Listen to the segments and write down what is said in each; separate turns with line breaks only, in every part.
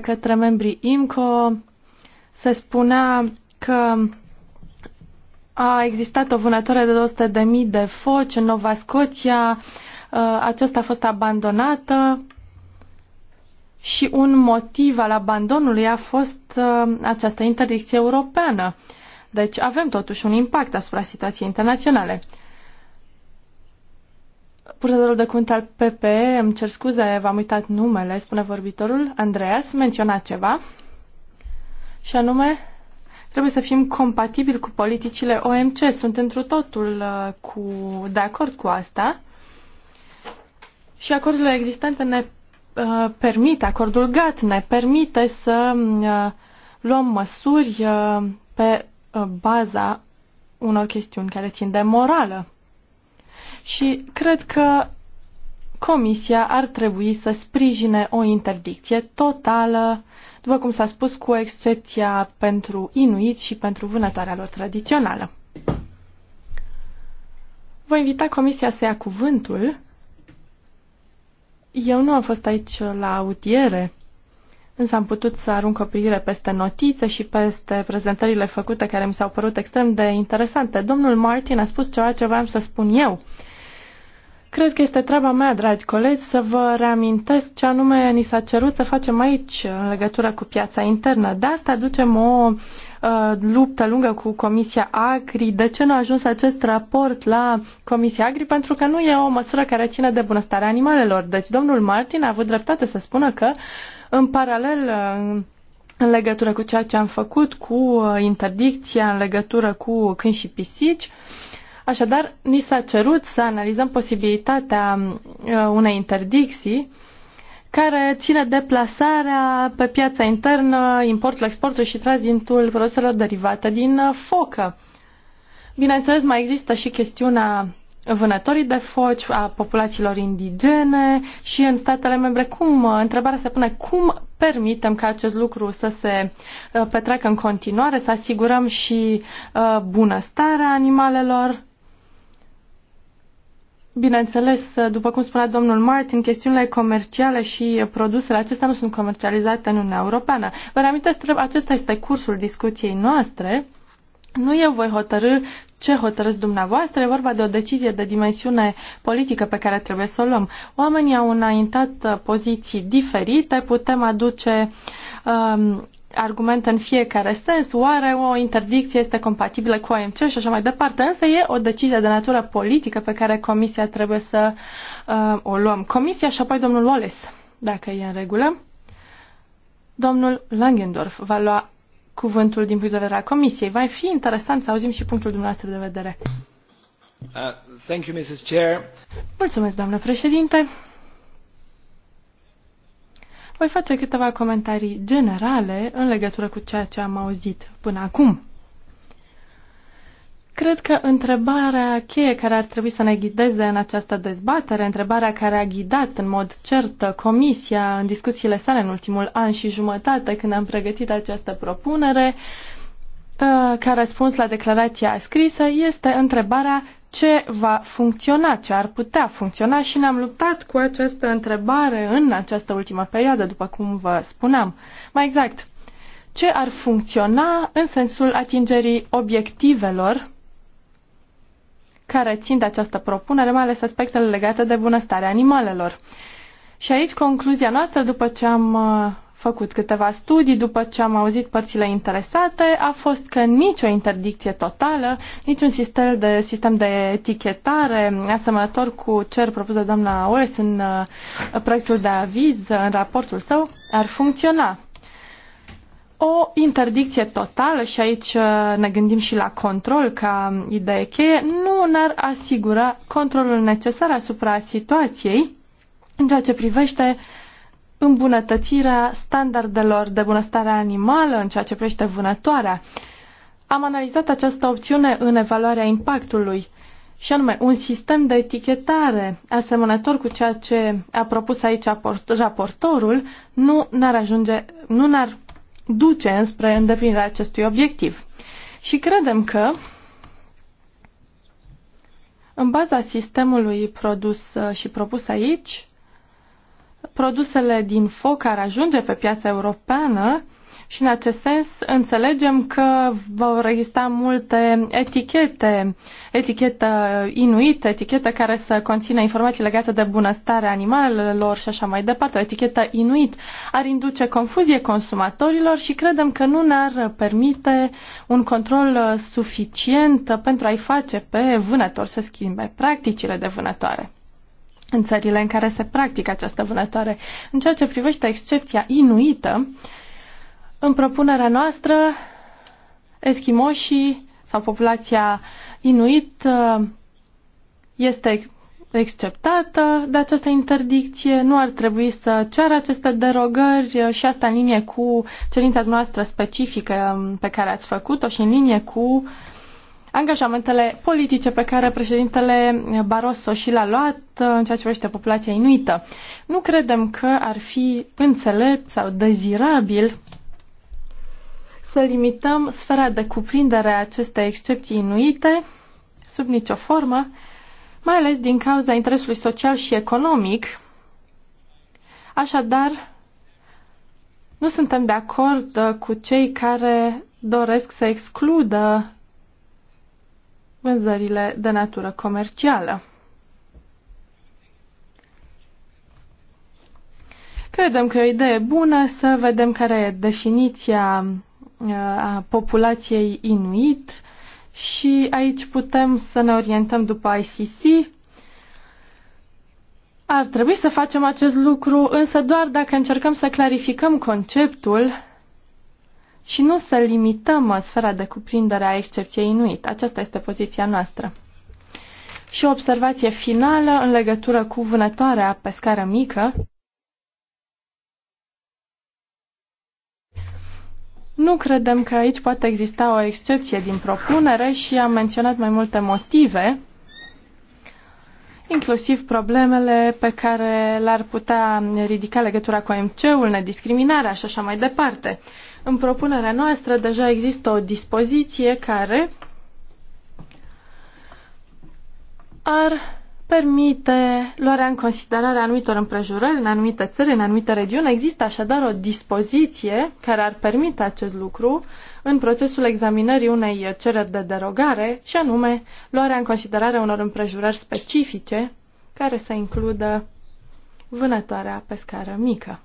către membrii IMCO se spunea că a existat o vânătoare de 200.000 de foci în Nova Scotia, ă, aceasta a fost abandonată și un motiv al abandonului a fost ă, această interdicție europeană. Deci avem totuși un impact asupra situației internaționale. Purtătorul de cuvânt al PPE, îmi cer scuze, v-am uitat numele, spune vorbitorul, Andreas, menționa ceva, și anume, trebuie să fim compatibili cu politicile OMC. Sunt întru totul uh, cu, de acord cu asta. Și acordurile existente ne uh, permite, acordul GATT ne permite să uh, luăm măsuri uh, pe uh, baza unor chestiuni care țin de morală și cred că Comisia ar trebui să sprijine o interdicție totală, după cum s-a spus, cu excepția pentru inuit și pentru vânătoarea lor tradițională. Voi invita Comisia să ia cuvântul. Eu nu am fost aici la audiere, însă am putut să arunc o privire peste notițe și peste prezentările făcute care mi s-au părut extrem de interesante. Domnul Martin a spus ceva ce vreau să spun eu Cred că este treaba mea, dragi colegi, să vă reamintesc ce anume ni s-a cerut să facem aici în legătură cu piața internă. De asta ducem o uh, luptă lungă cu Comisia Agri. De ce nu a ajuns acest raport la Comisia Agri? Pentru că nu e o măsură care ține de bunăstarea animalelor. Deci domnul Martin a avut dreptate să spună că în paralel în legătură cu ceea ce am făcut cu uh, interdicția, în legătură cu câini și pisici, uh, Așadar, ni s-a cerut să analizăm posibilitatea uh, unei interdicții care ține de plasarea pe piața internă, importul, exportul și tranzitul produselor derivate din uh, focă. Bineînțeles, mai există și chestiunea vânătorii de foci, a populațiilor indigene și în statele membre. Cum, uh, întrebarea se pune, cum permitem ca acest lucru să se petreacă în continuare, să asigurăm și bunăstarea animalelor? Bineînțeles, după cum spunea domnul Martin, chestiunile comerciale și produsele acestea nu sunt comercializate în Uniunea Europeană. Vă reamintesc, acesta este cursul discuției noastre. Nu eu voi hotărâ ce hotărâți dumneavoastră, e vorba de o decizie de dimensiune politică pe care trebuie să o luăm. Oamenii au înaintat poziții diferite, putem aduce um, argument în fiecare sens, oare o interdicție este compatibilă cu OMC și așa mai departe, însă e o decizie de natură politică pe care Comisia trebuie să uh, o luăm. Comisia și apoi domnul Wallace, dacă e în regulă. Domnul Langendorf va lua cuvântul din punct de vedere al Comisiei. Va fi interesant să auzim și punctul dumneavoastră de vedere. Uh,
thank you, Mrs. Chair.
Mulțumesc, doamnă președinte. Voi face câteva comentarii generale în legătură cu ceea ce am auzit până acum. Cred că întrebarea cheie care ar trebui să ne ghideze în această dezbatere, întrebarea care a ghidat în mod cert Comisia în discuțiile sale în ultimul an și jumătate când am pregătit această propunere, uh, ca răspuns la declarația scrisă, este întrebarea ce va funcționa, ce ar putea funcționa și ne-am luptat cu această întrebare în această ultimă perioadă, după cum vă spuneam. Mai exact, ce ar funcționa în sensul atingerii obiectivelor care țin de această propunere, mai ales aspectele legate de bunăstarea animalelor. Și aici concluzia noastră, după ce am uh, făcut câteva studii după ce am auzit părțile interesate, a fost că nicio interdicție totală, niciun sistem de, sistem de etichetare asemănător cu cer propus de doamna Ores în uh, proiectul de aviz, în raportul său, ar funcționa. O interdicție totală, și aici uh, ne gândim și la control ca idee cheie, nu ne-ar asigura controlul necesar asupra situației în ceea ce privește uh, îmbunătățirea standardelor de bunăstare animală în ceea ce privește vânătoarea. Am analizat această opțiune în evaluarea impactului și anume un sistem de etichetare asemănător cu ceea ce a propus aici raportorul nu n-ar ajunge, nu n-ar duce înspre îndeplinirea acestui obiectiv. Și credem că în baza sistemului produs uh, și propus aici, produsele din foc care ajunge pe piața europeană și în acest sens înțelegem că vor exista multe etichete, etichetă inuit, etichetă care să conțină informații legate de bunăstare animalelor și așa mai departe. O etichetă inuit ar induce confuzie consumatorilor și credem că nu ne-ar permite un control suficient pentru a-i face pe vânători să schimbe practicile de vânătoare în țările în care se practică această vânătoare. În ceea ce privește excepția inuită, în propunerea noastră, eschimoșii sau populația inuit uh, este exceptată de această interdicție, nu ar trebui să ceară aceste derogări uh, și asta în linie cu cerința noastră specifică um, pe care ați făcut-o și în linie cu uh, angajamentele politice pe care președintele Barroso și l-a luat în ceea ce vrește populația inuită. Nu credem că ar fi înțelept sau dezirabil să limităm sfera de cuprindere a acestei excepții inuite sub nicio formă, mai ales din cauza interesului social și economic. Așadar, nu suntem de acord cu cei care doresc să excludă vânzările de natură comercială. Credem că e o idee bună să vedem care e definiția uh, a populației inuit și aici putem să ne orientăm după ICC. Ar trebui să facem acest lucru, însă doar dacă încercăm să clarificăm conceptul și nu să limităm uh, sfera de cuprindere a excepției inuit. Aceasta este poziția noastră. Și o observație finală în legătură cu vânătoarea pe scară mică. Nu credem că aici poate exista o excepție din propunere și am menționat mai multe motive, inclusiv problemele pe care le-ar putea ridica legătura cu amc ul nediscriminarea și așa mai departe. În propunerea noastră deja există o dispoziție care ar permite luarea în considerare anumitor împrejurări în anumite țări, în anumite regiuni. Există așadar o dispoziție care ar permite acest lucru în procesul examinării unei cereri de derogare și anume luarea în considerare unor împrejurări specifice care să includă vânătoarea pe scară mică.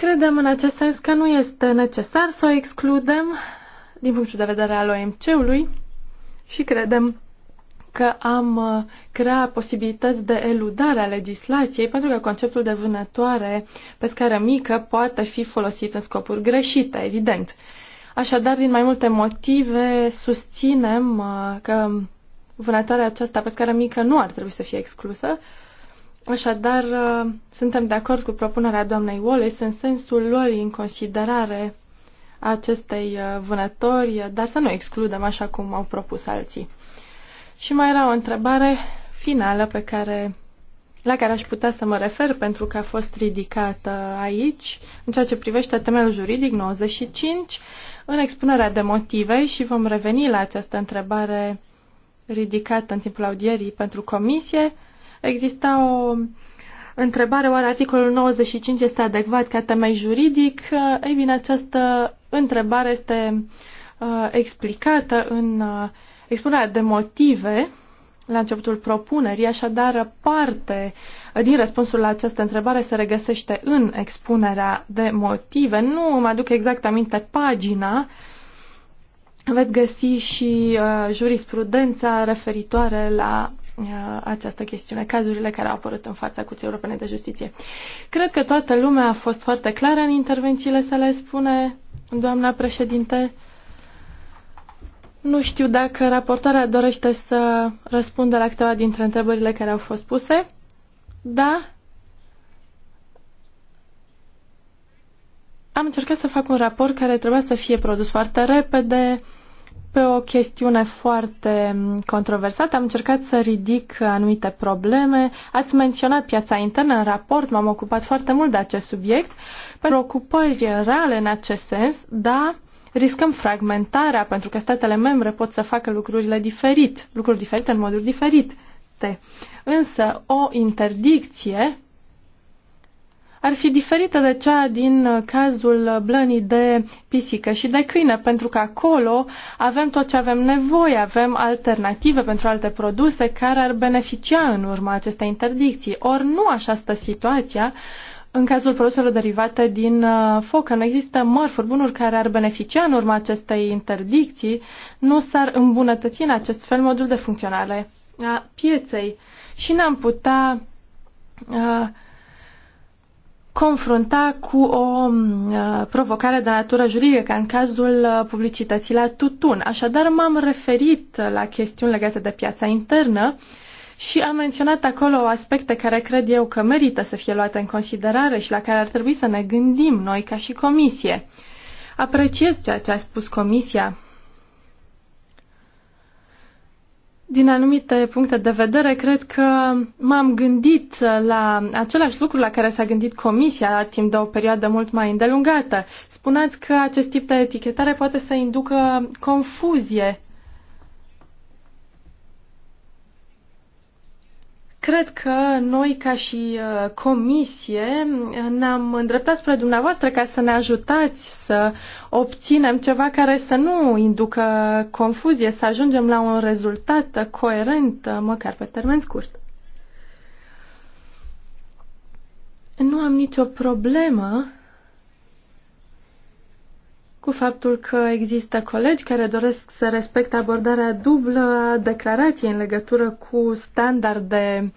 Credem în acest sens că nu este necesar să o excludem din punctul de vedere al OMC-ului și credem că am uh, creat posibilități de eludare a legislației pentru că conceptul de vânătoare pe scară mică poate fi folosit în scopuri greșite, evident. Așadar, din mai multe motive, susținem uh, că vânătoarea aceasta pe scară mică nu ar trebui să fie exclusă Așadar, uh, suntem de acord cu propunerea doamnei Wallace în sensul luării în considerare acestei uh, vânători, dar să nu excludem așa cum au propus alții. Și mai era o întrebare finală pe care, la care aș putea să mă refer pentru că a fost ridicată aici, în ceea ce privește temelul juridic 95, în expunerea de motive și vom reveni la această întrebare ridicată în timpul audierii pentru comisie, Exista o întrebare, oare articolul 95 este adecvat ca temei juridic? Ei bine, această întrebare este uh, explicată în uh, expunerea de motive la începutul propunerii, așadar parte din răspunsul la această întrebare se regăsește în expunerea de motive. Nu îmi aduc exact aminte pagina, veți găsi și uh, jurisprudența referitoare la Uh, această chestiune, cazurile care au apărut în fața Curții Europene de Justiție. Cred că toată lumea a fost foarte clară în intervențiile sale, spune doamna președinte. Nu știu dacă raportarea dorește să răspundă la câteva dintre întrebările care au fost puse. Da? Am încercat să fac un raport care trebuia să fie produs foarte repede, pe o chestiune foarte controversată. Am încercat să ridic anumite probleme. Ați menționat piața internă în raport, m-am ocupat foarte mult de acest subiect. Preocupări reale în acest sens, da. riscăm fragmentarea pentru că statele membre pot să facă lucrurile diferit, lucruri diferite în moduri diferite. Însă o interdicție ar fi diferită de cea din uh, cazul uh, blănii de pisică și de câine, pentru că acolo avem tot ce avem nevoie, avem alternative pentru alte produse care ar beneficia în urma acestei interdicții. Ori nu așa stă situația în cazul produselor derivate din uh, focă. Nu există mărfuri, bunuri care ar beneficia în urma acestei interdicții, nu s-ar îmbunătăți în acest fel modul de funcționare a pieței și n-am putea uh, confrunta cu o mm, uh, provocare de natură juridică, ca în cazul uh, publicității la tutun. Așadar, m-am referit la chestiuni legate de piața internă și am menționat acolo aspecte care cred eu că merită să fie luate în considerare și la care ar trebui să ne gândim noi ca și comisie. Apreciez ceea ce a spus comisia din anumite puncte de vedere, cred că m-am gândit la același lucru la care s-a gândit Comisia timp de o perioadă mult mai îndelungată. Spuneați că acest tip de etichetare poate să inducă confuzie Cred că noi, ca și uh, comisie, ne-am îndreptat spre dumneavoastră ca să ne ajutați să obținem ceva care să nu inducă confuzie, să ajungem la un rezultat coerent, uh, măcar pe termen scurt. Nu am nicio problemă cu faptul că există colegi care doresc să respecte abordarea dublă a declarației în legătură cu standarde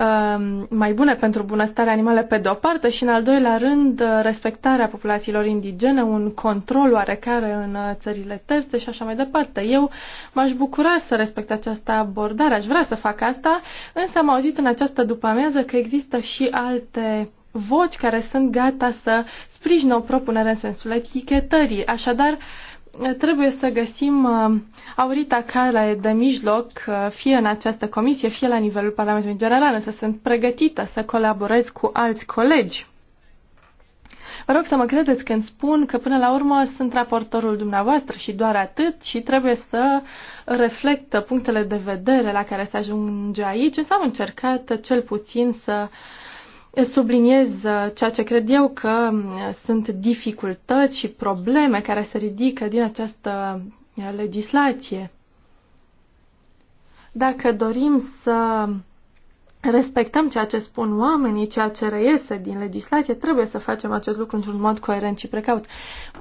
um, mai bune pentru bunăstarea animale pe de-o parte și în al doilea rând respectarea populațiilor indigene, un control oarecare în țările terțe și așa mai departe. Eu m-aș bucura să respect această abordare, aș vrea să fac asta, însă am auzit în această după amiază că există și alte voci care sunt gata să sprijină o propunere în sensul etichetării. Așadar, trebuie să găsim uh, aurita care de mijloc, uh, fie în această comisie, fie la nivelul Parlamentului General, să sunt pregătită să colaborez cu alți colegi. Vă rog să mă credeți când spun că până la urmă sunt raportorul dumneavoastră și doar atât și trebuie să reflectă punctele de vedere la care se ajunge aici, însă am încercat cel puțin să uh, subliniez uh, ceea ce cred eu că uh, sunt dificultăți și probleme care se ridică din această uh, legislație. Dacă dorim să respectăm ceea ce spun oamenii, ceea ce reiese din legislație, trebuie să facem acest lucru într-un mod coerent și precaut.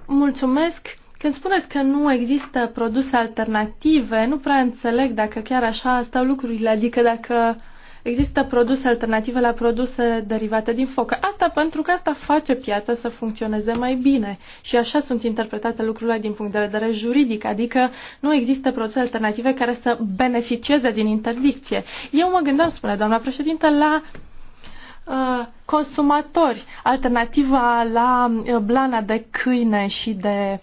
Mulțumesc! Când spuneți că nu există produse alternative, nu prea înțeleg dacă chiar așa stau lucrurile, adică dacă Există produse alternative la produse derivate din focă. Asta pentru că asta face piața să funcționeze mai bine. Și așa sunt interpretate lucrurile din punct de vedere juridic, adică nu există produse alternative care să beneficieze din interdicție. Eu mă gândeam, spune doamna președintă, la uh, consumatori. Alternativa la uh, blana de câine și de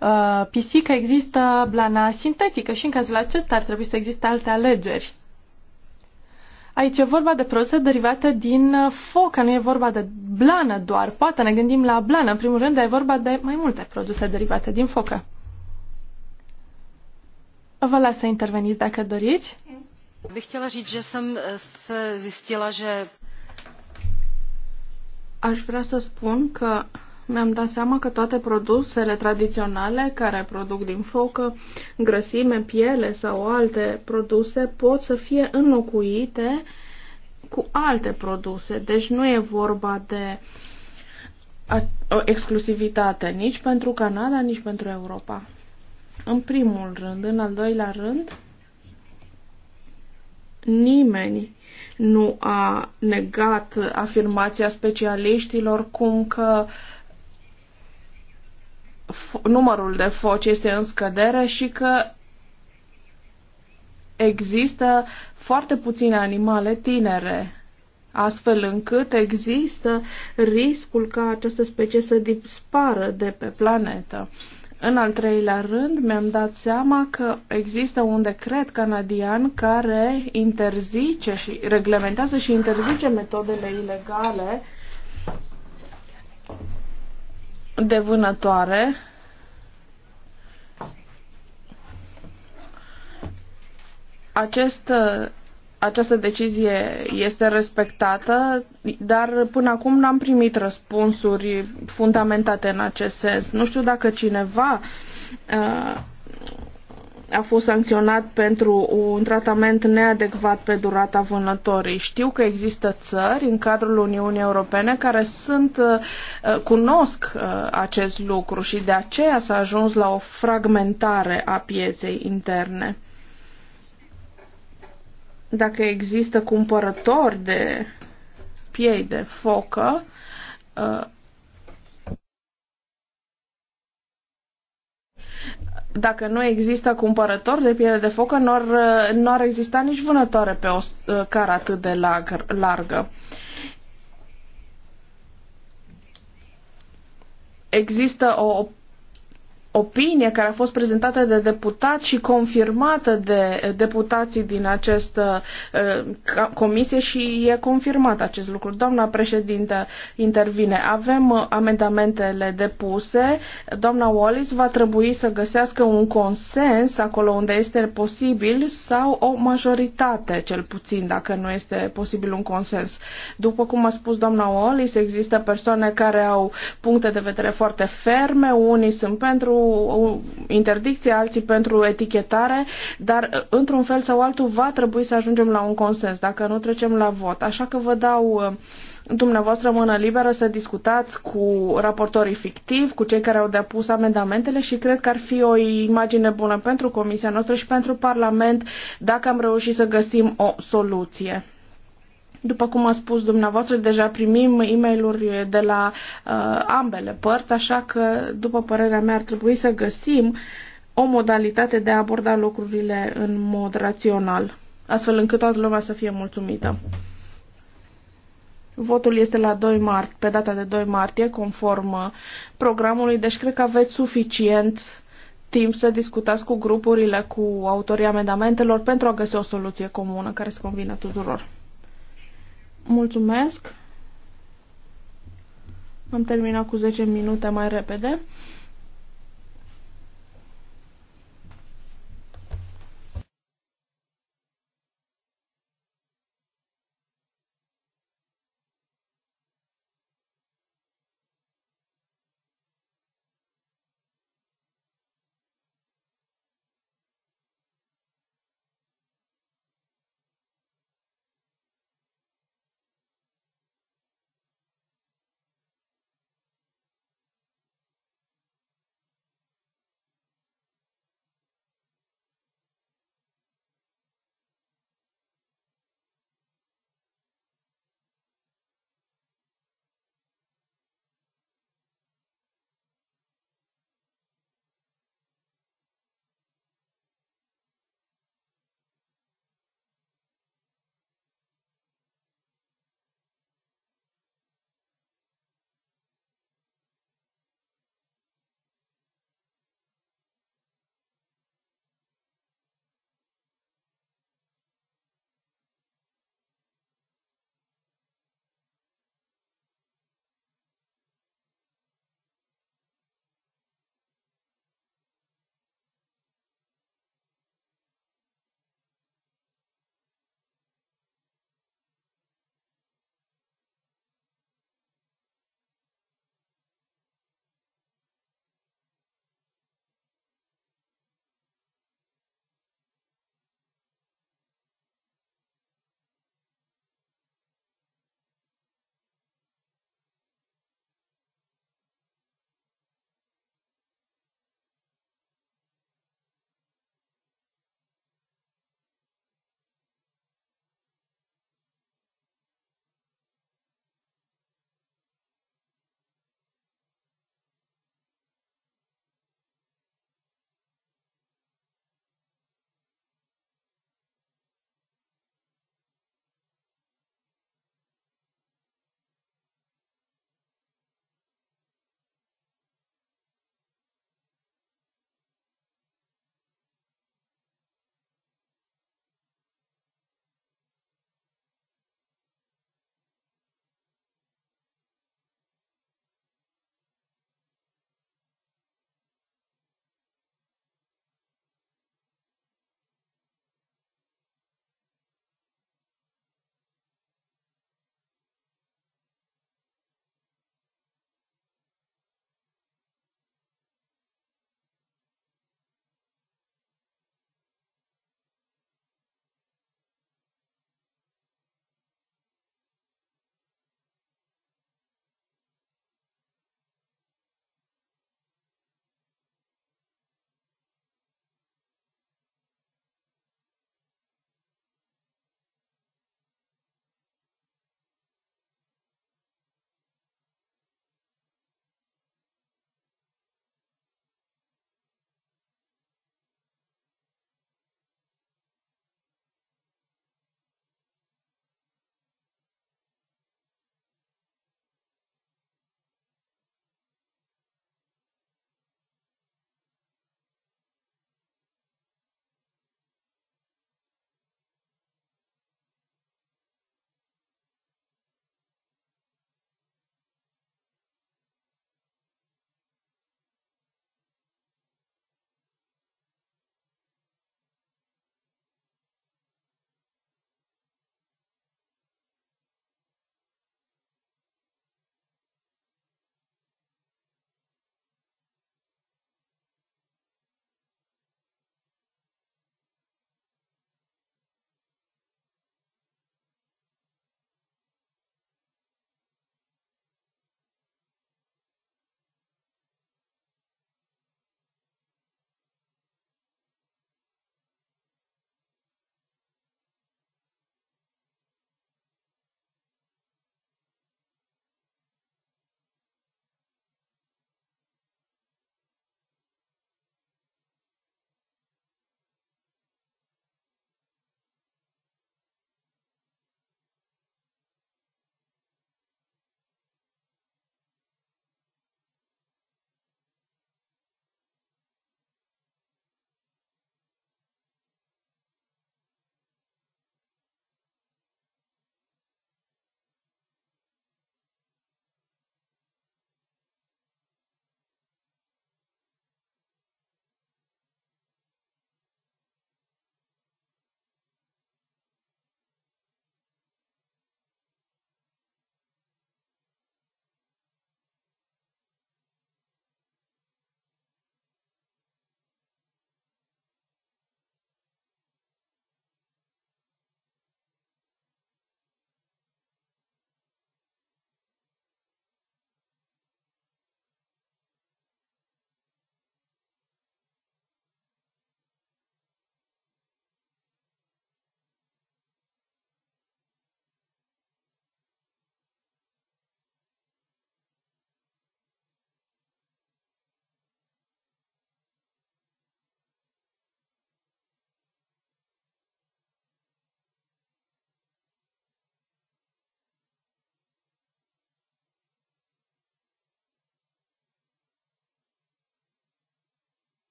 uh, pisică există blana sintetică și în cazul acesta ar trebui să existe alte alegeri. Aici e vorba de produse derivate din uh, foca, nu e vorba de blană doar. Poate ne gândim la blană, în primul rând, dar e vorba de mai multe produse derivate din focă. Vă las să interveniți dacă doriți.
Bych chtěla říct, že jsem eh, se zjistila, že...
Aș vrea să spun că mi-am dat seama că toate produsele tradiționale care produc din focă, grăsime, piele sau alte produse pot să fie înlocuite cu alte produse. Deci nu e vorba de o exclusivitate nici pentru Canada, nici pentru Europa. În primul rând, în al doilea rând, nimeni nu a negat afirmația specialiștilor cum că uh, numărul de foci este în scădere și că există foarte puține animale tinere, astfel încât există riscul ca această specie să dispară de pe planetă. În al treilea rând, mi-am dat seama că există un decret canadian care interzice și reglementează și interzice metodele ilegale uh, de vânătoare acest, această decizie este respectată, dar până acum n-am primit răspunsuri fundamentate în acest sens. Nu știu dacă cineva uh, a fost sancționat pentru un tratament neadecvat pe durata vânătorii. Știu că există țări în cadrul Uniunii Europene care sunt, uh, cunosc uh, acest lucru și de aceea s-a ajuns la o fragmentare a pieței interne. Dacă există cumpărători de piei de focă, uh, dacă nu există cumpărător de piele de focă, nu uh, ar, nu ar exista nici vânătoare pe o uh, cară atât de larg, largă. Există o opinie care a fost prezentată de deputați și confirmată de deputații din această uh, comisie și e confirmat acest lucru. Doamna președinte intervine. Avem eh, amendamentele depuse. Doamna Wallis va trebui să găsească un consens acolo unde este posibil sau o majoritate, cel puțin, dacă nu este posibil un consens. După cum a spus doamna Wallis, există persoane care au puncte de vedere foarte ferme, unii sunt pentru, o interdicție, alții pentru etichetare, dar uh, într-un fel sau altul va trebui să ajungem la un consens, dacă nu trecem la vot. Așa că vă dau uh, dumneavoastră mână liberă să discutați cu raportorii fictivi, cu cei care au depus amendamentele și cred că ar fi o imagine bună pentru Comisia noastră și pentru Parlament dacă am reușit să găsim o soluție. După cum a spus dumneavoastră, deja primim e mail de la uh, ambele părți, așa că, după părerea mea, ar trebui să găsim o modalitate de a aborda lucrurile în mod rațional, astfel încât toată lumea să fie mulțumită. Votul este la 2 martie, pe data de 2 martie, conform uh, programului, deci cred că aveți suficient timp să discutați cu grupurile, cu autorii amendamentelor pentru a găsi o soluție comună care să convină tuturor. Mulțumesc! Am terminat cu 10 minute mai repede.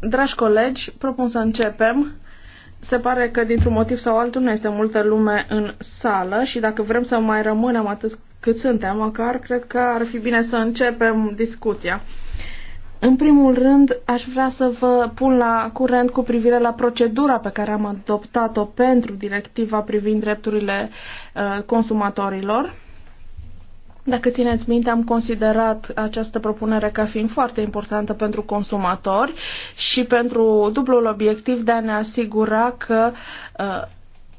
Dragi colegi, propun să începem. Se pare că dintr-un motiv sau altul nu este multă lume în sală și dacă vrem să mai rămânem atât cât suntem, măcar cred că ar fi bine să începem discuția. În primul rând, aș vrea să vă pun la curent cu privire la procedura pe care am adoptat-o pentru directiva privind drepturile uh, consumatorilor dacă țineți minte, am considerat această propunere ca fiind foarte importantă pentru consumatori și pentru dublul obiectiv de a ne asigura că uh,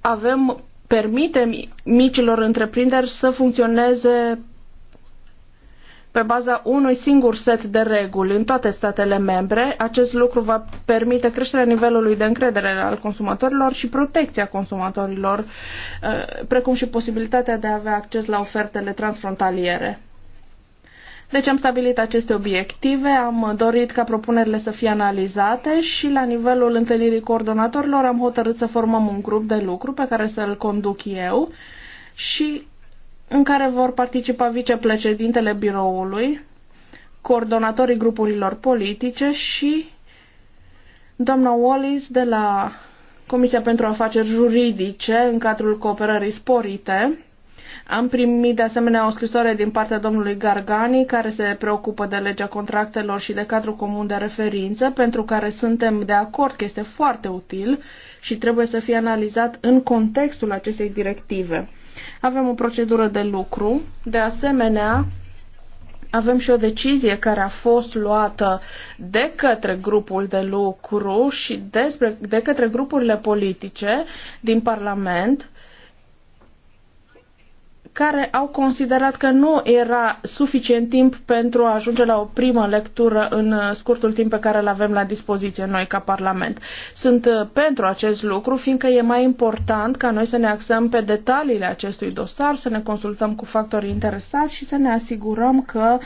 avem permitem micilor întreprinderi să funcționeze pe baza unui singur set de reguli în toate statele membre. Acest lucru va permite creșterea nivelului de încredere al consumatorilor și protecția consumatorilor, uh, precum și posibilitatea de a avea acces la ofertele transfrontaliere. Deci am stabilit aceste obiective, am dorit ca propunerile să fie analizate și la nivelul întâlnirii coordonatorilor am hotărât să formăm un grup de lucru pe care să-l conduc eu și în care vor participa vicepreședintele biroului, coordonatorii grupurilor politice și doamna Wallis de la Comisia pentru Afaceri Juridice în cadrul cooperării sporite. Am primit de asemenea o scrisoare din partea domnului Gargani care se preocupă de legea contractelor și de cadrul comun de referință pentru care suntem de acord că este foarte util și trebuie să fie analizat în contextul acestei directive. Avem o procedură de lucru. De asemenea, avem și o decizie care a fost luată de către grupul de lucru și despre, de către grupurile politice din Parlament care au considerat că nu era suficient timp pentru a ajunge la o primă lectură în uh, scurtul timp pe care îl avem la dispoziție noi ca Parlament. Sunt uh, pentru acest lucru, fiindcă e mai important ca noi să ne axăm pe detaliile acestui dosar, să ne consultăm cu factorii interesați și să ne asigurăm că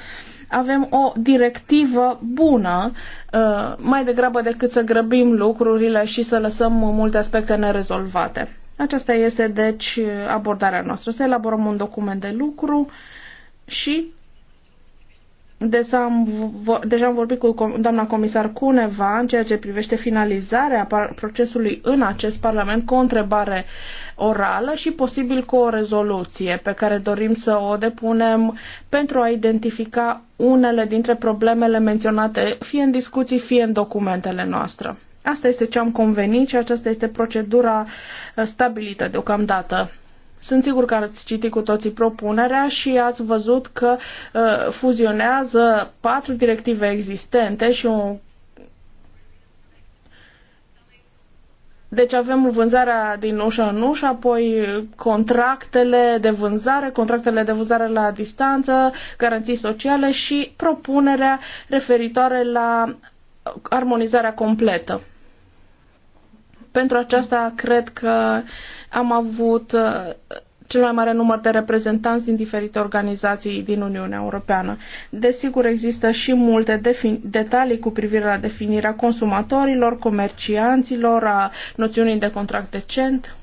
avem o directivă bună, uh, mai degrabă decât să grăbim lucrurile și să lăsăm multe aspecte nerezolvate. Aceasta este, deci, abordarea noastră. Să elaborăm un document de lucru și Deja am, vorbit cu doamna comisar Cuneva în ceea ce privește finalizarea procesului în acest Parlament cu o întrebare orală și posibil cu o rezoluție pe care dorim să o depunem pentru a identifica unele dintre problemele menționate fie în discuții, fie în documentele noastre. Asta este ce am convenit și aceasta este procedura uh, stabilită deocamdată. Sunt sigur că ați citit cu toții propunerea și ați văzut că uh, fuzionează patru directive existente și un Deci avem vânzarea din ușă în ușă, apoi contractele de vânzare, contractele de vânzare la distanță, garanții sociale și propunerea referitoare la armonizarea completă pentru aceasta cred că am avut uh, cel mai mare număr de reprezentanți din diferite organizații din Uniunea Europeană. Desigur, există și multe detalii cu privire la definirea consumatorilor, comercianților, a noțiunii de contract decent.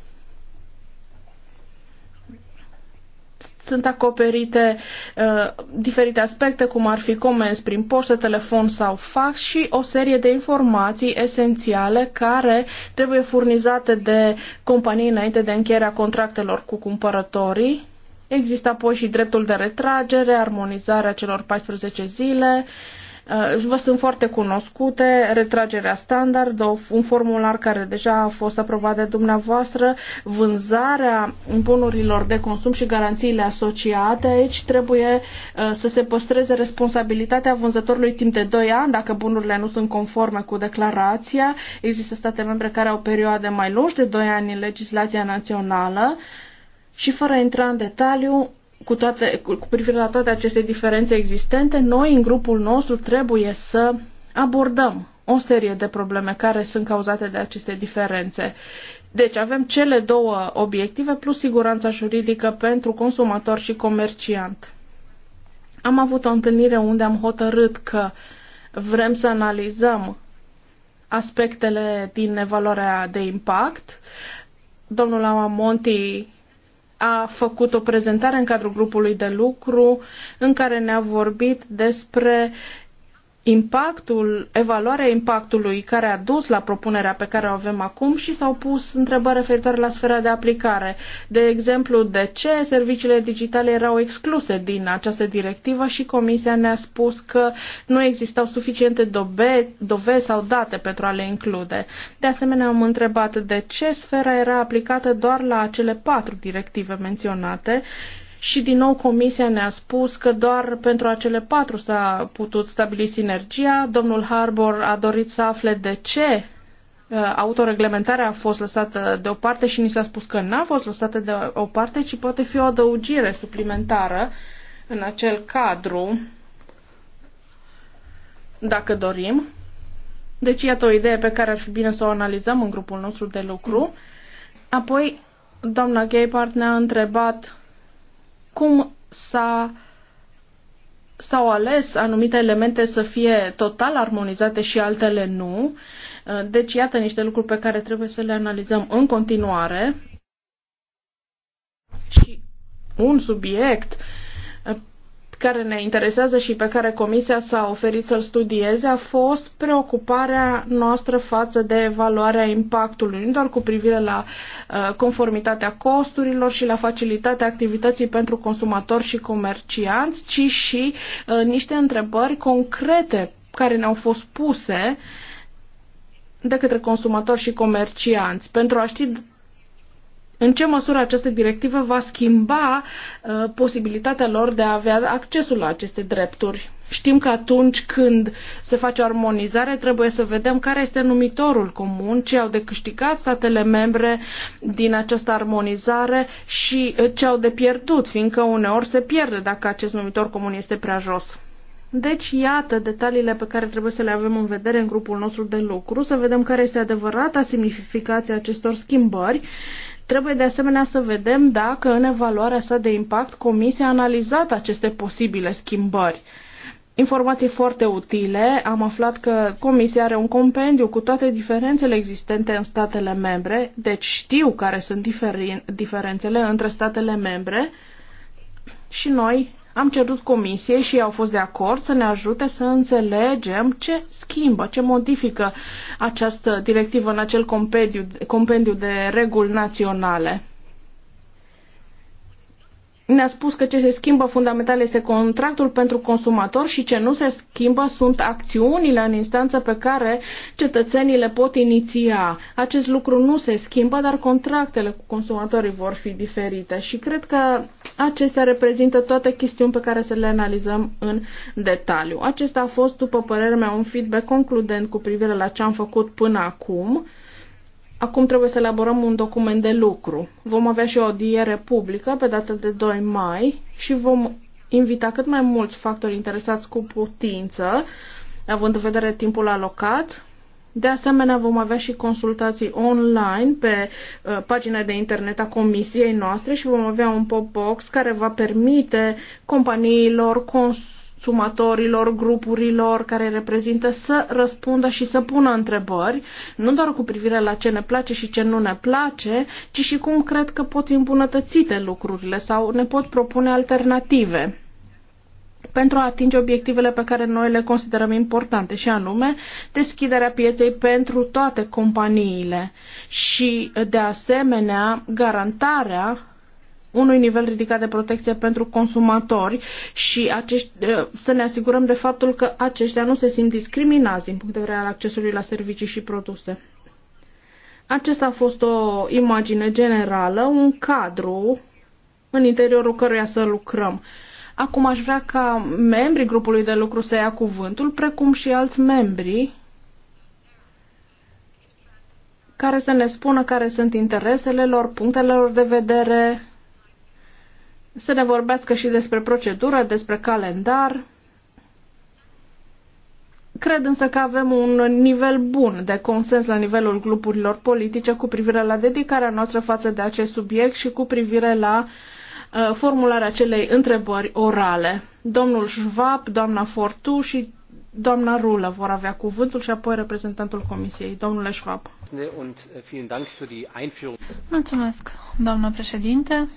sunt acoperite uh, diferite aspecte, cum ar fi comenzi prin poștă, telefon sau fax și o serie de informații esențiale care trebuie furnizate de companii înainte de încheierea contractelor cu cumpărătorii. Există apoi și dreptul de retragere, armonizarea celor 14 zile, uh, Uh, vă sunt foarte cunoscute, retragerea standard, un formular care deja a fost aprobat de dumneavoastră, vânzarea bunurilor de consum și garanțiile asociate. Aici trebuie uh, să se păstreze responsabilitatea vânzătorului timp de 2 ani dacă bunurile nu sunt conforme cu declarația. Există state membre care au perioade mai lungi de 2 ani în legislația națională. Și fără a intra în detaliu, cu, toate, cu privire la toate aceste diferențe existente, noi în grupul nostru trebuie să abordăm o serie de probleme care sunt cauzate de aceste diferențe. Deci avem cele două obiective plus siguranța juridică pentru consumator și comerciant. Am avut o întâlnire unde am hotărât că vrem să analizăm aspectele din evaluarea de impact. Domnul Amonti a făcut o prezentare în cadrul grupului de lucru în care ne-a vorbit despre impactul, evaluarea impactului care a dus la propunerea pe care o avem acum și s-au pus întrebări referitoare la sfera de aplicare. De exemplu, de ce serviciile digitale erau excluse din această directivă și Comisia ne-a spus că nu existau suficiente dobe, dovezi sau date pentru a le include. De asemenea, am întrebat de ce sfera era aplicată doar la cele patru directive menționate și din nou Comisia ne-a spus că doar pentru acele patru s-a putut stabili sinergia. Domnul Harbour a dorit să afle de ce uh, autoreglementarea a fost lăsată deoparte și ni s-a spus că n-a fost lăsată deoparte, ci poate fi o adăugire suplimentară în acel cadru, dacă dorim. Deci, iată o idee pe care ar fi bine să o analizăm în grupul nostru de lucru. Apoi, doamna Gaypart ne-a întrebat cum s-a s-au ales anumite elemente să fie total armonizate și altele nu. Deci, iată niște lucruri pe care trebuie să le analizăm în continuare. Și un subiect care ne interesează și pe care Comisia s-a oferit să-l studieze a fost preocuparea noastră față de evaluarea impactului, nu doar cu privire la uh, conformitatea costurilor și la facilitatea activității pentru consumatori și comercianți, ci și uh, niște întrebări concrete care ne-au fost puse de către consumatori și comercianți pentru a ști în ce măsură această directivă va schimba uh, posibilitatea lor de a avea accesul la aceste drepturi. Știm că atunci când se face armonizare, trebuie să vedem care este numitorul comun, ce au de câștigat statele membre din această armonizare și uh, ce au de pierdut, fiindcă uneori se pierde dacă acest numitor comun este prea jos. Deci, iată detaliile pe care trebuie să le avem în vedere în grupul nostru de lucru, să vedem care este adevărata semnificația acestor schimbări Trebuie de asemenea să vedem dacă în evaluarea sa de impact Comisia a analizat aceste posibile schimbări. Informații foarte utile. Am aflat că Comisia are un compendiu cu toate diferențele existente în statele membre, deci știu care sunt diferențele între statele membre și noi am cerut comisiei și au fost de acord să ne ajute să înțelegem ce schimbă, ce modifică această directivă în acel compendiu, compendiu de reguli naționale ne-a spus că ce se schimbă fundamental este contractul pentru consumator și ce nu se schimbă sunt acțiunile în instanță pe care cetățenii le pot iniția. Acest lucru nu se schimbă, dar contractele cu consumatorii vor fi diferite și cred că Acestea reprezintă toate chestiuni pe care să le analizăm în detaliu. Acesta a fost, după părerea mea, un feedback concludent cu privire la ce am făcut până acum. Acum trebuie să elaborăm un document de lucru. Vom avea și o audiere publică pe data de 2 mai și vom invita cât mai mulți factori interesați cu putință, având în vedere timpul alocat, de asemenea, vom avea și consultații online pe uh, pagina de internet a comisiei noastre și vom avea un pop-box care va permite companiilor, consumatorilor, grupurilor care reprezintă să răspundă și să pună întrebări, nu doar cu privire la ce ne place și ce nu ne place, ci și cum cred că pot fi îmbunătățite lucrurile sau ne pot propune alternative pentru a atinge obiectivele pe care noi le considerăm importante, și anume deschiderea pieței pentru toate companiile și, de asemenea, garantarea unui nivel ridicat de protecție pentru consumatori și acești, eh, să ne asigurăm de faptul că aceștia nu se simt discriminați din punct de vedere al accesului la servicii și produse. Acesta a fost o imagine generală, un cadru în interiorul căruia să lucrăm. Acum aș vrea ca membrii grupului de lucru să ia cuvântul, precum și alți membri care să ne spună care sunt interesele lor, punctele lor de vedere, să ne vorbească și despre procedură, despre calendar. Cred însă că avem un nivel bun de consens la nivelul grupurilor politice cu privire la dedicarea noastră față de acest subiect și cu privire la uh, Uh, formularea acelei întrebări orale. Domnul Schwab, doamna Fortu și doamna Rulă vor avea cuvântul și apoi reprezentantul Comisiei. Domnule Schwab.
Mulțumesc, doamnă președinte.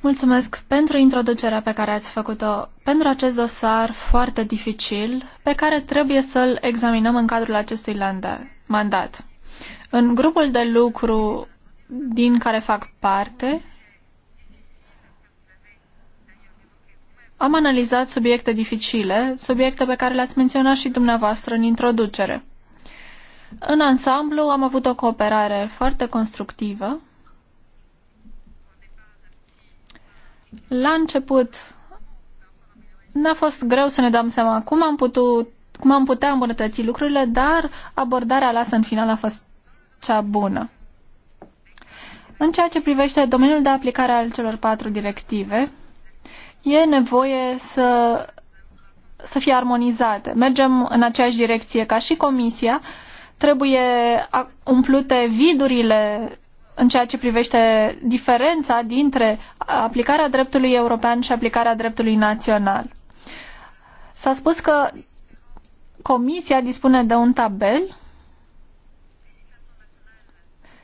Mulțumesc pentru introducerea pe care ați făcut-o pentru acest dosar foarte dificil pe care trebuie să-l examinăm în cadrul acestui mandat. În grupul de lucru din care fac parte, Am analizat subiecte dificile, subiecte pe care le-ați menționat și dumneavoastră în introducere. În ansamblu am avut o cooperare foarte constructivă. La început n-a fost greu să ne dăm seama cum am, putut, cum am putea îmbunătăți lucrurile, dar abordarea lasă în final a fost cea bună. În ceea ce privește domeniul de aplicare al celor patru directive, e nevoie să, să fie armonizate. Mergem în aceeași direcție ca și Comisia. Trebuie umplute vidurile în ceea ce privește diferența dintre aplicarea dreptului european și aplicarea dreptului național. S-a spus că Comisia dispune de un tabel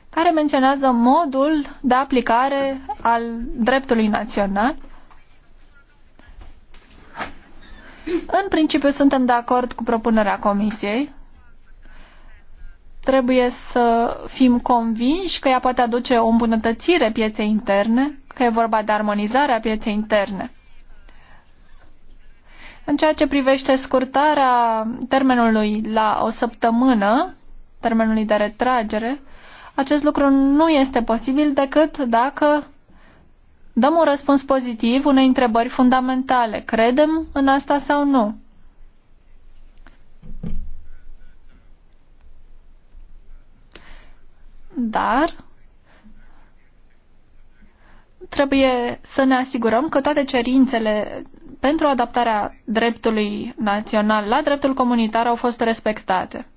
care menționează modul de aplicare al dreptului național În principiu suntem de acord cu propunerea Comisiei. Trebuie să fim convinși că ea poate aduce o îmbunătățire pieței interne, că e vorba de armonizarea pieței interne. În ceea ce privește scurtarea termenului la o săptămână, termenului de retragere, acest lucru nu este posibil decât dacă dăm un răspuns pozitiv unei întrebări fundamentale. Credem în asta sau nu? Dar trebuie să ne asigurăm că toate cerințele pentru adaptarea dreptului național la dreptul comunitar au fost respectate.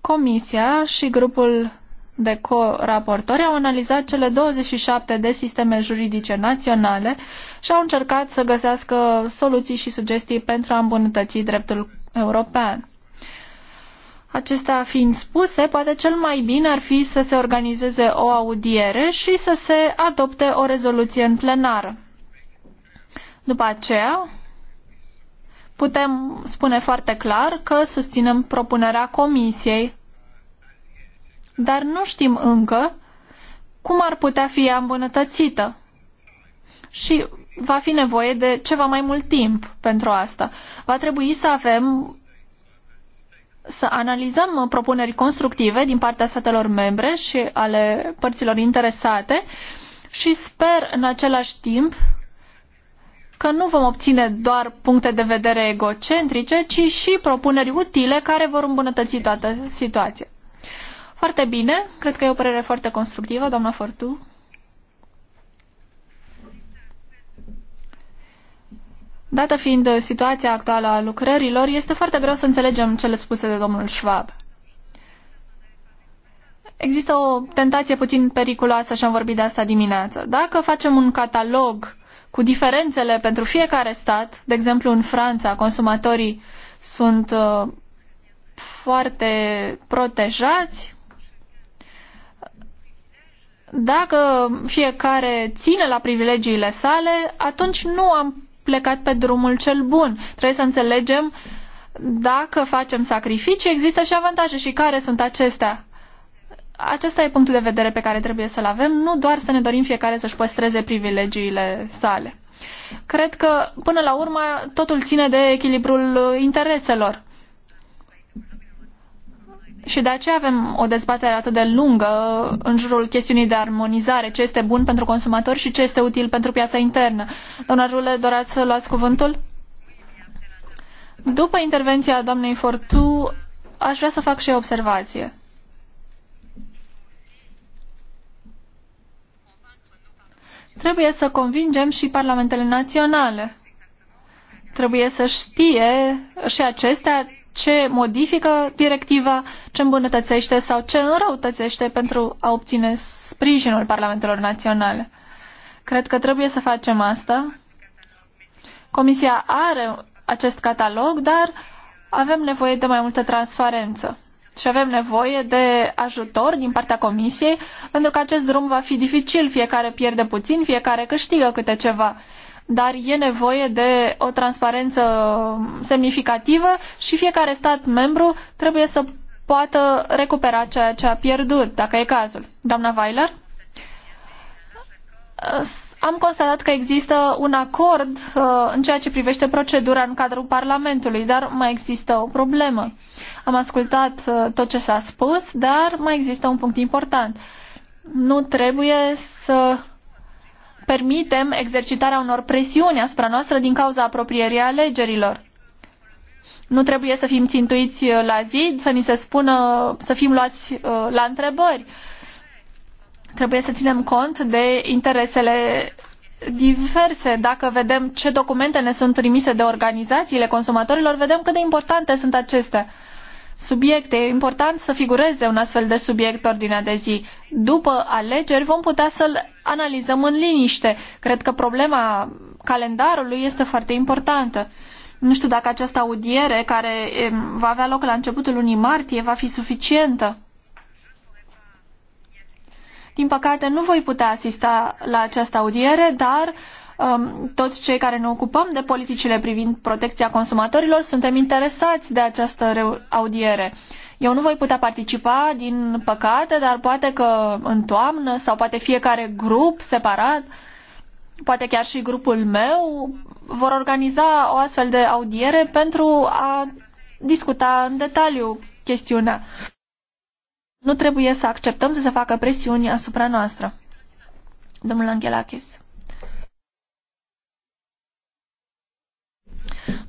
Comisia și grupul de co-raportori au analizat cele 27 de sisteme juridice naționale și au încercat să găsească soluții și sugestii pentru a îmbunătăți dreptul european. Acestea fiind spuse, poate cel mai bine ar fi să se organizeze o audiere și să se adopte o rezoluție în plenară. După aceea, putem spune foarte clar că susținem propunerea Comisiei dar nu știm încă cum ar putea fi îmbunătățită. Și va fi nevoie de ceva mai mult timp pentru asta. Va trebui să avem să analizăm propuneri constructive din partea statelor membre și ale părților interesate și sper în același timp că nu vom obține doar puncte de vedere egocentrice, ci și propuneri utile care vor îmbunătăți toată situația. Foarte bine, cred că e o părere foarte constructivă, doamna Fortu. Dată fiind situația actuală a lucrărilor, este foarte greu să înțelegem cele spuse de domnul Schwab. Există o tentație puțin periculoasă și am vorbit de asta dimineață. Dacă facem un catalog cu diferențele pentru fiecare stat, de exemplu în Franța, consumatorii sunt uh, foarte protejați, dacă fiecare ține la privilegiile sale, atunci nu am plecat pe drumul cel bun. Trebuie să înțelegem dacă facem sacrificii, există și avantaje și care sunt acestea. Acesta e punctul de vedere pe care trebuie să-l avem, nu doar să ne dorim fiecare să-și păstreze privilegiile sale. Cred că, până la urmă, totul ține de echilibrul intereselor. Și de aceea avem o dezbatere atât de lungă în jurul chestiunii de armonizare, ce este bun pentru consumatori și ce este util pentru piața internă. Doamna Jule, doreați să luați cuvântul? După intervenția doamnei Fortu, aș vrea să fac și o observație. Trebuie să convingem și parlamentele naționale. Trebuie să știe și acestea ce modifică directiva, ce îmbunătățește sau ce înrăutățește pentru a obține sprijinul Parlamentelor Naționale. Cred că trebuie să facem asta. Comisia are acest catalog, dar avem nevoie de mai multă transparență și avem nevoie de ajutor din partea Comisiei, pentru că acest drum va fi dificil, fiecare pierde puțin, fiecare câștigă câte ceva dar e nevoie de o transparență semnificativă și fiecare stat membru trebuie să poată recupera ceea ce a pierdut, dacă e cazul. Doamna Weiler? Am constatat că există un acord uh, în ceea ce privește procedura în cadrul Parlamentului, dar mai există o problemă. Am ascultat uh, tot ce s-a spus, dar mai există un punct important. Nu trebuie să permitem exercitarea unor presiuni asupra noastră din cauza apropierii alegerilor. Nu trebuie să fim țintuiți uh, la zid, să ni se spună, să fim luați uh, la întrebări. Trebuie să ținem cont de interesele diverse. Dacă vedem ce documente ne sunt trimise de organizațiile consumatorilor, vedem cât de importante sunt acestea. Subiecte, E important să figureze un astfel de subiect pe ordinea de zi. După alegeri vom putea să-l analizăm în liniște. Cred că problema calendarului este foarte importantă. Nu știu dacă această audiere care va avea loc la începutul lunii martie va fi suficientă. Din păcate nu voi putea asista la această audiere, dar uh, Um, toți cei care ne ocupăm de politicile privind protecția consumatorilor suntem interesați de această audiere. Eu nu voi putea participa, din păcate, dar poate că în toamnă sau poate fiecare grup separat, poate chiar și grupul meu, vor organiza o astfel de audiere pentru a discuta în detaliu chestiunea. Nu trebuie să acceptăm să se facă presiuni asupra noastră. Domnul Anghelakis.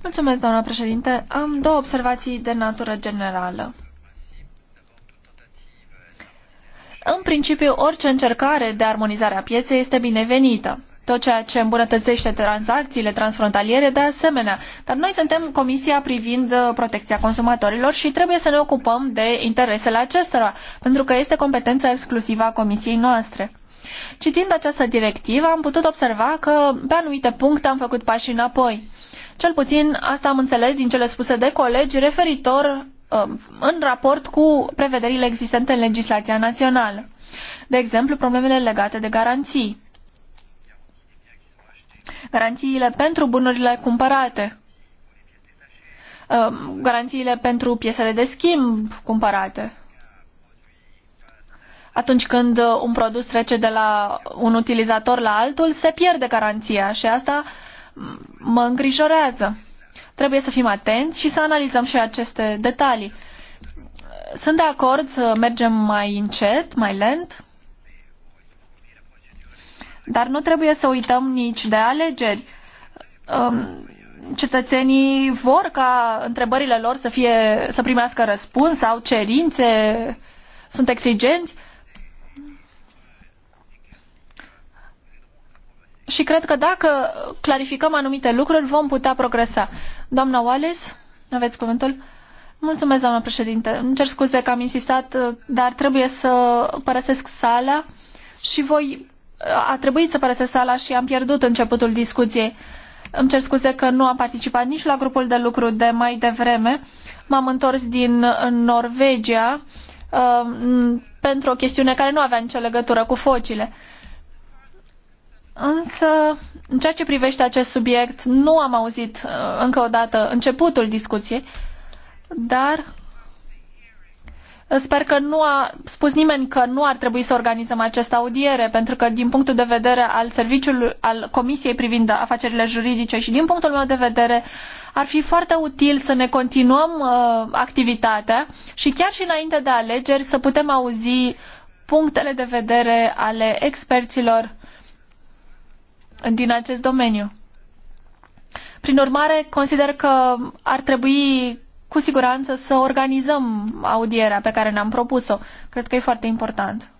Mulțumesc, doamna președinte. Am două observații de natură generală. În principiu, orice încercare de armonizare a pieței este binevenită. Tot ceea ce îmbunătățește tranzacțiile transfrontaliere de asemenea. Dar noi suntem Comisia privind uh, protecția consumatorilor și trebuie să ne ocupăm de interesele acestora, pentru că este competența exclusivă a Comisiei noastre. Citind această directivă, am putut observa că pe anumite puncte am făcut pași înapoi. Cel puțin asta am înțeles din cele spuse de colegi referitor um, în raport cu prevederile existente în legislația națională. De exemplu, problemele legate de garanții. Garanțiile pentru bunurile cumpărate. Um, garanțiile pentru piesele de schimb cumpărate. Atunci când un produs trece de la un utilizator la altul, se pierde garanția și asta uh, mă îngrijorează. Trebuie să fim atenți și să analizăm și aceste detalii. Sunt de acord să mergem mai încet, mai lent, dar nu trebuie să uităm nici de alegeri. Um, cetățenii vor ca întrebările lor să, fie, să primească răspuns, au cerințe, sunt exigenți și cred că dacă clarificăm anumite lucruri, vom putea progresa. Doamna Wallace, aveți cuvântul? Mulțumesc, doamna președinte. Îmi cer scuze că am insistat, dar trebuie să părăsesc sala și voi a trebuit să părăsesc sala și am pierdut începutul discuției. Îmi cer scuze că nu am participat nici la grupul de lucru de mai devreme. M-am întors din Norvegia uh, pentru o chestiune care nu avea nicio legătură cu focile. Uh, Însă, în ceea ce privește acest subiect, nu am auzit uh, încă o dată începutul discuției, dar sper că nu a spus nimeni că nu ar trebui să organizăm această audiere, pentru că din punctul de vedere al serviciului, al Comisiei privind afacerile juridice și din punctul meu de vedere, ar fi foarte util să ne continuăm uh, activitatea și chiar și înainte de alegeri să putem auzi punctele de vedere ale experților din acest domeniu. Prin urmare, consider că ar trebui cu siguranță să organizăm audierea pe care ne-am propus-o. Cred că e foarte important.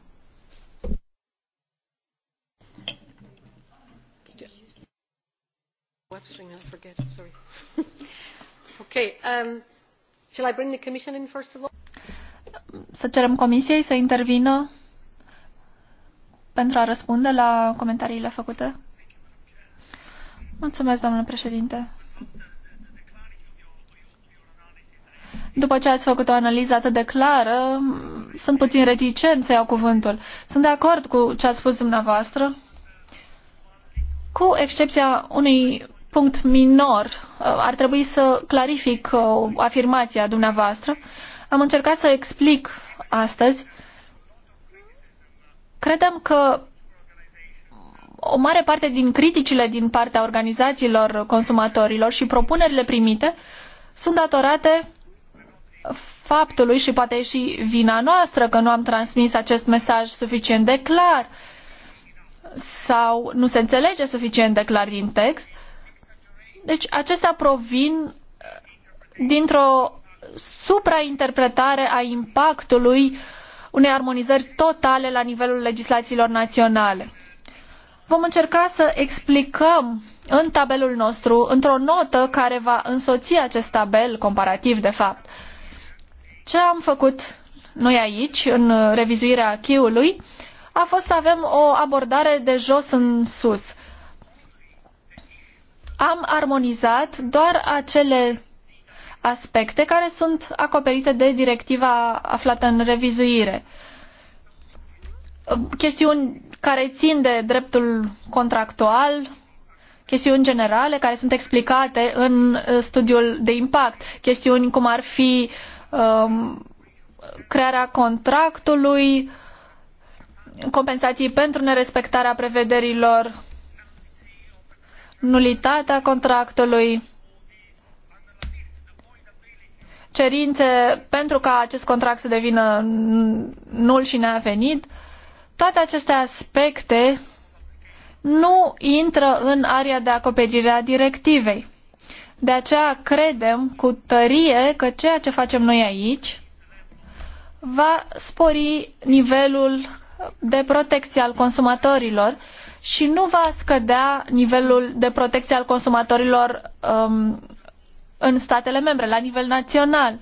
Um, să cerem comisiei să intervină pentru a răspunde la comentariile făcute. Mulțumesc, domnule președinte. După ce ați făcut o analiză atât de clară, sunt puțin reticent să iau cuvântul. Sunt de acord cu ce ați spus dumneavoastră, cu excepția unui punct minor. Ar trebui să clarific uh, afirmația dumneavoastră. Am încercat să explic astăzi. Credem că o mare parte din criticile din partea organizațiilor consumatorilor și propunerile primite sunt datorate faptului și poate și vina noastră că nu am transmis acest mesaj suficient de clar sau nu se înțelege suficient de clar din text. Deci acestea provin uh, dintr-o suprainterpretare a impactului unei armonizări totale la nivelul legislațiilor naționale vom încerca să explicăm în tabelul nostru, într-o notă care va însoți acest tabel comparativ, de fapt, ce am făcut noi aici, în revizuirea achiului, a fost să avem o abordare de jos în sus. Am armonizat doar acele aspecte care sunt acoperite de directiva aflată în revizuire. Uh, Uh, chestiuni care țin de dreptul contractual, chestiuni generale care sunt explicate în uh, studiul de impact, chestiuni cum ar fi um, crearea contractului, compensații pentru nerespectarea prevederilor, nulitatea contractului, cerințe pentru ca acest contract să devină nul și neavenit. venit toate aceste aspecte nu intră în area de acoperire a directivei. De aceea credem cu tărie că ceea ce facem noi aici va spori nivelul de protecție al consumatorilor și nu va scădea nivelul de protecție al consumatorilor um, în statele membre, la nivel național.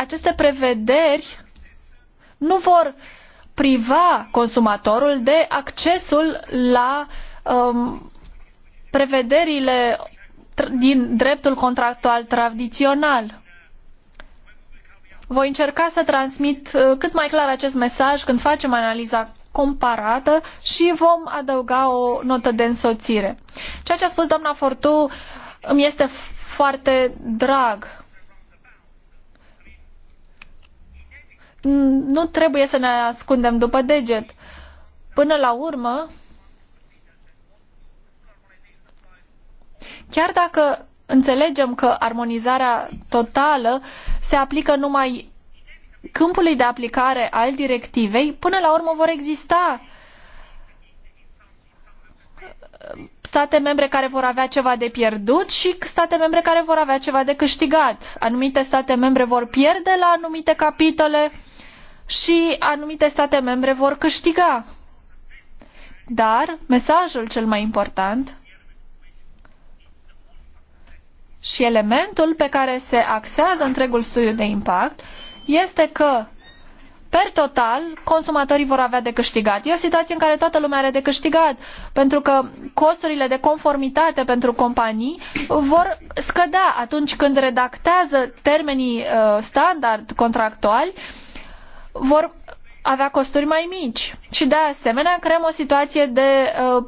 aceste prevederi nu vor priva consumatorul de accesul la um, prevederile din dreptul contractual tradițional. Voi încerca să transmit uh, cât mai clar acest mesaj când facem analiza comparată și vom adăuga o notă de însoțire. Ceea ce a spus doamna Fortu îmi este foarte drag nu trebuie să ne ascundem după deget. Până la urmă, chiar dacă înțelegem că armonizarea totală se aplică numai câmpului de aplicare al directivei, până la urmă vor exista state membre care vor avea ceva de pierdut și state membre care vor avea ceva de câștigat. Anumite state membre vor pierde la anumite capitole, și anumite state membre vor câștiga. Dar mesajul cel mai important și elementul pe care se axează întregul studiu de impact este că, per total, consumatorii vor avea de câștigat. E o situație în care toată lumea are de câștigat, pentru că costurile de conformitate pentru companii vor scădea atunci când redactează termenii uh, standard contractuali uh, vor avea costuri mai mici. Și de asemenea creăm o situație de uh,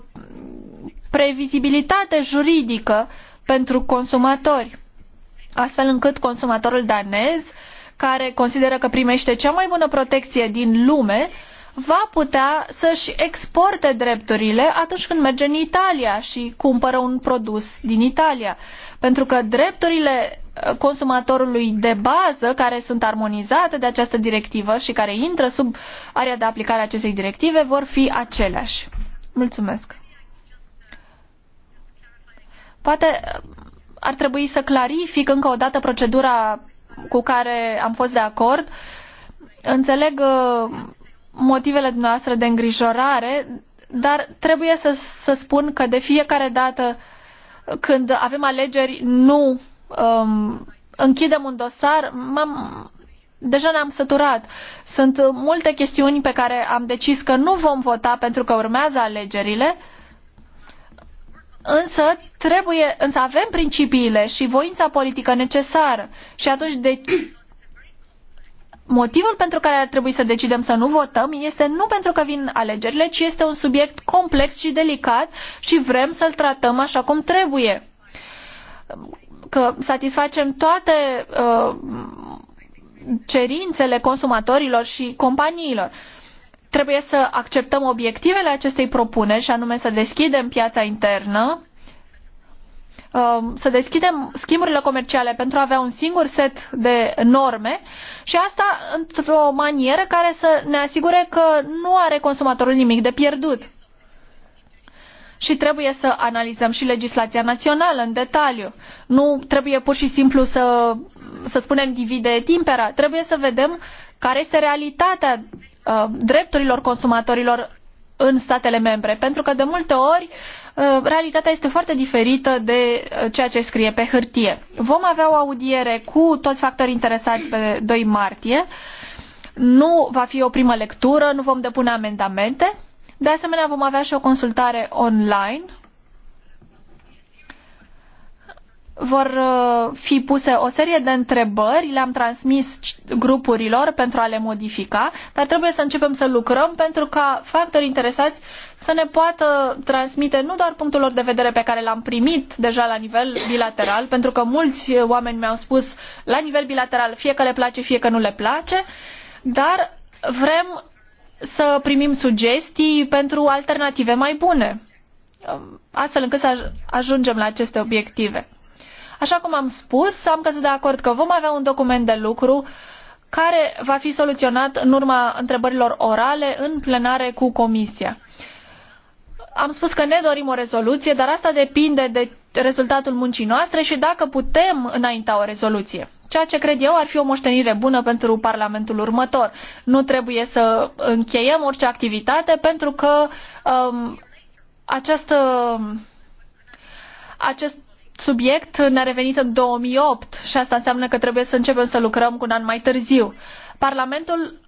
previzibilitate juridică pentru consumatori, astfel încât consumatorul danez, care consideră că primește cea mai bună protecție din lume, va putea să-și exporte drepturile atunci când merge în Italia și cumpără un produs din Italia. Pentru că drepturile consumatorului de bază care sunt armonizate de această directivă și care intră sub area de aplicare a acestei directive vor fi aceleași. Mulțumesc. Poate ar trebui să clarific încă o dată procedura cu care am fost de acord. Înțeleg uh, motivele noastre de îngrijorare, dar trebuie să, să spun că de fiecare dată când avem alegeri, nu um, închidem un dosar, deja ne-am săturat. Sunt multe chestiuni pe care am decis că nu vom vota pentru că urmează alegerile, însă trebuie, însă avem principiile și voința politică necesară și atunci de Motivul pentru care ar trebui să decidem să nu votăm este nu pentru că vin alegerile, ci este un subiect complex și delicat și vrem să-l tratăm așa cum trebuie că satisfacem toate uh, cerințele consumatorilor și companiilor. Trebuie să acceptăm obiectivele acestei propuneri și anume să deschidem piața internă, uh, să deschidem schimburile comerciale pentru a avea un singur set de norme și asta într-o manieră care să ne asigure că nu are consumatorul nimic de pierdut și trebuie să analizăm și legislația națională în detaliu. Nu trebuie pur și simplu să, să spunem divide et impera, trebuie să vedem care este realitatea uh, drepturilor consumatorilor în statele membre, pentru că de multe ori uh, realitatea este foarte diferită de uh, ceea ce scrie pe hârtie. Vom avea o audiere cu toți factorii interesați pe 2 martie. Nu va fi o primă lectură, nu vom depune amendamente de asemenea, vom avea și o consultare online. Vor uh, fi puse o serie de întrebări, le-am transmis grupurilor pentru a le modifica, dar trebuie să începem să lucrăm pentru ca factorii interesați să ne poată transmite nu doar punctul lor de vedere pe care l-am primit deja la nivel bilateral, pentru că mulți oameni mi-au spus la nivel bilateral fie că le place, fie că nu le place, dar vrem să primim sugestii pentru alternative mai bune, um, astfel încât să ajungem la aceste obiective. Așa cum am spus, am căzut de acord că vom avea un document de lucru care va fi soluționat în urma întrebărilor orale în plenare cu Comisia. Am spus că ne dorim o rezoluție, dar asta depinde de rezultatul muncii noastre și dacă putem înainta o rezoluție ceea ce cred eu ar fi o moștenire bună pentru Parlamentul următor. Nu trebuie să încheiem orice activitate pentru că um, această, acest subiect ne-a revenit în 2008 și asta înseamnă că trebuie să începem să lucrăm cu un an mai târziu. Parlamentul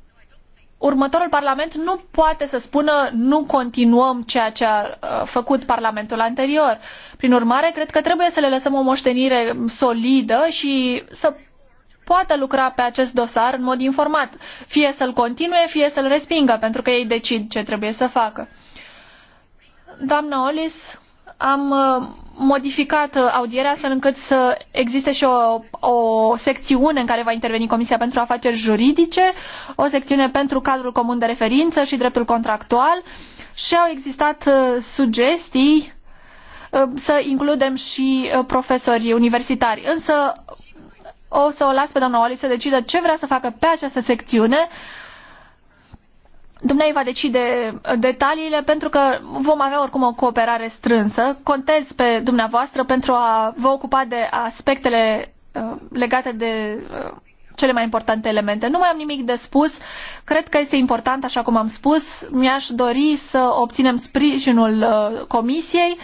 următorul Parlament nu poate să spună nu continuăm ceea ce a uh, făcut Parlamentul anterior. Prin urmare, cred că trebuie să le lăsăm o moștenire solidă și să poată lucra pe acest dosar în mod informat, fie să-l continue, fie să-l respingă, pentru că ei decid ce trebuie să facă. Doamna Olis, am uh, modificat uh, audierea astfel încât să existe și o, o secțiune în care va interveni Comisia pentru Afaceri Juridice, o secțiune pentru cadrul comun de referință și dreptul contractual și au existat uh, sugestii să includem și profesori universitari. Însă o să o las pe doamna Oli să decidă ce vrea să facă pe această secțiune. Dumnezeu va decide uh, detaliile pentru că vom avea oricum o cooperare strânsă. Contez pe dumneavoastră pentru a vă ocupa de aspectele uh, legate de uh, cele mai importante elemente. Nu mai am nimic de spus. Cred că este important, așa cum am spus. Mi-aș dori să obținem sprijinul comisiei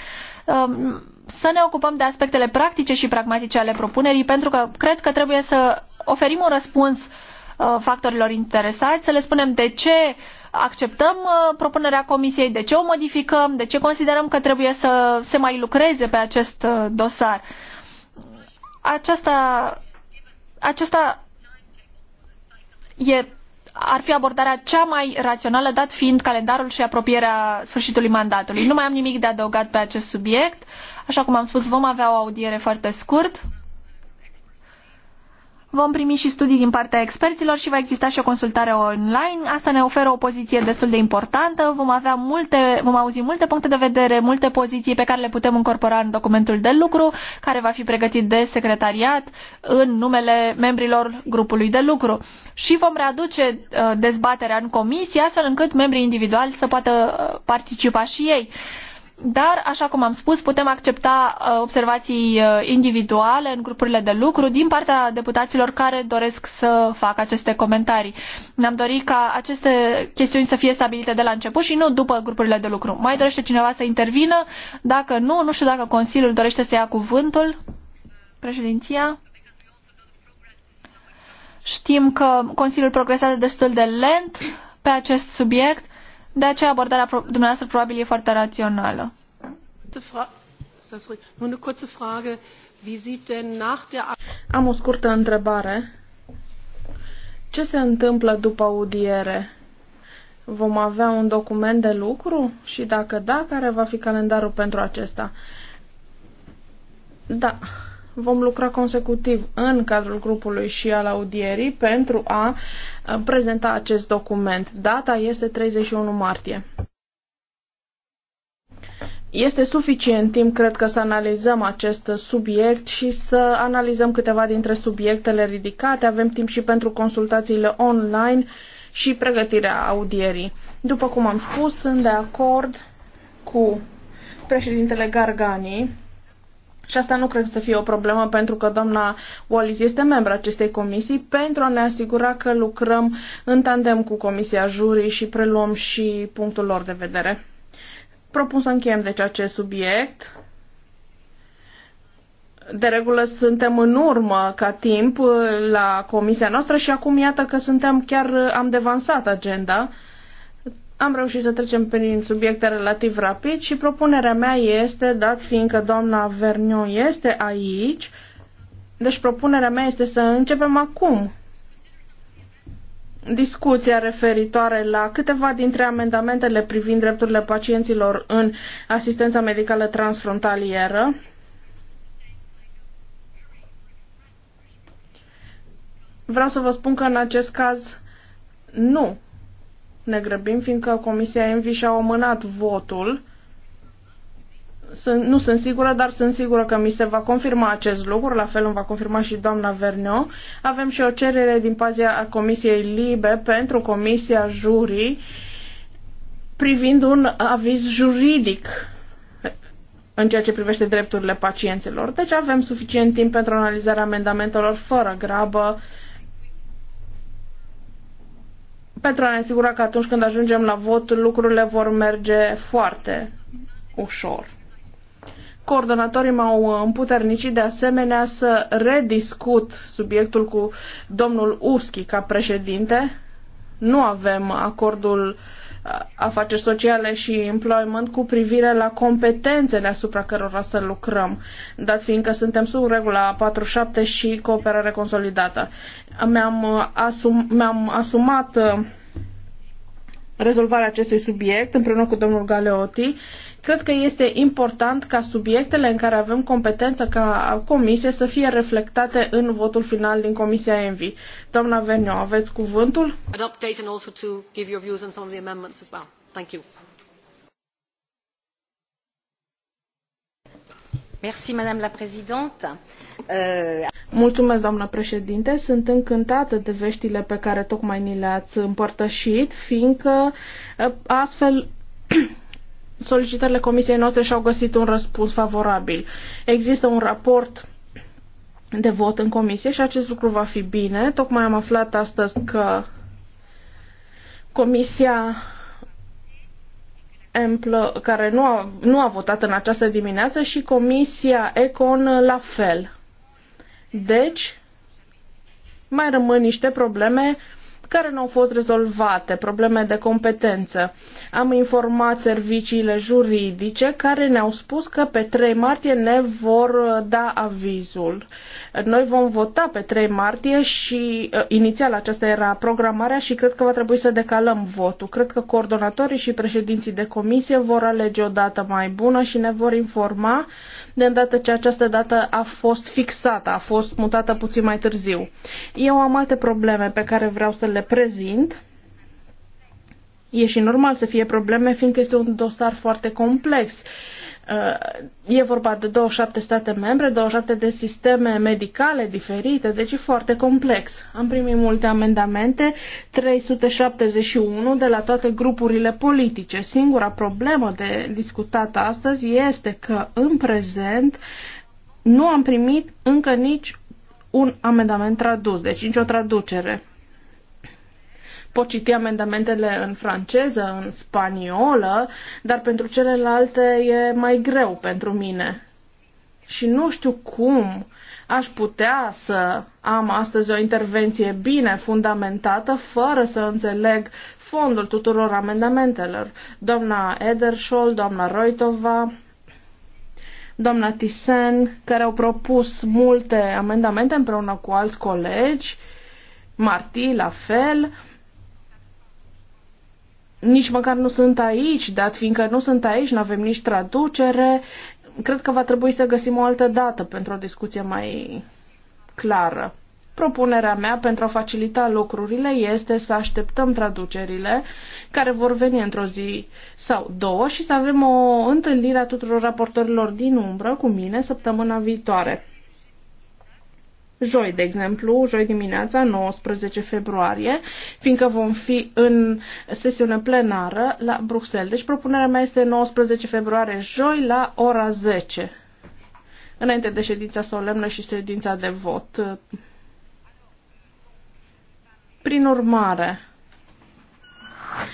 um, să ne ocupăm de aspectele practice și pragmatice ale propunerii, pentru că cred că trebuie să oferim un răspuns uh, factorilor interesați, să le spunem de ce acceptăm uh, propunerea Comisiei, de ce o modificăm, de ce considerăm că trebuie să se mai lucreze pe acest uh, dosar. Aceasta, aceasta e, ar fi abordarea cea mai rațională, dat fiind calendarul și apropierea sfârșitului mandatului. Nu mai am nimic de adăugat pe acest subiect. Așa cum am spus, vom avea o audiere foarte scurt. Vom primi și studii din partea experților și va exista și o consultare online. Asta ne oferă o poziție destul de importantă. Vom avea multe, vom auzi multe puncte de vedere, multe poziții pe care le putem incorpora în documentul de lucru, care va fi pregătit de secretariat în numele membrilor grupului de lucru. Și vom readuce uh, dezbaterea în comisie, astfel încât membrii individuali să poată uh, participa și ei. Dar, așa cum am spus, putem accepta uh, observații uh, individuale în grupurile de lucru din partea deputaților care doresc să facă aceste comentarii. Ne-am dorit ca aceste chestiuni să fie stabilite de la început și nu după grupurile de lucru. Mai dorește cineva să intervină? Dacă nu, nu știu dacă Consiliul dorește să ia cuvântul. Președinția? Știm că Consiliul progresează destul de lent pe acest subiect de aceea abordarea dumneavoastră probabil e foarte rațională.
Am o scurtă întrebare. Ce se întâmplă după audiere? Vom avea un document de lucru? Și dacă da, care va fi calendarul pentru acesta? Da vom lucra consecutiv în cadrul grupului și al audierii pentru a prezenta acest document. Data este 31 martie. Este suficient timp, cred că, să analizăm acest subiect și să analizăm câteva dintre subiectele ridicate. Avem timp și pentru consultațiile online și pregătirea audierii. După cum am spus, sunt de acord cu președintele Gargani și asta nu cred să fie o problemă pentru că doamna Wallis este membra acestei comisii, pentru a ne asigura că lucrăm în tandem cu Comisia Jurii și preluăm și punctul lor de vedere. Propun să încheiem deci acest subiect. De regulă suntem în urmă ca timp la comisia noastră și acum iată că suntem chiar am devansat agenda am reușit să trecem prin subiecte relativ rapid și propunerea mea este, dat fiindcă doamna Vernion este aici, deci propunerea mea este să începem acum discuția referitoare la câteva dintre amendamentele privind drepturile pacienților în asistența medicală transfrontalieră. Vreau să vă spun că în acest caz nu ne grăbim, fiindcă Comisia Envi și-a omânat votul. Sunt, nu sunt sigură, dar sunt sigură că mi se va confirma acest lucru, la fel îmi va confirma și doamna Verneau. Avem și o cerere din pazia Comisiei Libe pentru Comisia Jurii privind un aviz juridic în ceea ce privește drepturile pacienților. Deci avem suficient timp pentru analizarea amendamentelor fără grabă pentru a ne asigura că atunci când ajungem la vot, lucrurile vor merge foarte ușor. Coordonatorii m-au împuternicit de asemenea să rediscut subiectul cu domnul Uschi ca președinte. Nu avem acordul uh, afaceri sociale și employment cu privire la competențele asupra cărora să lucrăm, dat fiindcă suntem sub regula 47 și cooperare consolidată. Mi-am, uh, asum, mi-am asumat uh, rezolvarea acestui subiect împreună cu domnul Galeotti Cred că este important ca subiectele în care avem competență ca comisie să fie reflectate în votul final din Comisia ENVI. Doamna Verniu, aveți cuvântul?
Merci, Madame la Présidente.
Euh, Mulțumesc, doamnă președinte. Sunt încântată de veștile pe care tocmai ni le-ați împărtășit, fiindcă ă, astfel solicitările comisiei noastre și-au găsit un răspuns favorabil. Există un raport de vot în comisie și acest lucru va fi bine. Tocmai am aflat astăzi că comisia Emplă, care nu a, nu a votat în această dimineață și comisia Econ la fel. Deci, mai rămân niște probleme care nu au fost rezolvate, probleme de competență. Am informat serviciile juridice care ne-au spus că pe 3 martie ne vor uh, da avizul. Noi vom vota pe 3 martie și uh, inițial aceasta era programarea și cred că va trebui să decalăm votul. Cred că coordonatorii și președinții de comisie vor alege o dată mai bună și ne vor informa de îndată ce această dată a fost fixată, a fost mutată puțin mai târziu. Eu am alte probleme pe care vreau să le prezint. E și normal să fie probleme, fiindcă este un dosar foarte complex Uh, e vorba de 27 state membre, 27 de sisteme medicale diferite, deci e foarte complex. Am primit multe amendamente, 371 de la toate grupurile politice. Singura problemă de discutat astăzi este că în prezent nu am primit încă nici un amendament tradus, deci nicio traducere pot citi amendamentele în franceză, în spaniolă, dar pentru celelalte e mai greu pentru mine. Și nu știu cum aș putea să am astăzi o intervenție bine fundamentată fără să înțeleg fondul tuturor amendamentelor. Doamna Ederscholl, doamna Roitova, doamna Tisen, care au propus multe amendamente împreună cu alți colegi, Marti, la fel nici măcar nu sunt aici, dat fiindcă nu sunt aici, nu avem nici traducere, cred că va trebui să găsim o altă dată pentru o discuție mai clară. Propunerea mea pentru a facilita lucrurile este să așteptăm traducerile care vor veni într-o zi sau două și să avem o întâlnire a tuturor raportorilor din umbră cu mine săptămâna viitoare joi, de exemplu, joi dimineața, 19 februarie, fiindcă vom fi în sesiune plenară la Bruxelles. Deci propunerea mea este 19 februarie, joi, la ora 10, înainte de ședința solemnă și ședința de vot. Prin urmare,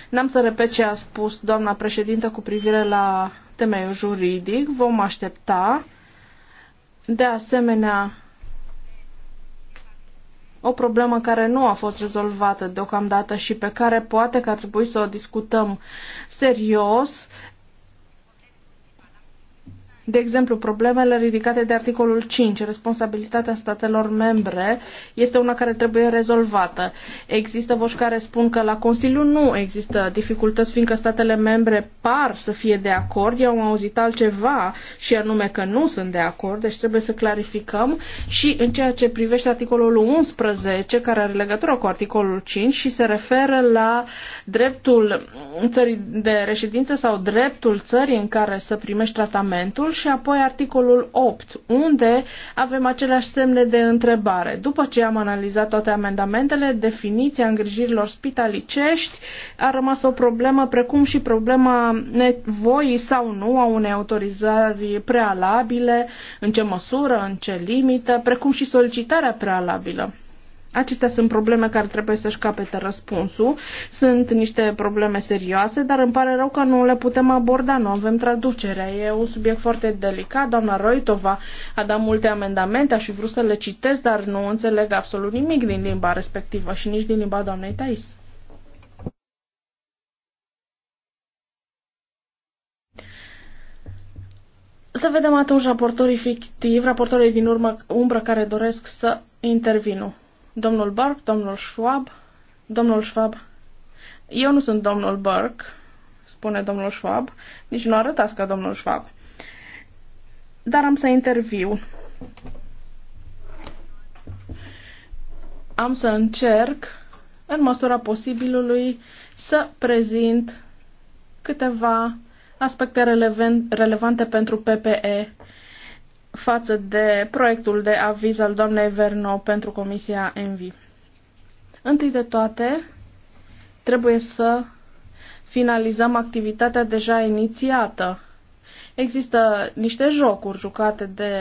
n-am să repet ce a spus doamna președintă cu privire la temeiul juridic. Vom aștepta. De asemenea, o problemă care nu a fost rezolvată deocamdată și pe care poate că ar trebui să o discutăm serios de exemplu, problemele ridicate de articolul 5, responsabilitatea statelor membre, este una care trebuie rezolvată. Există voci care spun că la Consiliu nu există dificultăți, fiindcă statele membre par să fie de acord. Eu am auzit altceva și anume că nu sunt de acord, deci trebuie să clarificăm. Și în ceea ce privește articolul 11, care are legătură cu articolul 5 și se referă la dreptul țării de reședință sau dreptul țării în care să primești tratamentul, și apoi articolul 8, unde avem aceleași semne de întrebare. După ce am analizat toate amendamentele, definiția îngrijirilor spitalicești a rămas o problemă, precum și problema nevoii sau nu a unei autorizări prealabile, în ce măsură, în ce limită, precum și solicitarea prealabilă. Acestea sunt probleme care trebuie să-și capete răspunsul. Sunt niște probleme serioase, dar îmi pare rău că nu le putem aborda, nu avem traducere. E un subiect foarte delicat. Doamna Roitova a dat multe amendamente, aș fi vrut să le citesc, dar nu înțeleg absolut nimic din limba respectivă și nici din limba doamnei Tais. Să vedem atunci raportorii fictivi, raportorii din urmă, umbră care doresc să intervină domnul Burke, domnul Schwab, domnul Schwab. Eu nu sunt domnul Burke, spune domnul Schwab, nici nu arătați ca domnul Schwab. Dar am să interviu. Am să încerc, în măsura posibilului, să prezint câteva aspecte relevante pentru PPE față de proiectul de aviz al doamnei Verno pentru Comisia Envi. Întâi de toate, trebuie să finalizăm activitatea deja inițiată. Există niște jocuri jucate de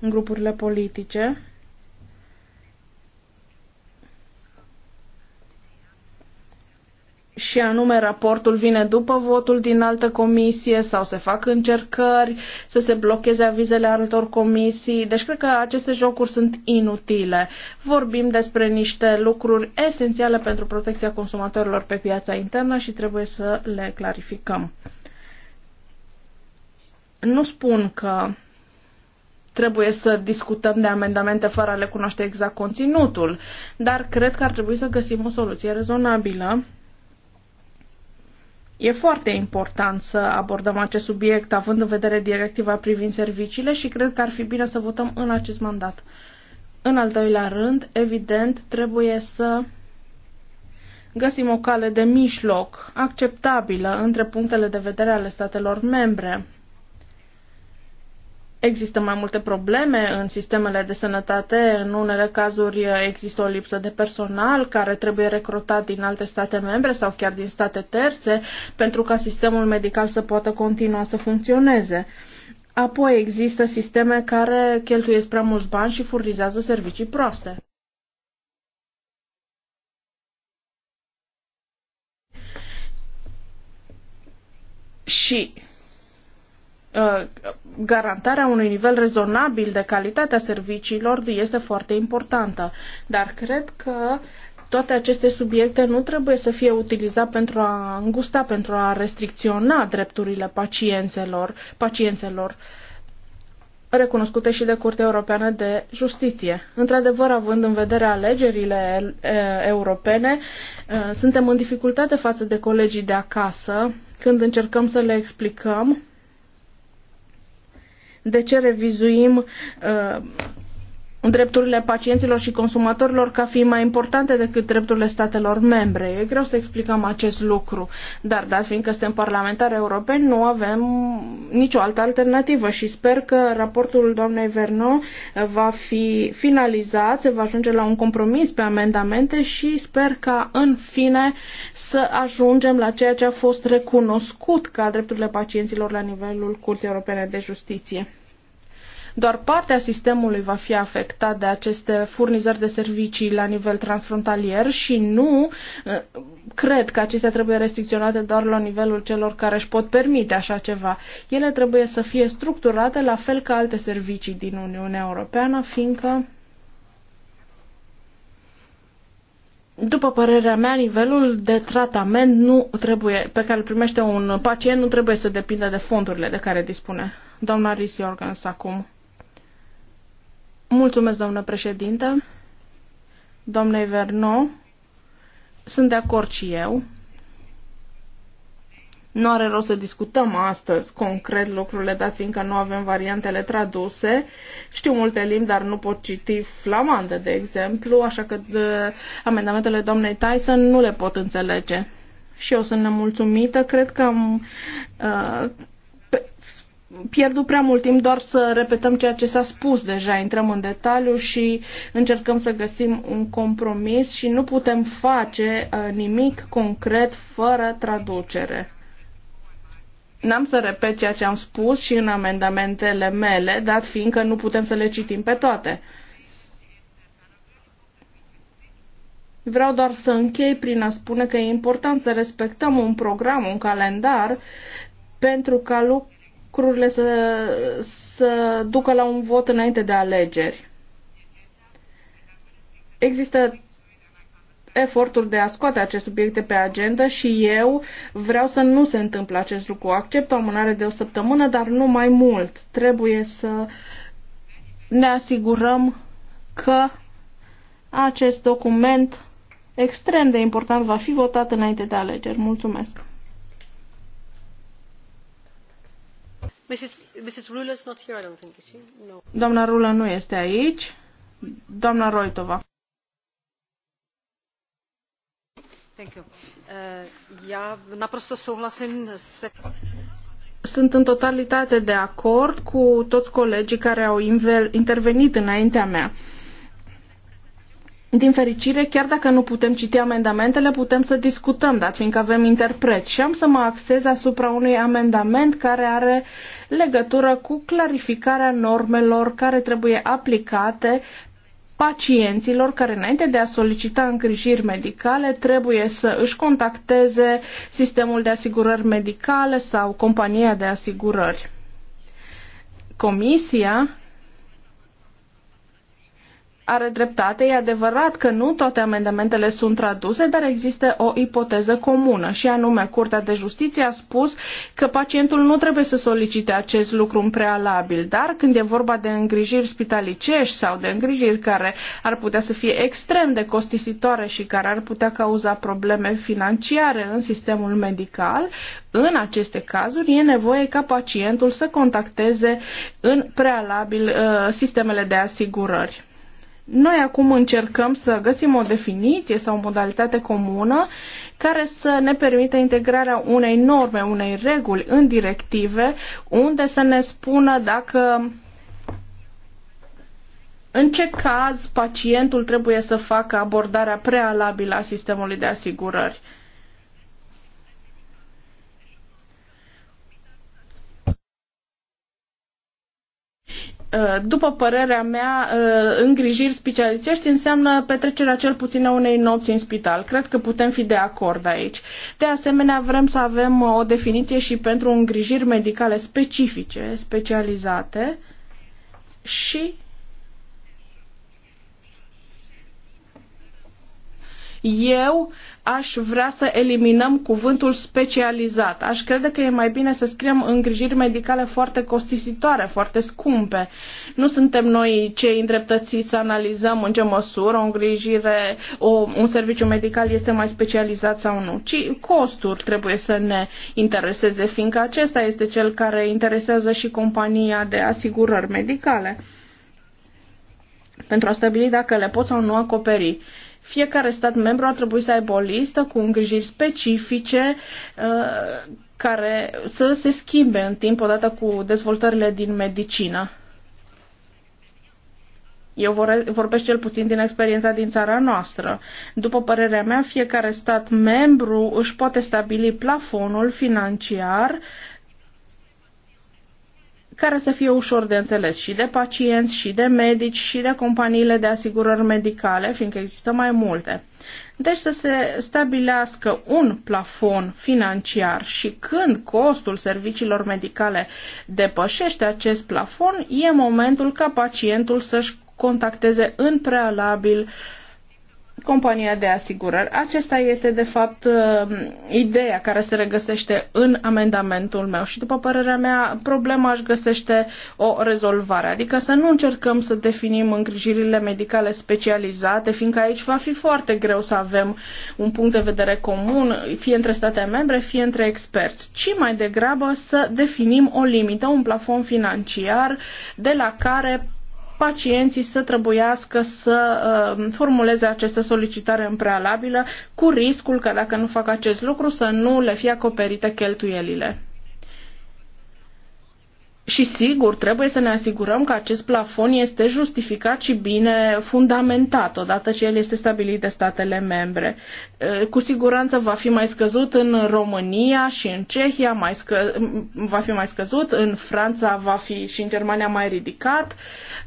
grupurile politice și anume raportul vine după votul din altă comisie sau se fac încercări să se blocheze avizele altor comisii. Deci cred că aceste jocuri sunt inutile. Vorbim despre niște lucruri esențiale pentru protecția consumatorilor pe piața internă și trebuie să le clarificăm. Nu spun că trebuie să discutăm de amendamente fără a le cunoaște exact conținutul, dar cred că ar trebui să găsim o soluție rezonabilă E foarte important să abordăm acest subiect, având în vedere directiva privind serviciile și cred că ar fi bine să votăm în acest mandat. În al doilea rând, evident, trebuie să găsim o cale de mijloc acceptabilă între punctele de vedere ale statelor membre Există mai multe probleme în sistemele de sănătate. În unele cazuri există o lipsă de personal care trebuie recrutat din alte state membre sau chiar din state terțe pentru ca sistemul medical să poată continua să funcționeze. Apoi există sisteme care cheltuiesc prea mulți bani și furnizează servicii proaste. Și Uh, garantarea unui nivel rezonabil de calitate a serviciilor este foarte importantă. Dar cred că toate aceste subiecte nu trebuie să fie utilizate pentru a îngusta, pentru a restricționa drepturile pacienților, pacienților recunoscute și de Curtea Europeană de Justiție. Într-adevăr, având în vedere alegerile uh, europene, uh, suntem în dificultate față de colegii de acasă când încercăm să le explicăm de ce revizuim uh, drepturile pacienților și consumatorilor ca fiind mai importante decât drepturile statelor membre. E greu să explicăm acest lucru, dar dat fiindcă suntem parlamentari europeni, nu avem nicio altă alternativă și sper că raportul doamnei Verno uh, va fi finalizat, se va ajunge la un compromis pe amendamente și sper ca în fine să ajungem la ceea ce a fost recunoscut ca drepturile pacienților la nivelul Curții Europene de Justiție. Doar partea sistemului va fi afectat de aceste furnizări de servicii la nivel transfrontalier și nu uh, cred că acestea trebuie restricționate doar la nivelul celor care își pot permite așa ceva. Ele trebuie să fie structurate la fel ca alte servicii din Uniunea Europeană, fiindcă după părerea mea, nivelul de tratament nu trebuie, pe care îl primește un pacient nu trebuie să depindă de fondurile de care dispune. Doamna Risi Organs acum. Mulțumesc, doamnă președintă. Domnule Verno, sunt de acord și eu. Nu are rost să discutăm astăzi concret lucrurile, dar fiindcă nu avem variantele traduse, știu multe limbi, dar nu pot citi flamandă, de exemplu, așa că de, amendamentele doamnei Tyson nu le pot înțelege. Și eu sunt nemulțumită, cred că am uh, pierdut prea mult timp doar să repetăm ceea ce s-a spus deja, intrăm în detaliu și încercăm să găsim un compromis și nu putem face uh, nimic concret fără traducere. N-am să repet ceea ce am spus și în amendamentele mele, dat fiindcă nu putem să le citim pe toate. Vreau doar să închei prin a spune că e important să respectăm un program, un calendar, pentru ca lucrurile lucrurile să, să ducă la un vot înainte de alegeri. Există eforturi de a scoate acest subiect pe agenda și eu vreau să nu se întâmple acest lucru. Accept o amânare de o săptămână, dar nu mai mult. Trebuie să ne asigurăm că acest document extrem de important va fi votat înainte de alegeri. Mulțumesc! Doamna Rulă nu este aici. Doamna Roitova.
Uh,
Sunt în totalitate de acord cu toți colegii care au intervenit înaintea mea. Din fericire, chiar dacă nu putem citi amendamentele, putem să discutăm, dat fiindcă avem interpreți. Și am să mă axez asupra unui amendament care are uh, legătură cu clarificarea normelor care trebuie aplicate pacienților care înainte de a solicita îngrijiri medicale trebuie să își contacteze sistemul de asigurări medicale sau compania de asigurări. Comisia are dreptate. E adevărat că nu toate amendamentele sunt traduse, dar există o ipoteză comună și anume Curtea de Justiție a spus că pacientul nu trebuie să solicite acest lucru în prealabil, dar când e vorba de îngrijiri spitalicești sau de îngrijiri care ar putea să fie extrem de costisitoare și care ar putea cauza probleme financiare în sistemul medical, în aceste cazuri e nevoie ca pacientul să contacteze în prealabil uh, sistemele de asigurări. Noi acum încercăm să găsim o definiție sau o modalitate comună care să ne permită integrarea unei norme, unei reguli în directive, unde să ne spună dacă în ce caz pacientul trebuie să facă abordarea prealabilă a sistemului de asigurări. Uh, după părerea mea, uh, îngrijiri specialițești înseamnă petrecerea cel puțin a unei nopți în spital. Cred că putem fi de acord aici. De asemenea, vrem să avem uh, o definiție și pentru îngrijiri medicale specifice, specializate și Eu aș vrea să eliminăm cuvântul specializat. Aș crede că e mai bine să scriem îngrijiri medicale foarte costisitoare, foarte scumpe. Nu suntem noi cei îndreptățiți să analizăm în ce măsură o îngrijire, o, un serviciu medical este mai specializat sau nu, ci costuri trebuie să ne intereseze, fiindcă acesta este cel care interesează și compania de asigurări medicale pentru a stabili dacă le pot sau nu acoperi. Fiecare stat membru ar trebui să aibă o listă cu îngrijiri specifice uh, care să se schimbe în timp odată cu dezvoltările din medicină. Eu vorbesc cel puțin din experiența din țara noastră. După părerea mea, fiecare stat membru își poate stabili plafonul financiar care să fie ușor de înțeles și de pacienți, și de medici, și de companiile de asigurări medicale, fiindcă există mai multe. Deci să se stabilească un plafon financiar și când costul serviciilor medicale depășește acest plafon, e momentul ca pacientul să-și contacteze în prealabil compania de asigurări. Acesta este, de fapt, uh, ideea care se regăsește în amendamentul meu și, după părerea mea, problema își găsește o rezolvare. Adică să nu încercăm să definim îngrijirile medicale specializate, fiindcă aici va fi foarte greu să avem un punct de vedere comun, fie între state membre, fie între experți, ci mai degrabă să definim o limită, un plafon financiar de la care pacienții să trebuiască să uh, formuleze această solicitare în prealabilă, cu riscul că dacă nu fac acest lucru să nu le fie acoperite cheltuielile. Și sigur, trebuie să ne asigurăm că acest plafon este justificat și bine fundamentat, odată ce el este stabilit de statele membre. Uh, cu siguranță va fi mai scăzut în România și în Cehia, mai scă... va fi mai scăzut, în Franța va fi și în Germania mai ridicat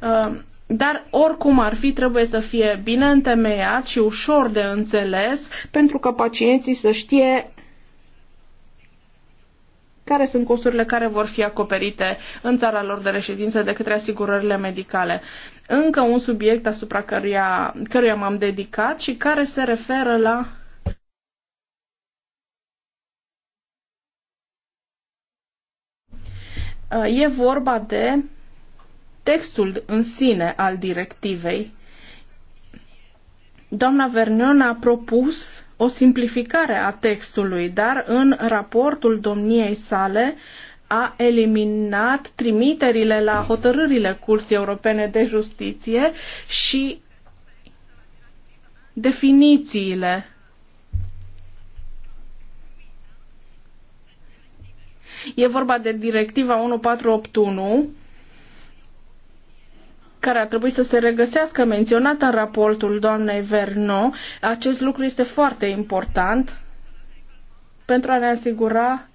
Um, dar oricum ar fi, trebuie să fie bine întemeiat și ușor de înțeles, pentru că pacienții să știe care sunt costurile care vor fi acoperite în țara lor de reședință de către asigurările medicale. Încă un subiect asupra căruia, căruia m-am dedicat și care se referă la uh, E vorba de textul în sine al directivei. Doamna Vernion a propus o simplificare a textului, dar în raportul domniei sale a eliminat trimiterile la hotărârile Curții Europene de Justiție și definițiile. E vorba de directiva 1481 care ar trebui să se regăsească menționată în raportul doamnei Verno. Acest lucru este foarte important pentru a ne asigura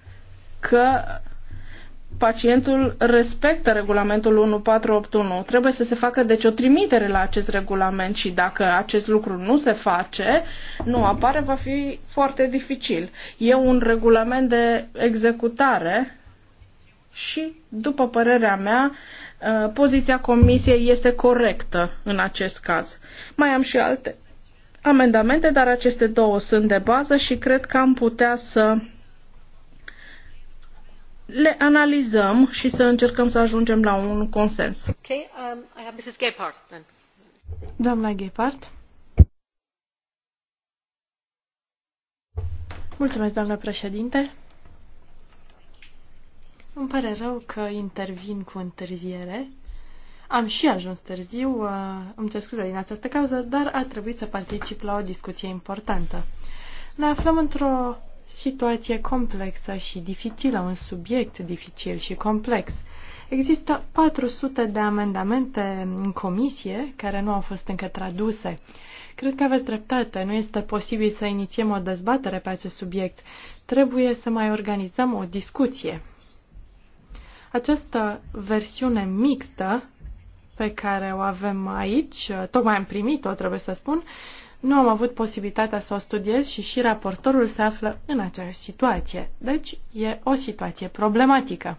că pacientul respectă regulamentul 1481. Trebuie să se facă deci o trimitere la acest regulament și dacă acest lucru nu se face, nu apare, va fi foarte dificil. E un regulament de executare și, după părerea mea, Uh, poziția comisiei este corectă în acest caz. Mai am și alte amendamente, dar aceste două sunt de bază și cred că am putea să le analizăm și să încercăm să ajungem la un consens.
Okay, um, I have Mrs. Gephardt, then.
Doamna Gephardt.
Mulțumesc, doamnă președinte. Îmi pare rău că intervin cu întârziere. Am și ajuns târziu, uh, îmi cer scuze din această cauză, dar a trebuit să particip la o discuție importantă. Ne aflăm într-o situație complexă și dificilă, un subiect dificil și complex. Există 400 de amendamente în comisie care nu au fost încă traduse. Cred că aveți dreptate, nu este posibil să inițiem o dezbatere pe acest subiect. Trebuie să mai organizăm o discuție. Această versiune mixtă pe care o avem aici, tocmai am primit-o, trebuie să spun, nu am avut posibilitatea să o studiez și și raportorul se află în aceeași situație. Deci e o situație problematică.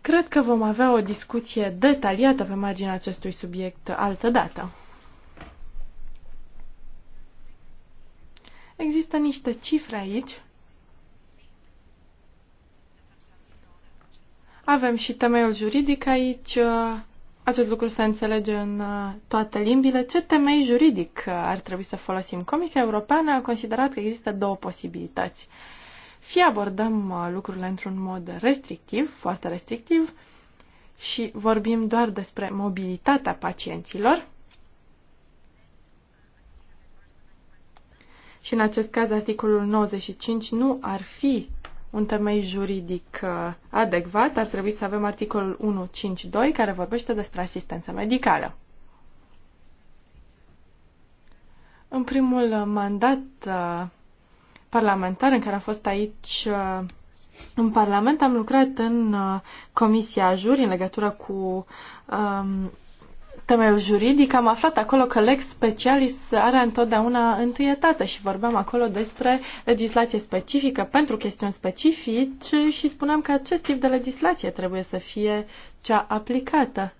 Cred că vom avea o discuție detaliată pe marginea acestui subiect altă dată. Există niște cifre aici Avem și temeiul juridic aici. Acest lucru se înțelege în uh, toate limbile. Ce temei juridic uh, ar trebui să folosim? Comisia Europeană a considerat că există două posibilități. Fie abordăm uh, lucrurile într-un mod restrictiv, foarte restrictiv, și vorbim doar despre mobilitatea pacienților, și în acest caz articolul 95 nu ar fi un temei juridic uh, adecvat, ar trebui să avem articolul 152 care vorbește despre asistență medicală. În primul mandat uh, parlamentar în care am fost aici uh, în Parlament, am lucrat în Comisia Juri în legătură cu um, temeiul juridic, am aflat acolo că lex specialis are întotdeauna întâietate și vorbeam acolo despre legislație specifică pentru chestiuni specifice și spuneam că acest tip de legislație trebuie să fie cea aplicată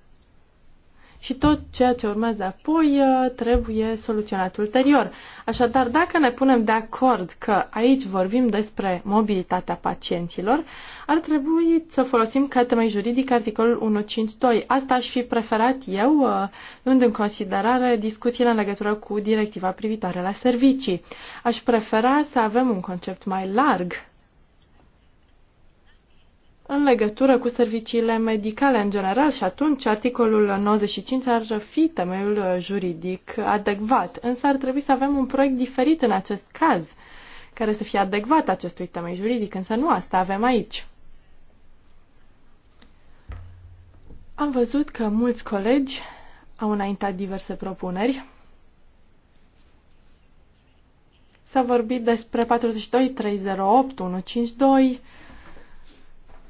și tot ceea ce urmează apoi uh, trebuie soluționat ulterior. Așadar, dacă ne punem de acord că aici vorbim despre mobilitatea pacienților, ar trebui să folosim ca temei juridic articolul 152. Asta aș fi preferat eu, uh, luând în considerare discuțiile în legătură cu directiva privitoare la servicii. Aș prefera să avem un concept mai larg în legătură cu serviciile medicale în general și atunci articolul 95 ar fi temeiul juridic adecvat. Însă ar trebui să avem un proiect diferit în acest caz, care să fie adecvat acestui temei juridic, însă nu asta avem aici. Am văzut că mulți colegi au înaintat diverse propuneri. S-a vorbit despre 42308152,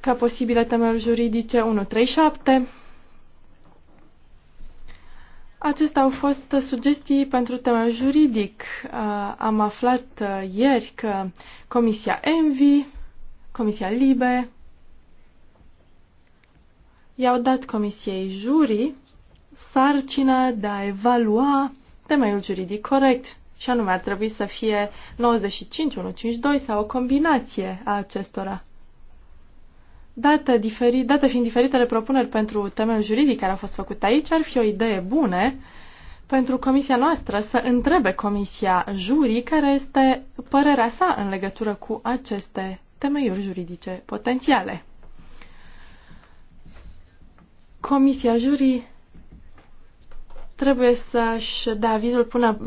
ca posibile temeri juridice 137. Acestea au fost sugestii pentru tema juridic. Am aflat ieri că Comisia Envi, Comisia Libe, i-au dat Comisiei Juri sarcina de a evalua temeiul juridic corect. Și anume ar trebui să fie 95, 152 sau o combinație a acestora. Date, diferi, date fiind diferitele propuneri pentru temel juridic care au fost făcute aici, ar fi o idee bună pentru comisia noastră să întrebe comisia jurii care este părerea sa în legătură cu aceste temeiuri juridice potențiale. Comisia jurii trebuie să-și dea avizul până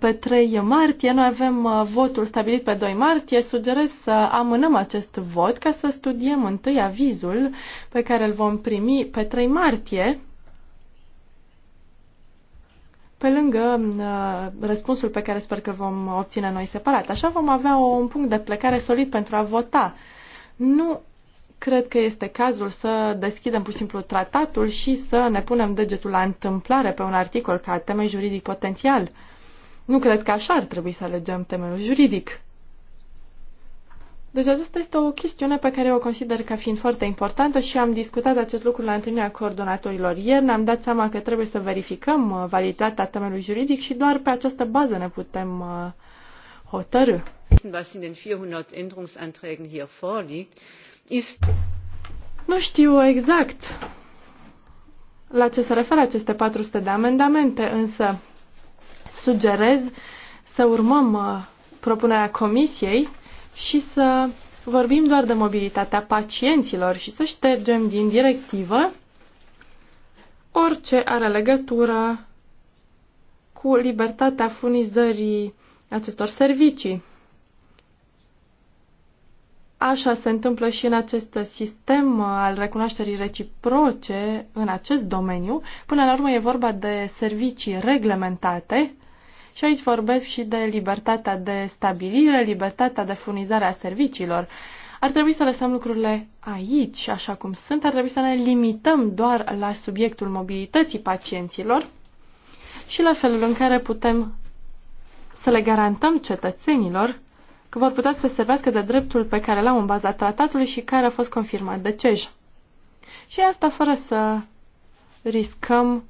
pe 3 martie. Noi avem uh, votul stabilit pe 2 martie. Sugerez să amânăm acest vot ca să studiem întâi avizul pe care îl vom primi pe 3 martie. Pe lângă uh, răspunsul pe care sper că vom obține noi separat. Așa vom avea un punct de plecare solid pentru a vota. Nu cred că este cazul să deschidem pur și simplu tratatul și să ne punem degetul la întâmplare pe un articol ca temei juridic potențial. Nu cred că așa ar trebui să alegem temeiul juridic. Deci aceasta este o chestiune pe care o consider ca fiind foarte importantă și am discutat acest lucru la întâlnirea coordonatorilor ieri. Ne-am dat seama că trebuie să verificăm uh, validitatea temelui juridic și doar pe această bază ne putem uh, hotărâ.
Was in den 400 Änderungsanträgen hier vorliegt,
nu știu exact la ce se referă aceste 400 de amendamente, însă sugerez să urmăm uh, propunerea comisiei și să vorbim doar de mobilitatea pacienților și să ștergem din directivă orice are legătură cu libertatea furnizării acestor servicii. Așa se întâmplă și în acest sistem al recunoașterii reciproce în acest domeniu. Până la urmă e vorba de servicii reglementate și aici vorbesc și de libertatea de stabilire, libertatea de furnizare a serviciilor. Ar trebui să lăsăm lucrurile aici, așa cum sunt, ar trebui să ne limităm doar la subiectul mobilității pacienților și la felul în care putem să le garantăm cetățenilor că vor putea să se servească de dreptul pe care l-au în baza tratatului și care a fost confirmat de CEJ. Și asta fără să riscăm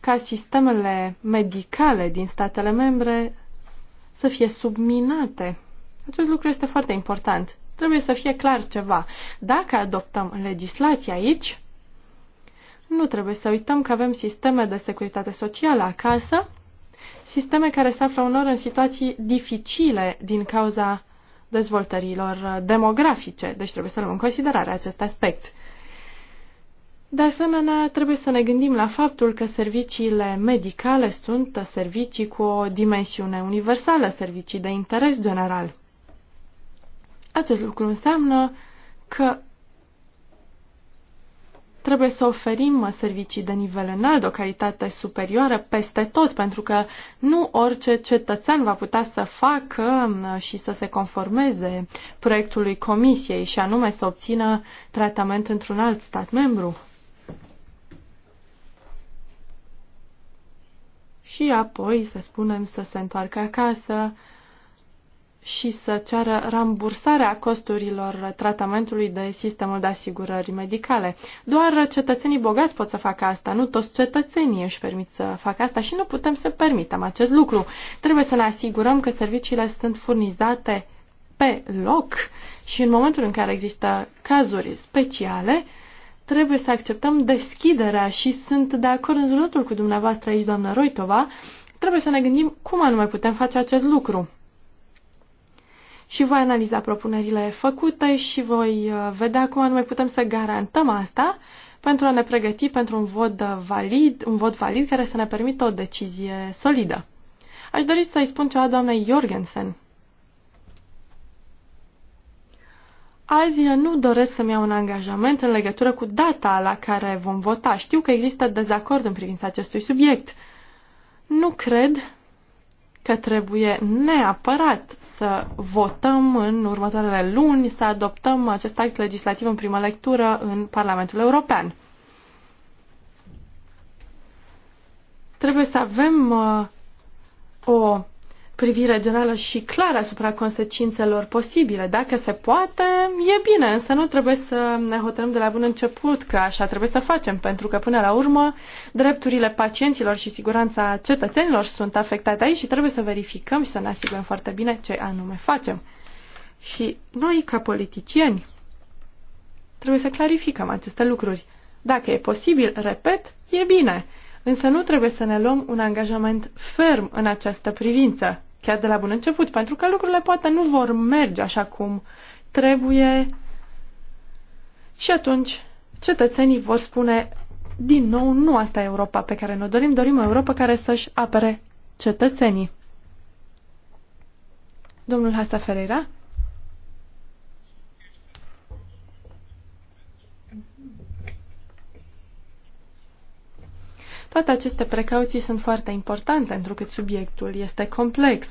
ca sistemele medicale din statele membre să fie subminate. Acest lucru este foarte important. Trebuie să fie clar ceva. Dacă adoptăm legislația aici, nu trebuie să uităm că avem sisteme de securitate socială acasă sisteme care se află unor în situații dificile din cauza dezvoltărilor demografice, deci trebuie să luăm în considerare acest aspect. De asemenea, trebuie să ne gândim la faptul că serviciile medicale sunt servicii cu o dimensiune universală, servicii de interes general. Acest lucru înseamnă că Trebuie să oferim servicii de nivel înalt, o calitate superioară peste tot, pentru că nu orice cetățean va putea să facă um, și să se conformeze proiectului Comisiei și anume să obțină tratament într-un alt stat membru. Și apoi, să spunem, să se întoarcă acasă, și să ceară rambursarea costurilor tratamentului de sistemul de asigurări medicale. Doar cetățenii bogați pot să facă asta, nu toți cetățenii își permit să facă asta și nu putem să permitem acest lucru. Trebuie să ne asigurăm că serviciile sunt furnizate pe loc și în momentul în care există cazuri speciale, trebuie să acceptăm deschiderea și sunt de acord în zonatul cu dumneavoastră aici, doamnă Roitova, trebuie să ne gândim cum anume putem face acest lucru și voi analiza propunerile făcute și voi uh, vedea cum anume putem să garantăm asta pentru a ne pregăti pentru un vot valid, un vot valid care să ne permită o decizie solidă. Aș dori să-i spun ceva doamnei Jorgensen. Azi nu doresc să-mi iau un angajament în legătură cu data la care vom vota. Știu că există dezacord în privința acestui subiect. Nu cred că trebuie neapărat să votăm în următoarele luni, să adoptăm acest act legislativ în primă lectură în Parlamentul European. Trebuie să avem uh, o privire generală și clară asupra consecințelor posibile. Dacă se poate, e bine, însă nu trebuie să ne hotărâm de la bun început că așa trebuie să facem, pentru că până la urmă drepturile pacienților și siguranța cetățenilor sunt afectate aici și trebuie să verificăm și să ne asigurăm foarte bine ce anume facem. Și noi, ca politicieni, trebuie să clarificăm aceste lucruri. Dacă e posibil, repet, e bine. Însă nu trebuie să ne luăm un angajament ferm în această privință chiar de la bun început, pentru că lucrurile poate nu vor merge așa cum trebuie și atunci cetățenii vor spune din nou, nu asta e Europa pe care ne dorim, dorim o Europa care să-și apere cetățenii. Domnul Hasta Ferreira? Toate aceste precauții sunt foarte importante, pentru că subiectul este complex.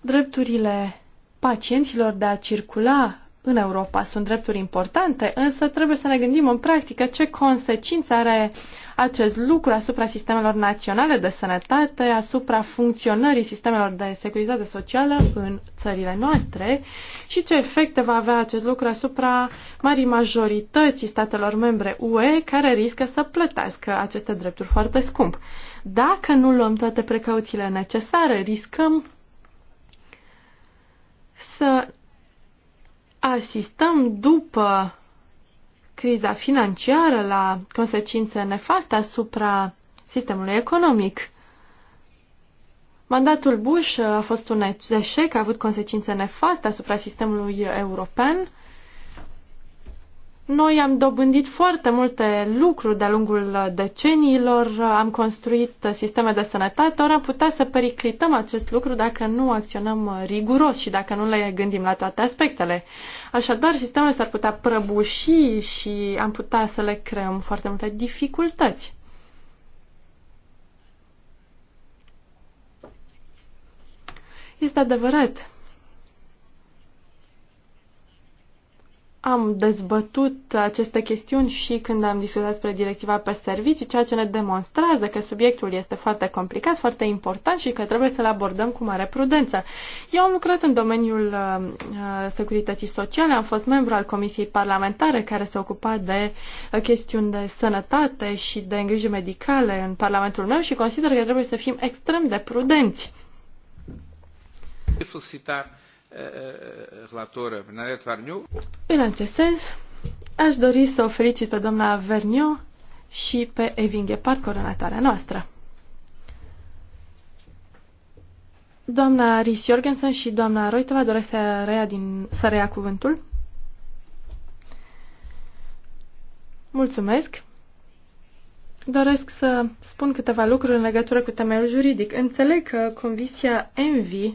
Drepturile pacienților de a circula în Europa sunt drepturi importante, însă trebuie să ne gândim în practică ce consecințe are acest lucru asupra sistemelor naționale de sănătate, asupra funcționării sistemelor de securitate socială în țările noastre și ce efecte va avea acest lucru asupra marii majorității statelor membre UE care riscă să plătească aceste drepturi foarte scump. Dacă nu luăm toate precauțiile necesare, riscăm să asistăm după criza financiară la consecințe nefaste asupra sistemului economic. Mandatul Bush a fost un eșec, a avut consecințe nefaste asupra sistemului european noi am dobândit foarte multe lucruri de-a lungul deceniilor, am construit sisteme de sănătate, ori am putea să periclităm acest lucru dacă nu acționăm riguros și dacă nu le gândim la toate aspectele. Așadar, sistemele s-ar putea prăbuși și am putea să le creăm foarte multe dificultăți. Este adevărat Am dezbătut aceste chestiuni și când am discutat despre directiva pe servicii, ceea ce ne demonstrează că subiectul este foarte complicat, foarte important și că trebuie să-l abordăm cu mare prudență. Eu am lucrat în domeniul uh, uh securității sociale, am fost membru al Comisiei Parlamentare care se ocupa de uh, chestiuni de sănătate și de îngrijă medicale în Parlamentul meu și consider că trebuie să fim extrem de prudenți.
Felicitar
în acest sens, aș dori să o felicit pe doamna Verniu și pe Evin Ghepard, coronatoarea noastră. Doamna Ris Jorgensen și doamna Roitova doresc să reia, din, să reia cuvântul. Mulțumesc! Doresc să spun câteva lucruri în legătură cu temeiul juridic. Înțeleg că Comisia Envi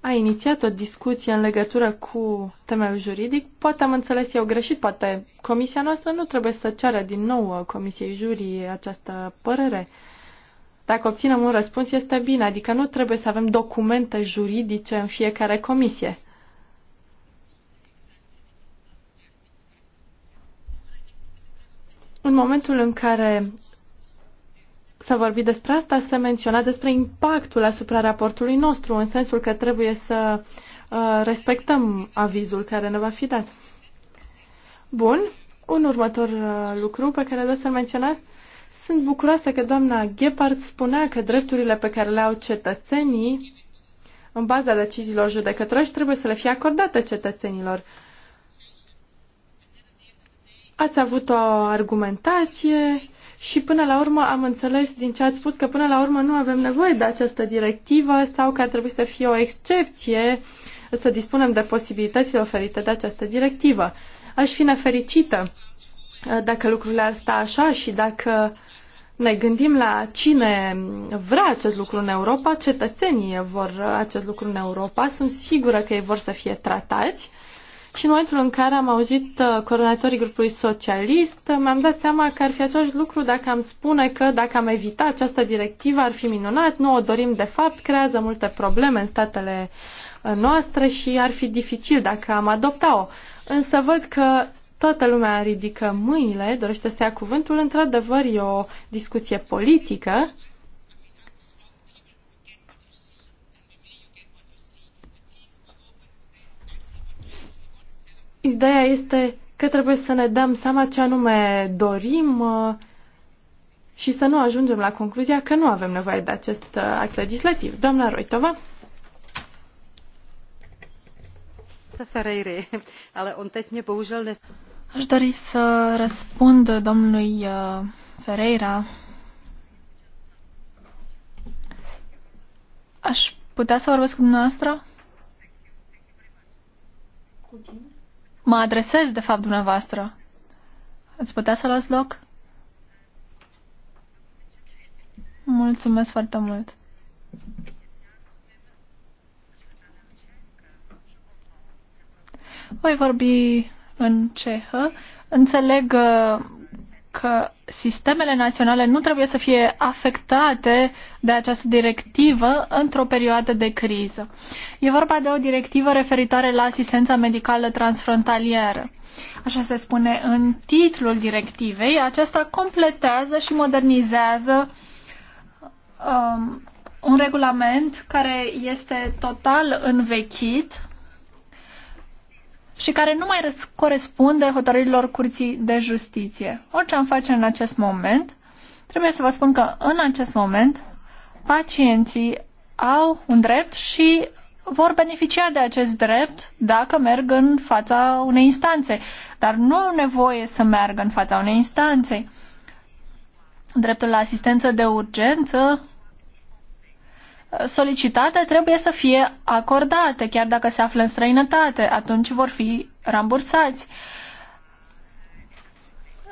a inițiat o discuție în legătură cu temeul juridic. Poate am înțeles eu greșit, poate comisia noastră nu trebuie să ceară din nou comisiei jurii această părere. Dacă obținem un răspuns, este bine, adică nu trebuie să avem documente juridice în fiecare comisie. În momentul în care să vorbi despre asta, să menționa menționat despre impactul asupra raportului nostru, în sensul că trebuie să uh, respectăm avizul care ne va fi dat. Bun, un următor uh, lucru pe care doresc să-l menționez. Sunt bucuroasă că doamna Gephardt spunea că drepturile pe care le au cetățenii în baza deciziilor judecătorești trebuie să le fie acordate cetățenilor. Ați avut o argumentație și până la urmă am înțeles din ce ați spus că până la urmă nu avem nevoie de această directivă sau că ar trebui să fie o excepție să dispunem de posibilitățile oferite de această directivă. Aș fi nefericită uh, dacă lucrurile ar sta așa și dacă ne gândim la cine vrea acest lucru în Europa, cetățenii vor uh, acest lucru în Europa, sunt sigură că ei vor să fie tratați și în momentul în care am auzit uh, coordonatorii grupului socialist, uh, mi-am dat seama că ar fi același lucru dacă am spune că dacă am evitat această directivă ar fi minunat, nu o dorim de fapt, creează multe probleme în statele uh, noastre și ar fi dificil dacă am adopta-o. Însă văd că toată lumea ridică mâinile, dorește să ia cuvântul. Într-adevăr, e o discuție politică Ideea este că trebuie să ne dăm seama ce anume dorim uh, și să nu ajungem la concluzia că nu avem nevoie de acest uh, act legislativ. Doamna Roitova?
Aș dori să răspund domnului uh, Ferreira. Aș putea să vorbesc cu dumneavoastră? Cu cine? mă adresez, de fapt, dumneavoastră. Ați putea să luați loc? Mulțumesc foarte mult. Voi vorbi în cehă. Înțeleg uh, că sistemele naționale nu trebuie să fie afectate de această directivă într-o perioadă de criză. E vorba de o directivă referitoare la asistența medicală transfrontalieră. Așa se spune în titlul directivei, aceasta completează și modernizează um, un regulament care este total învechit și care nu mai corespunde hotărârilor Curții de Justiție. Orice am face în acest moment, trebuie să vă spun că în acest moment pacienții au un drept și vor beneficia de acest drept dacă merg în fața unei instanțe, dar nu au nevoie să meargă în fața unei instanțe. Dreptul la asistență de urgență solicitate trebuie să fie acordate, chiar dacă se află în străinătate, atunci vor fi rambursați.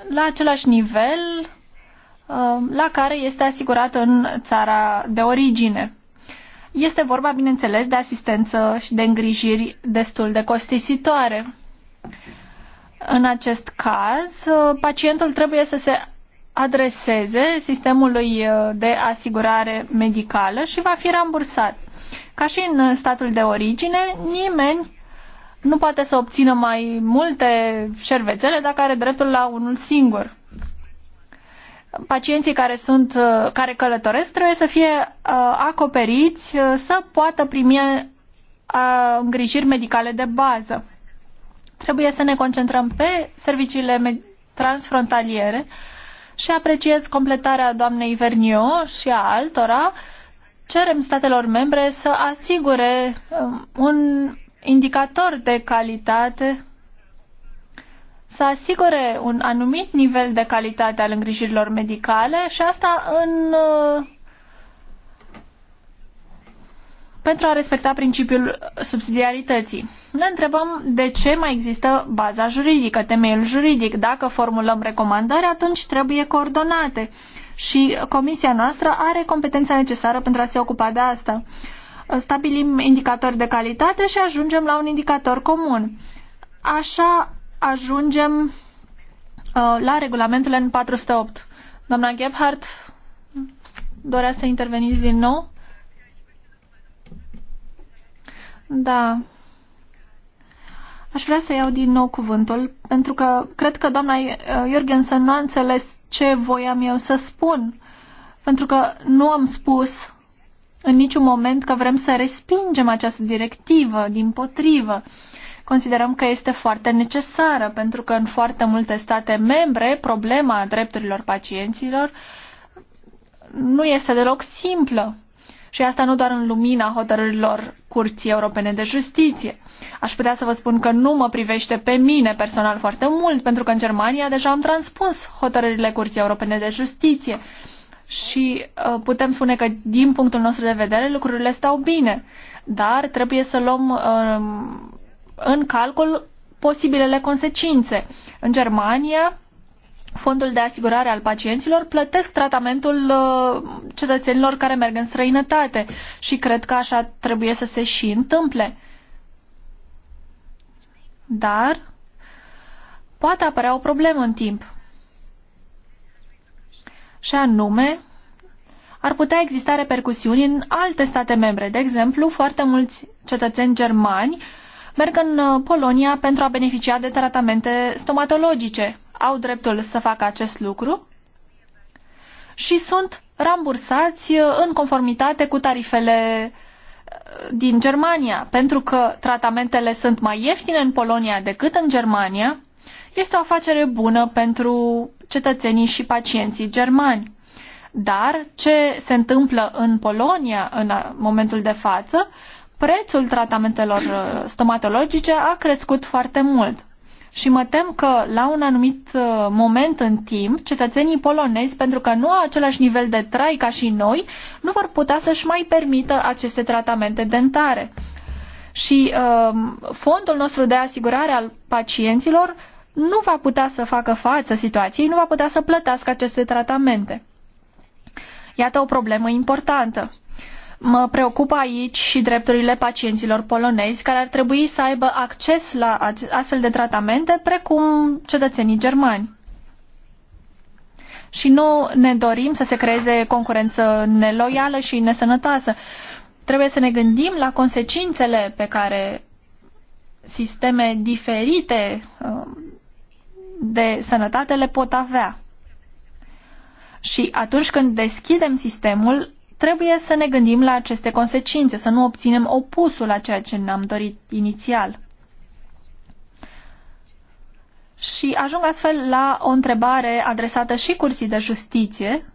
La același nivel uh, la care este asigurat în țara de origine. Este vorba, bineînțeles, de asistență și de îngrijiri destul de costisitoare. În acest caz, uh, pacientul trebuie să se adreseze sistemului uh, de asigurare medicală și va fi rambursat. Ca și în uh, statul de origine, nimeni nu poate să obțină mai multe șervețele dacă are dreptul la unul singur. Pacienții care, sunt, uh, care călătoresc trebuie să fie acoperiți să poată primi îngrijiri medicale de bază. Trebuie să ne concentrăm pe serviciile transfrontaliere și apreciez completarea doamnei Vernio și a altora. Cerem statelor membre să asigure um, un indicator de calitate, să asigure un anumit nivel de calitate al îngrijirilor medicale și asta în uh, pentru a respecta principiul subsidiarității. Ne întrebăm de ce mai există baza juridică, temeiul juridic. Dacă formulăm recomandări, atunci trebuie coordonate și comisia noastră are competența necesară pentru a se ocupa de asta. Stabilim indicatori de calitate și ajungem la un indicator comun. Așa ajungem uh, la regulamentul N408. Doamna Gebhardt dorea să interveniți din nou? Da. Aș vrea să iau din nou cuvântul, pentru că cred că doamna uh, Jorgensen nu a înțeles ce voiam eu să spun, pentru că nu am spus în niciun moment că vrem să respingem această directivă, din potrivă. Considerăm că este foarte necesară, pentru că în foarte multe state membre problema drepturilor pacienților nu este deloc simplă. Și asta nu doar în lumina hotărârilor Curții Europene de Justiție. Aș putea să vă spun că nu mă privește pe mine personal foarte mult, pentru că în Germania deja am transpus hotărârile Curții Europene de Justiție. Și uh, putem spune că, din punctul nostru de vedere, lucrurile stau bine. Dar trebuie să luăm uh, în calcul posibilele consecințe. În Germania, fondul de asigurare al pacienților plătesc tratamentul uh, cetățenilor care merg în străinătate și cred că așa trebuie să se și întâmple. Dar poate apărea o problemă în timp. Și anume, ar putea exista repercusiuni în alte state membre. De exemplu, foarte mulți cetățeni germani merg în uh, Polonia pentru a beneficia de tratamente stomatologice au dreptul să facă acest lucru și sunt rambursați uh, în conformitate cu tarifele uh, din Germania, pentru că tratamentele sunt mai ieftine în Polonia decât în Germania, este o afacere bună pentru cetățenii și pacienții germani. Dar ce se întâmplă în Polonia în momentul de față, prețul tratamentelor uh, stomatologice a crescut foarte mult și mă tem că la un anumit uh, moment în timp, cetățenii polonezi, pentru că nu au același nivel de trai ca și noi, nu vor putea să-și mai permită aceste tratamente dentare. Și um, fondul nostru de asigurare al pacienților nu va putea să facă față situației, nu va putea să plătească aceste tratamente. Iată o problemă importantă. Mă preocupă aici și drepturile pacienților polonezi care ar trebui să aibă acces la astfel de tratamente precum cetățenii germani. Și nu ne dorim să se creeze concurență neloială și nesănătoasă. Trebuie să ne gândim la consecințele pe care sisteme diferite um, de sănătate le pot avea. Și atunci când deschidem sistemul, Trebuie să ne gândim la aceste consecințe, să nu obținem opusul a ceea ce ne-am dorit inițial. Și ajung astfel la o întrebare adresată și Curții de Justiție.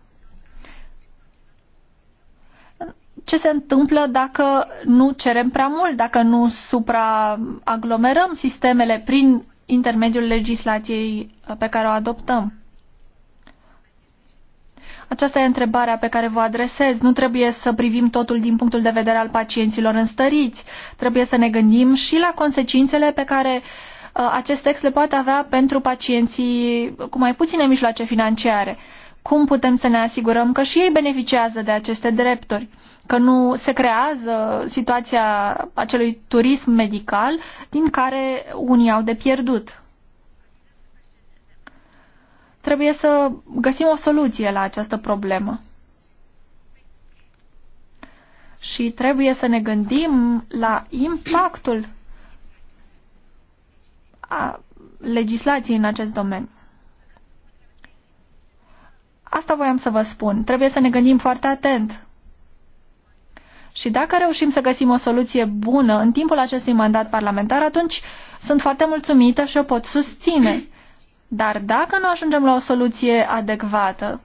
Ce se întâmplă dacă nu cerem prea mult, dacă nu supraaglomerăm sistemele prin intermediul legislației pe care o adoptăm? Aceasta e întrebarea pe care vă adresez. Nu trebuie să privim totul din punctul de vedere al pacienților înstăriți. Trebuie să ne gândim și la consecințele pe care uh, acest text le poate avea pentru pacienții cu mai puține mijloace financiare. Cum putem să ne asigurăm că și ei beneficiază de aceste drepturi? Că nu se creează situația acelui turism medical din care unii au de pierdut. Trebuie să găsim o soluție la această problemă. Și trebuie să ne gândim la impactul a legislației în acest domeniu. Asta voiam să vă spun. Trebuie să ne gândim foarte atent. Și dacă reușim să găsim o soluție bună în timpul acestui mandat parlamentar, atunci sunt foarte mulțumită și o pot susține. Dar dacă nu ajungem la o soluție adecvată,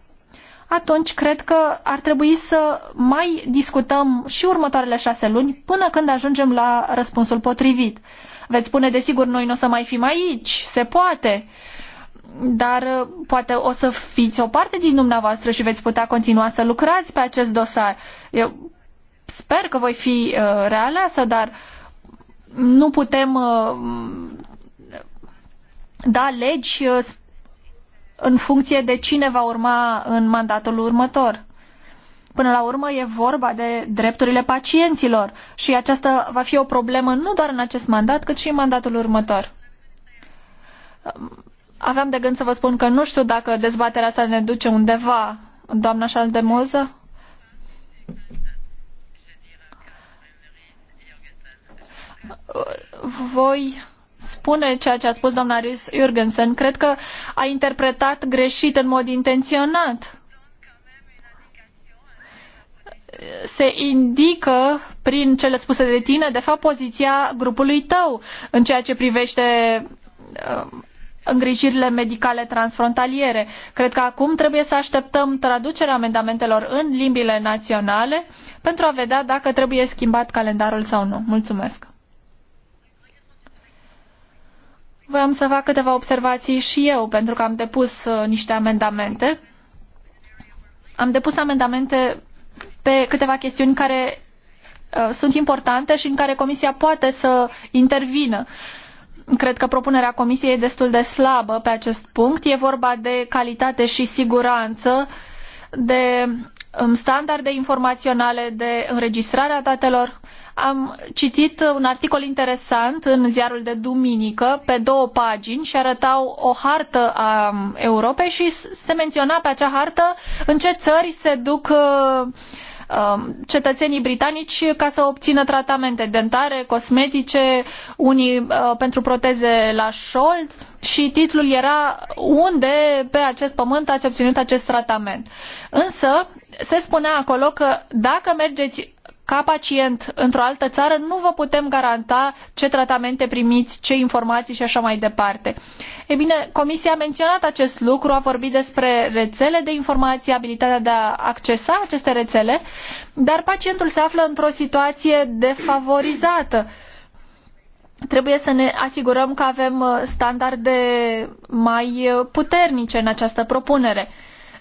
atunci cred că ar trebui să mai discutăm și următoarele șase luni până când ajungem la răspunsul potrivit. Veți spune, desigur, noi nu o să mai fim aici, se poate, dar uh, poate o să fiți o parte din dumneavoastră și veți putea continua să lucrați pe acest dosar. Eu sper că voi fi uh, realeasă, dar nu putem uh, da legi uh, în funcție de cine va urma în mandatul următor. Până la urmă e vorba de drepturile pacienților și aceasta va fi o problemă nu doar în acest mandat, cât și în mandatul următor. Um, aveam de gând să vă spun că nu știu dacă dezbaterea asta ne duce undeva, doamna Șaldemoză. Uh, voi spune ceea ce a spus doamna Rius Jurgensen. Cred că a interpretat greșit în mod intenționat. Se indică prin cele spuse de tine, de fapt, poziția grupului tău în ceea ce privește um, îngrijirile medicale transfrontaliere. Cred că acum trebuie să așteptăm traducerea amendamentelor în limbile naționale pentru a vedea dacă trebuie schimbat calendarul sau nu. Mulțumesc! Voiam să fac câteva observații și eu, pentru că am depus uh, niște amendamente. Am depus amendamente pe câteva chestiuni care uh, sunt importante și în care Comisia poate să intervină. Cred că propunerea Comisiei e destul de slabă pe acest punct. E vorba de calitate și siguranță, de um, standarde informaționale, de înregistrarea datelor. Am citit un articol interesant în ziarul de duminică, pe două pagini, și arătau o hartă a Europei și se menționa pe acea hartă în ce țări se duc uh, um, cetățenii britanici ca să obțină tratamente dentare, cosmetice, unii uh, pentru proteze la șold și titlul era unde pe acest pământ ați obținut acest tratament. Însă se spunea acolo că dacă mergeți ca pacient într-o altă țară, nu vă putem garanta ce tratamente primiți, ce informații și așa mai departe. E bine, Comisia a menționat acest lucru, a vorbit despre rețele de informații, abilitatea de a accesa aceste rețele, dar pacientul se află într-o situație defavorizată trebuie să ne asigurăm că avem uh, standarde mai uh, puternice în această propunere.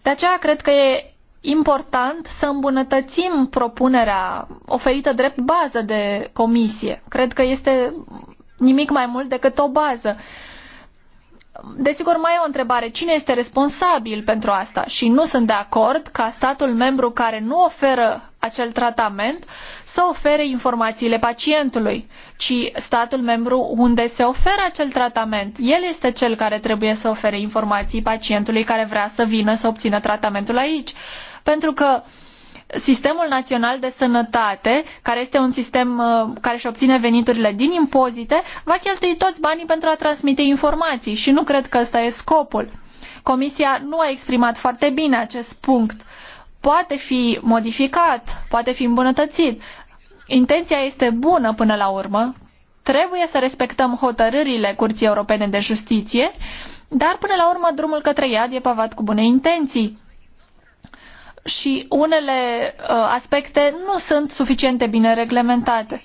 De aceea cred că e important să îmbunătățim propunerea oferită drept bază de comisie. Cred că este nimic mai mult decât o bază. Desigur, mai e o întrebare. Cine este responsabil pentru asta? Și nu sunt de acord ca statul membru care nu oferă acel tratament să ofere informațiile pacientului, ci statul membru unde se oferă acel tratament. El este cel care trebuie să ofere informații pacientului care vrea să vină să obțină tratamentul aici pentru că sistemul național de sănătate, care este un sistem uh, care își obține veniturile din impozite, va cheltui toți banii pentru a transmite informații și nu cred că ăsta e scopul. Comisia nu a exprimat foarte bine acest punct. Poate fi modificat, poate fi îmbunătățit. Intenția este bună până la urmă. Trebuie să respectăm hotărârile Curții Europene de Justiție, dar până la urmă drumul către iad e pavat cu bune intenții și unele uh, aspecte nu sunt suficient de bine reglementate.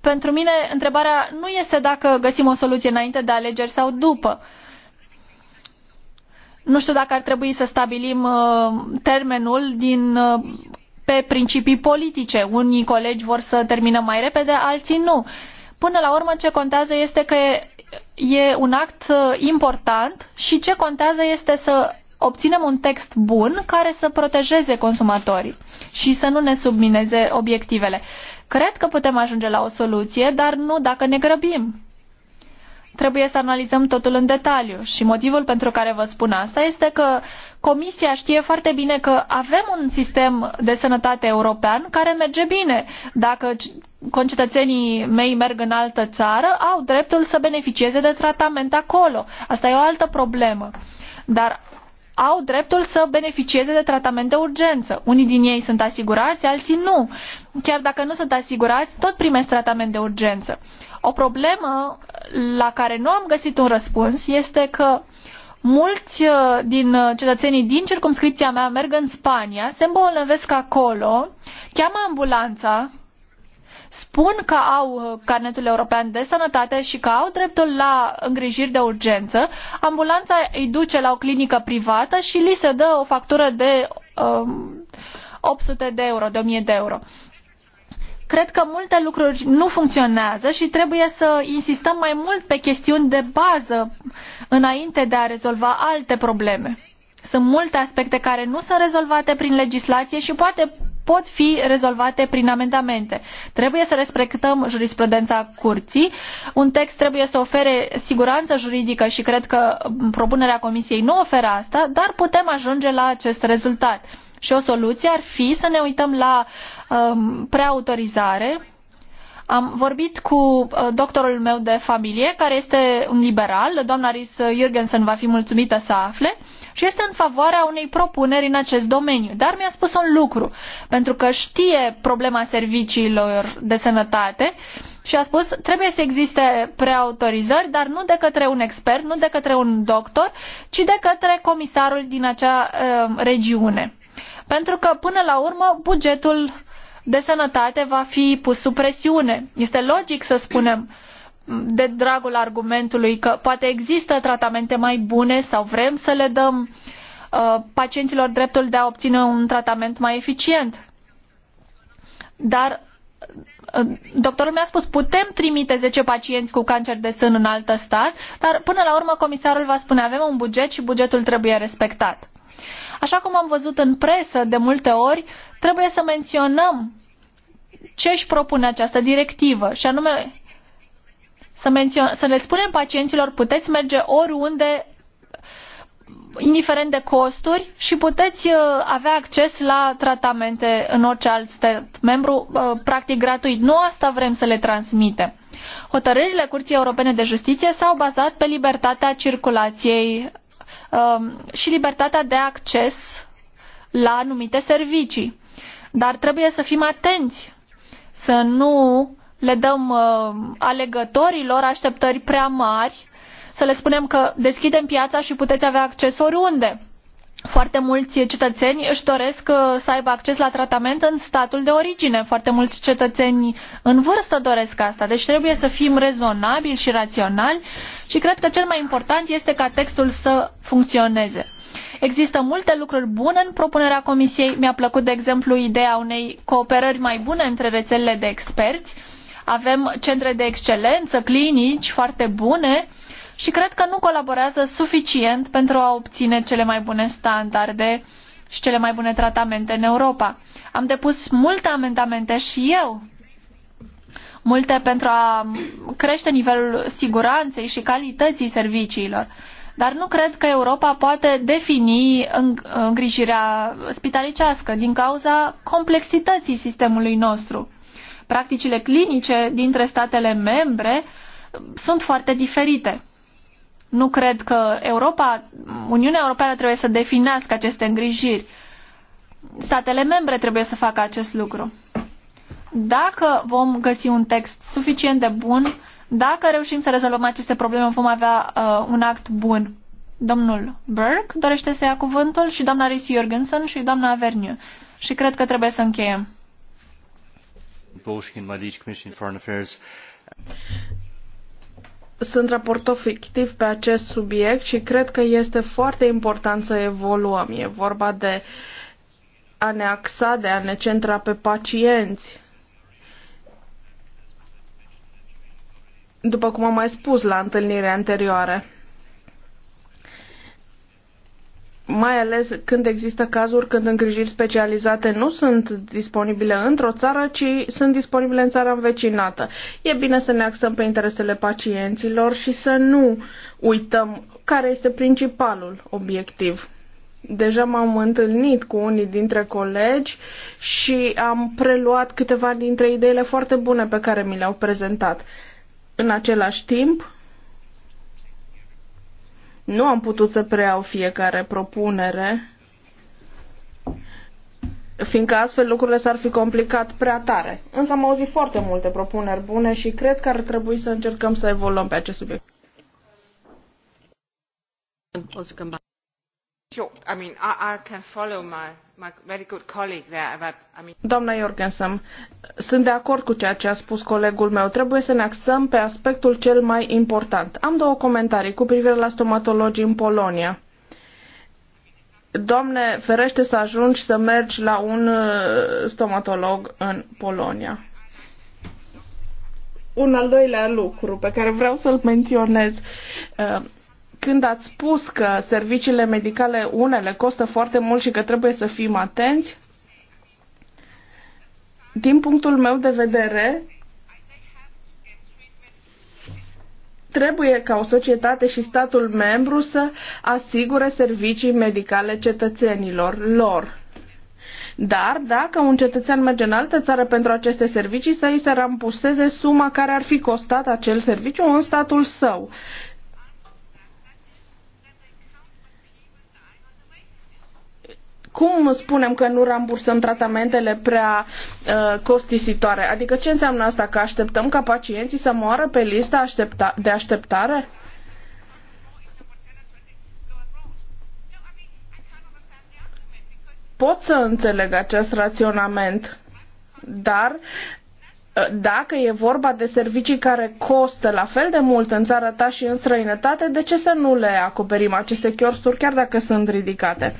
Pentru mine, întrebarea nu este dacă găsim o soluție înainte de alegeri sau după. Nu știu dacă ar trebui să stabilim uh, termenul din, uh, pe principii politice. Unii colegi vor să termină mai repede, alții nu. Până la urmă, ce contează este că e un act important și ce contează este să obținem un text bun care să protejeze consumatorii și să nu ne submineze obiectivele. Cred că putem ajunge la o soluție, dar nu dacă ne grăbim. Trebuie să analizăm totul în detaliu și motivul pentru care vă spun asta este că Comisia știe foarte bine că avem un sistem de sănătate european care merge bine. Dacă concetățenii mei merg în altă țară, au dreptul să beneficieze de tratament acolo. Asta e o altă problemă. Dar au dreptul să beneficieze de tratament de urgență. Unii din ei sunt asigurați, alții nu. Chiar dacă nu sunt asigurați, tot primesc tratament de urgență. O problemă la care nu am găsit un răspuns este că mulți uh, din uh, cetățenii din circumscripția mea merg în Spania, se îmbolnăvesc acolo, cheamă ambulanța spun că au uh, carnetul european de sănătate și că au dreptul la îngrijiri de urgență, ambulanța îi duce la o clinică privată și li se dă o factură de um, 800 de euro, de 1000 de euro. Cred că multe lucruri nu funcționează și trebuie să insistăm mai mult pe chestiuni de bază înainte de a rezolva alte probleme. Sunt multe aspecte care nu sunt rezolvate prin legislație și poate pot fi rezolvate prin amendamente. Trebuie să respectăm jurisprudența curții. Un text trebuie să ofere siguranță juridică și cred că propunerea Comisiei nu oferă asta, dar putem ajunge la acest rezultat. Și o soluție ar fi să ne uităm la um, preautorizare, am vorbit cu uh, doctorul meu de familie, care este un liberal, doamna Ris Jürgensen va fi mulțumită să afle, și este în favoarea unei propuneri în acest domeniu. Dar mi-a spus un lucru, pentru că știe problema serviciilor de sănătate și a spus trebuie să existe preautorizări, dar nu de către un expert, nu de către un doctor, ci de către comisarul din acea uh, regiune. Pentru că, până la urmă, bugetul de sănătate va fi pus sub presiune. Este logic să spunem de dragul argumentului că poate există tratamente mai bune sau vrem să le dăm uh, pacienților dreptul de a obține un tratament mai eficient. Dar uh, doctorul mi-a spus putem trimite zece pacienți cu cancer de sân în altă stat, dar până la urmă comisarul va spune avem un buget și bugetul trebuie respectat. Așa cum am văzut în presă de multe ori, trebuie să menționăm ce își propune această directivă și anume să, mențion, să le spunem pacienților puteți merge oriunde indiferent de costuri și puteți uh, avea acces la tratamente în orice alt stat membru, uh, practic gratuit. Nu asta vrem să le transmitem. Hotărârile Curții Europene de Justiție s-au bazat pe libertatea circulației um, și libertatea de acces la anumite servicii. Dar trebuie să fim atenți să nu le dăm uh, alegătorilor așteptări prea mari, să le spunem că deschidem piața și puteți avea acces oriunde. Foarte mulți cetățeni își doresc uh, să aibă acces la tratament în statul de origine. Foarte mulți cetățeni în vârstă doresc asta. Deci trebuie să fim rezonabili și raționali și cred că cel mai important este ca textul să funcționeze. Există multe lucruri bune în propunerea Comisiei. Mi-a plăcut, de exemplu, ideea unei cooperări mai bune între rețelele de experți. Avem centre de excelență, clinici foarte bune și cred că nu colaborează suficient pentru a obține cele mai bune standarde și cele mai bune tratamente în Europa. Am depus multe amendamente și eu, multe pentru a crește nivelul siguranței și calității serviciilor. Dar nu cred că Europa poate defini îngrijirea spitalicească din cauza complexității sistemului nostru. Practicile clinice dintre statele membre sunt foarte diferite. Nu cred că Europa, Uniunea Europeană trebuie să definească aceste îngrijiri. Statele membre trebuie să facă acest lucru. Dacă vom găsi un text suficient de bun, dacă reușim să rezolvăm aceste probleme, vom avea uh, un act bun. Domnul Burke dorește să ia cuvântul și doamna Rhys Jorgensen și doamna Averniu. Și cred că trebuie să încheiem.
Sunt raportor fictiv pe acest subiect și cred că este foarte important să evoluăm. E vorba de a ne axa, de a ne centra pe pacienți, după cum am mai spus la întâlnire anterioare. Mai ales când există cazuri când îngrijiri specializate nu sunt disponibile într-o țară, ci sunt disponibile în țara învecinată. E bine să ne axăm pe interesele pacienților și să nu uităm care este principalul obiectiv deja m-am întâlnit cu unii dintre colegi și am preluat câteva dintre ideile foarte bune pe care mi le-au prezentat. În același timp, nu am putut să preiau fiecare propunere, fiindcă astfel lucrurile s-ar fi complicat prea tare. Însă am auzit foarte multe propuneri bune și cred că ar trebui să încercăm să evoluăm pe acest subiect.
I mean, I, I can follow my
doamnă Jorgensen, sunt de acord cu ceea ce a spus colegul meu. Trebuie să ne axăm pe aspectul cel mai important. Am două comentarii cu privire la stomatologii în Polonia. Doamne, ferește să ajungi să mergi la un uh, stomatolog în Polonia. Un al doilea lucru pe care vreau să-l menționez uh, când ați spus că serviciile medicale unele costă foarte mult și că trebuie să fim atenți, din punctul meu de vedere, trebuie ca o societate și statul membru să asigure servicii medicale cetățenilor lor. Dar dacă un cetățean merge în altă țară pentru aceste servicii, să îi se rampuseze suma care ar fi costat acel serviciu în statul său. cum spunem că nu rambursăm tratamentele prea uh, costisitoare? Adică ce înseamnă asta? Că așteptăm ca pacienții să moară pe lista aștepta- de așteptare? Pot să înțeleg acest raționament, dar dacă e vorba de servicii care costă la fel de mult în țara ta și în străinătate, de ce să nu le acoperim aceste chiorsuri, chiar dacă sunt ridicate?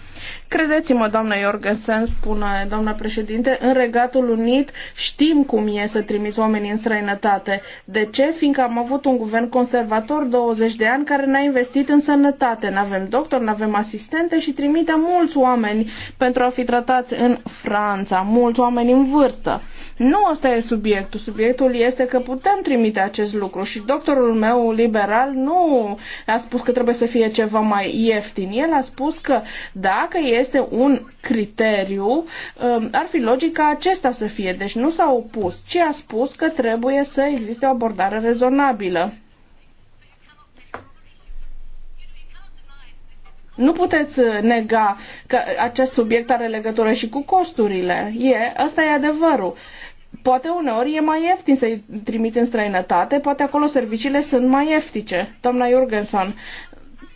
Credeți-mă, doamna Jorgensen, spune doamna președinte, în Regatul Unit știm cum e să trimiți oamenii în străinătate. De ce? Fiindcă am avut un guvern conservator 20 de ani care n-a investit în sănătate. N-avem doctor, n-avem asistente și trimite mulți oameni pentru a fi tratați în Franța, mulți oameni în vârstă. Nu asta e subiect subiectul. Subiectul este că putem trimite acest lucru și doctorul meu liberal nu a spus că trebuie să fie ceva mai ieftin. El a spus că dacă este un criteriu, um, ar fi logic ca acesta să fie. Deci nu s-a opus, ci a spus că trebuie să existe o abordare rezonabilă. Nu puteți uh, nega că acest subiect are legătură și cu costurile. E, ăsta e adevărul poate uneori e mai ieftin să-i trimiți în străinătate, poate acolo serviciile sunt mai ieftice. Doamna Jurgenson,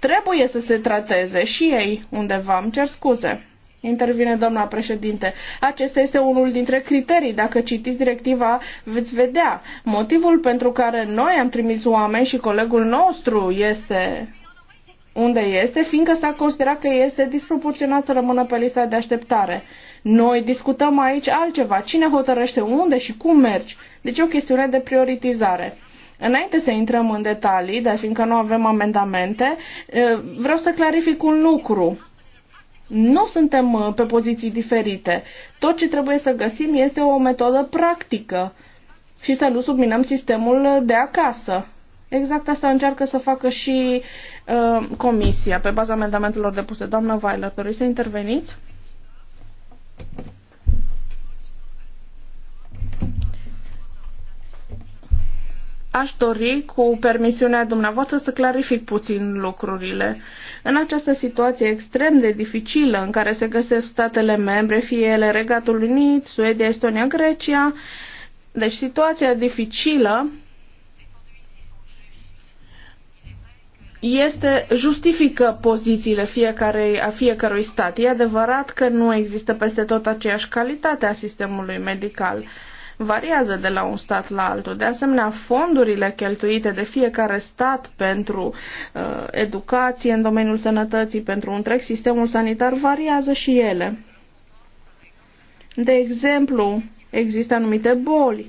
trebuie să se trateze și ei undeva, îmi cer scuze. Intervine doamna președinte. Acesta este unul dintre criterii. Dacă citiți directiva, veți vedea. Motivul pentru care noi am trimis oameni și colegul nostru este unde este, fiindcă s-a considerat că este disproporționat să rămână pe lista de așteptare. Noi discutăm aici altceva. Cine hotărăște unde și cum mergi? Deci e o chestiune de prioritizare. Înainte să intrăm în detalii, dar fiindcă nu avem amendamente, vreau să clarific un lucru. Nu suntem pe poziții diferite. Tot ce trebuie să găsim este o metodă practică și să nu subminăm sistemul de acasă. Exact asta încearcă să facă și uh, comisia, pe baza amendamentelor depuse. Doamna Weiler, doriți să interveniți? aș dori, cu permisiunea dumneavoastră, să clarific puțin lucrurile. În această situație extrem de dificilă în care se găsesc statele membre, fie ele Regatul Unit, Suedia, Estonia, Grecia, deci situația dificilă este justifică pozițiile fiecare, a fiecărui stat. E adevărat că nu există peste tot aceeași calitate a sistemului medical. Uh, variază de la un stat la altul. De asemenea, fondurile cheltuite de fiecare stat pentru uh, educație în domeniul sănătății, pentru întreg sistemul sanitar, variază și ele. De exemplu, există anumite boli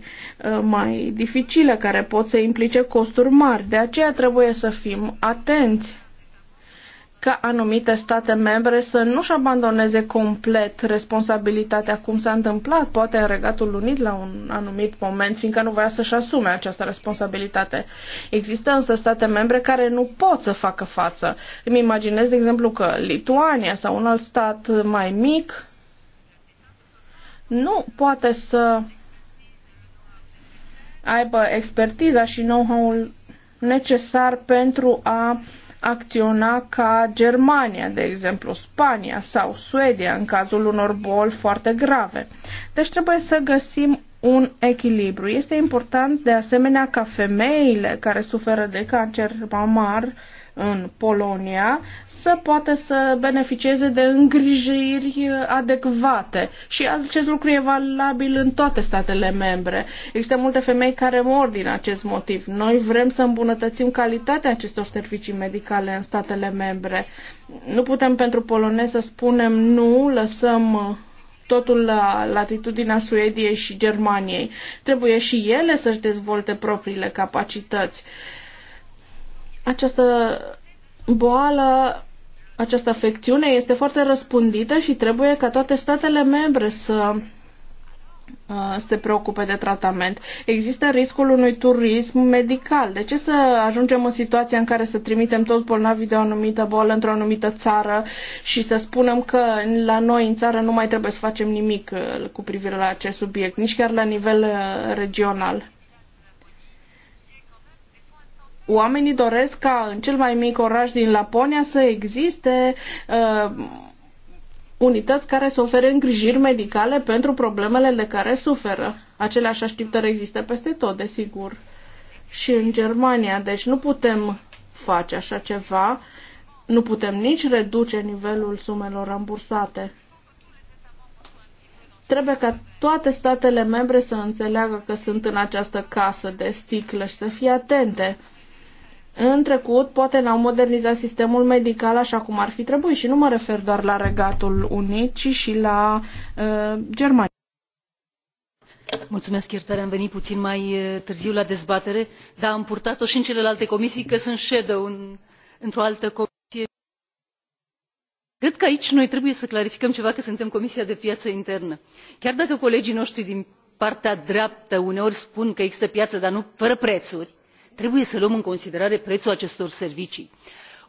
uh, mai dificile care pot să implice costuri mari. De aceea trebuie să fim atenți ca anumite state membre să nu-și abandoneze complet responsabilitatea, cum s-a întâmplat poate în Regatul Unit la un anumit moment, fiindcă nu voia să-și asume această responsabilitate. Există însă state membre care nu pot să facă față. Îmi imaginez, de exemplu, că Lituania sau un alt stat mai mic nu poate să aibă expertiza și know-how-ul necesar pentru a uh, acționa ca Germania, de exemplu, Spania sau Suedia, în cazul unor boli foarte grave. Deci trebuie să găsim un echilibru. Este important de asemenea ca femeile care suferă de cancer mamar în Polonia să poată să beneficieze de îngrijiri adecvate. Și acest lucru e valabil în toate statele membre. Există multe femei care mor din acest motiv. Noi vrem să îmbunătățim calitatea acestor servicii medicale în statele membre. Nu putem pentru polonez să spunem nu, lăsăm uh, totul la latitudinea Suediei și Germaniei. Trebuie și ele să-și dezvolte propriile capacități. Această boală, această afecțiune este foarte răspândită și trebuie ca toate statele membre să uh, se preocupe de tratament. Există riscul unui turism medical. De ce să ajungem în situația în care să trimitem toți bolnavii de o anumită bolă într-o anumită țară și să spunem că la noi în țară nu mai trebuie să facem nimic uh, cu privire la acest subiect, nici chiar la nivel uh, regional? Oamenii doresc ca în cel mai mic oraș din Laponia să existe uh, unități care să ofere îngrijiri medicale pentru problemele de care suferă. Aceleași așteptări există peste tot, desigur. Și în Germania, deci nu putem face așa ceva, nu putem nici reduce nivelul sumelor rambursate. Trebuie ca toate statele membre să înțeleagă că sunt în această casă de sticlă și să fie atente în trecut poate n-au modernizat sistemul medical așa cum ar fi trebuit și nu mă refer
doar la Regatul Unit, ci și la uh, Germania. Mulțumesc, iertare, am venit puțin mai uh, târziu la dezbatere, dar am purtat-o și în celelalte comisii, că sunt shadow în, într-o altă comisie. Cred că aici noi trebuie să clarificăm ceva, că suntem Comisia de Piață Internă. Chiar dacă colegii noștri din partea dreaptă uneori spun că există piață, dar nu fără prețuri, trebuie să luăm în considerare prețul acestor servicii.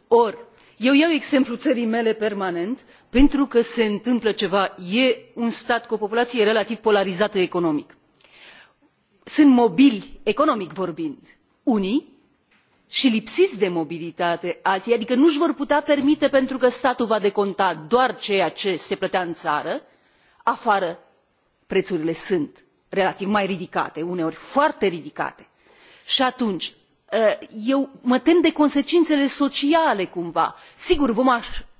ori eu iau exemplul țării mele permanent pentru că se întâmplă ceva e un stat cu o populație relativ polarizată economic. sunt mobili economic vorbind unii și lipsiți de mobilitate alții adică nu își vor putea permite pentru că statul va deconta doar ceea ce se plătea în țară afară prețurile sunt relativ mai ridicate uneori foarte ridicate și atunci Eh, eu mă tem de consecințele sociale cumva. sigur vom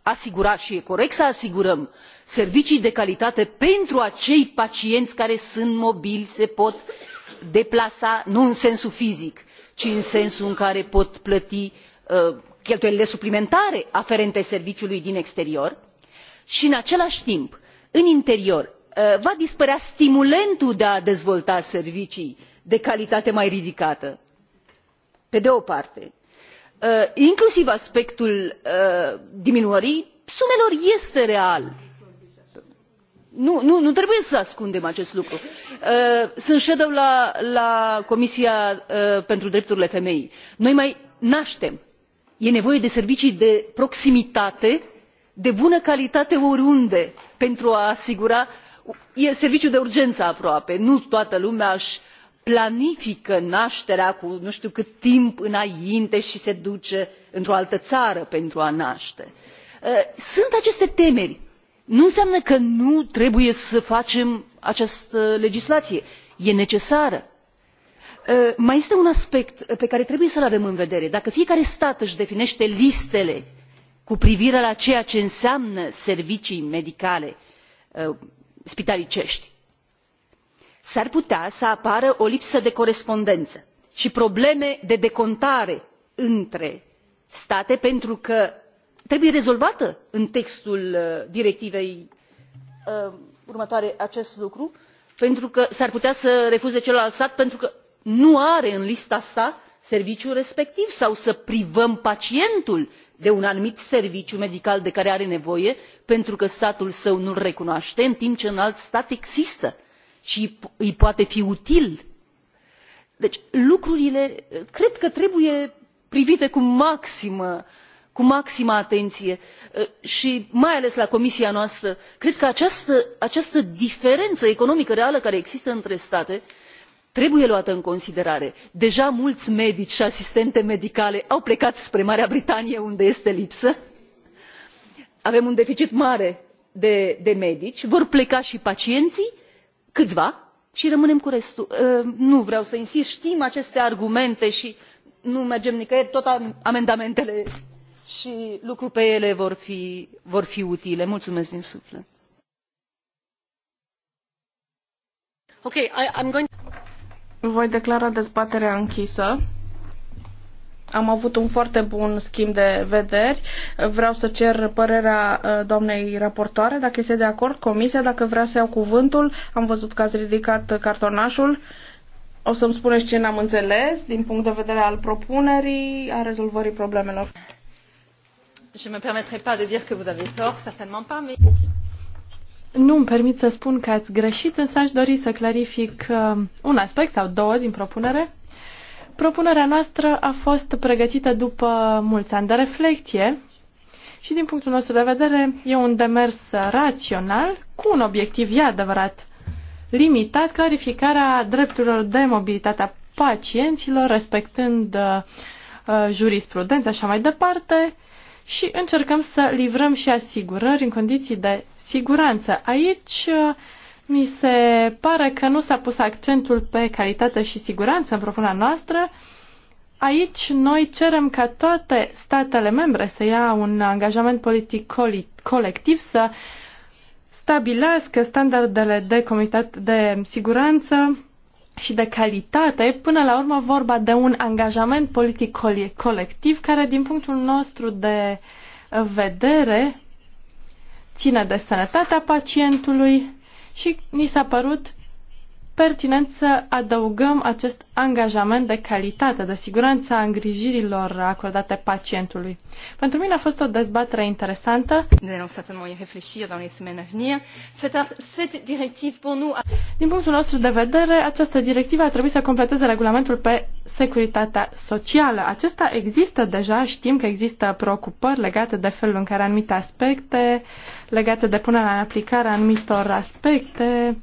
asigura și e corect să asigurăm servicii de calitate pentru acei pacienți care sunt mobili se pot deplasa nu în sensul fizic ci în sensul în care pot plăti eh, cheltuielile suplimentare aferente serviciului din exterior și în același timp în interior eh, va dispărea stimulentul de a dezvolta servicii de calitate mai ridicată pe de o parte uh, inclusiv aspectul uh, diminuării sumelor este real nu, trebuie să ascundem acest lucru. Uh, sunt shadow la, la comisia pentru drepturile femeii. noi mai naștem e nevoie de servicii de proximitate de bună calitate oriunde pentru a asigura e serviciu de urgență aproape nu toată lumea își planifică nașterea cu nu știu cât timp înainte și se duce într o altă țară pentru a naște. Ă, sunt aceste temeri nu înseamnă că nu trebuie să facem această legislație e necesară. Ă, mai este un aspect pe care trebuie să l avem în vedere dacă fiecare stat își definește listele cu privire la ceea ce înseamnă servicii medicale ă, spitalicești s ar putea să apară o lipsă de corespondență și probleme de decontare între state pentru că trebuie rezolvată în textul uh, directivei uh, următoare acest lucru pentru că s ar putea să refuze celălalt stat pentru că nu are în lista sa serviciul respectiv sau să privăm pacientul de un anumit serviciu medical de care are nevoie pentru că statul său nu l recunoaște în timp ce în alt stat există și îi poate fi util. deci lucrurile cred că trebuie privite cu maximă cu maximă atenție și mai ales la comisia noastră cred că această, această diferență economică reală care există între state trebuie luată în considerare. deja mulți medici și asistente medicale au plecat spre marea britanie unde este lipsă avem un deficit mare de, de medici vor pleca și pacienții câțiva și rămânem cu restul. Ă, nu vreau să insist știm aceste argumente și nu mergem nicăieri tot amendamentele și lucru pe ele vor fi, vor fi utile. mulțumesc din suflet. Okay,
I, I'm going... voi declara dezbaterea închisă. Am avut un foarte bun schimb de vederi. Vreau să cer părerea uh, doamnei raportoare, dacă este de acord, comisia, dacă vrea să iau cuvântul. Am văzut că ați ridicat cartonașul. O să-mi spuneți ce n-am înțeles din punct de vedere al propunerii, a
rezolvării problemelor. Je me permettrai pas de dire que vous avez tort, certainement pas, mais...
Nu îmi permit să spun că ați greșit, însă aș dori să clarific uh, un aspect sau două din propunere. Propunerea noastră a fost pregătită după mulți ani de reflecție și din punctul nostru de vedere e un demers rațional cu un obiectiv, e adevărat, limitat, clarificarea drepturilor de mobilitate a pacienților, respectând uh, uh, jurisprudența așa mai departe și încercăm să livrăm și asigurări în condiții de siguranță. Aici uh, mi se pare că nu s-a pus accentul pe calitate și siguranță în propunerea noastră. Aici noi cerem ca toate statele membre să ia un angajament politic colectiv, să stabilească standardele de, de siguranță și de calitate, până la urmă vorba de un angajament politic colectiv care, din punctul nostru de vedere, ține de sănătatea pacientului, și ni s-a părut pertinent să adăugăm acest angajament de calitate, de siguranță a îngrijirilor acordate pacientului. Pentru mine a fost o dezbatere interesantă. Din punctul nostru de vedere, această directivă a trebuit să completeze regulamentul pe securitatea socială. Acesta există deja, știm că există preocupări legate de felul în care anumite aspecte, legate de punerea în aplicare a anumitor aspecte,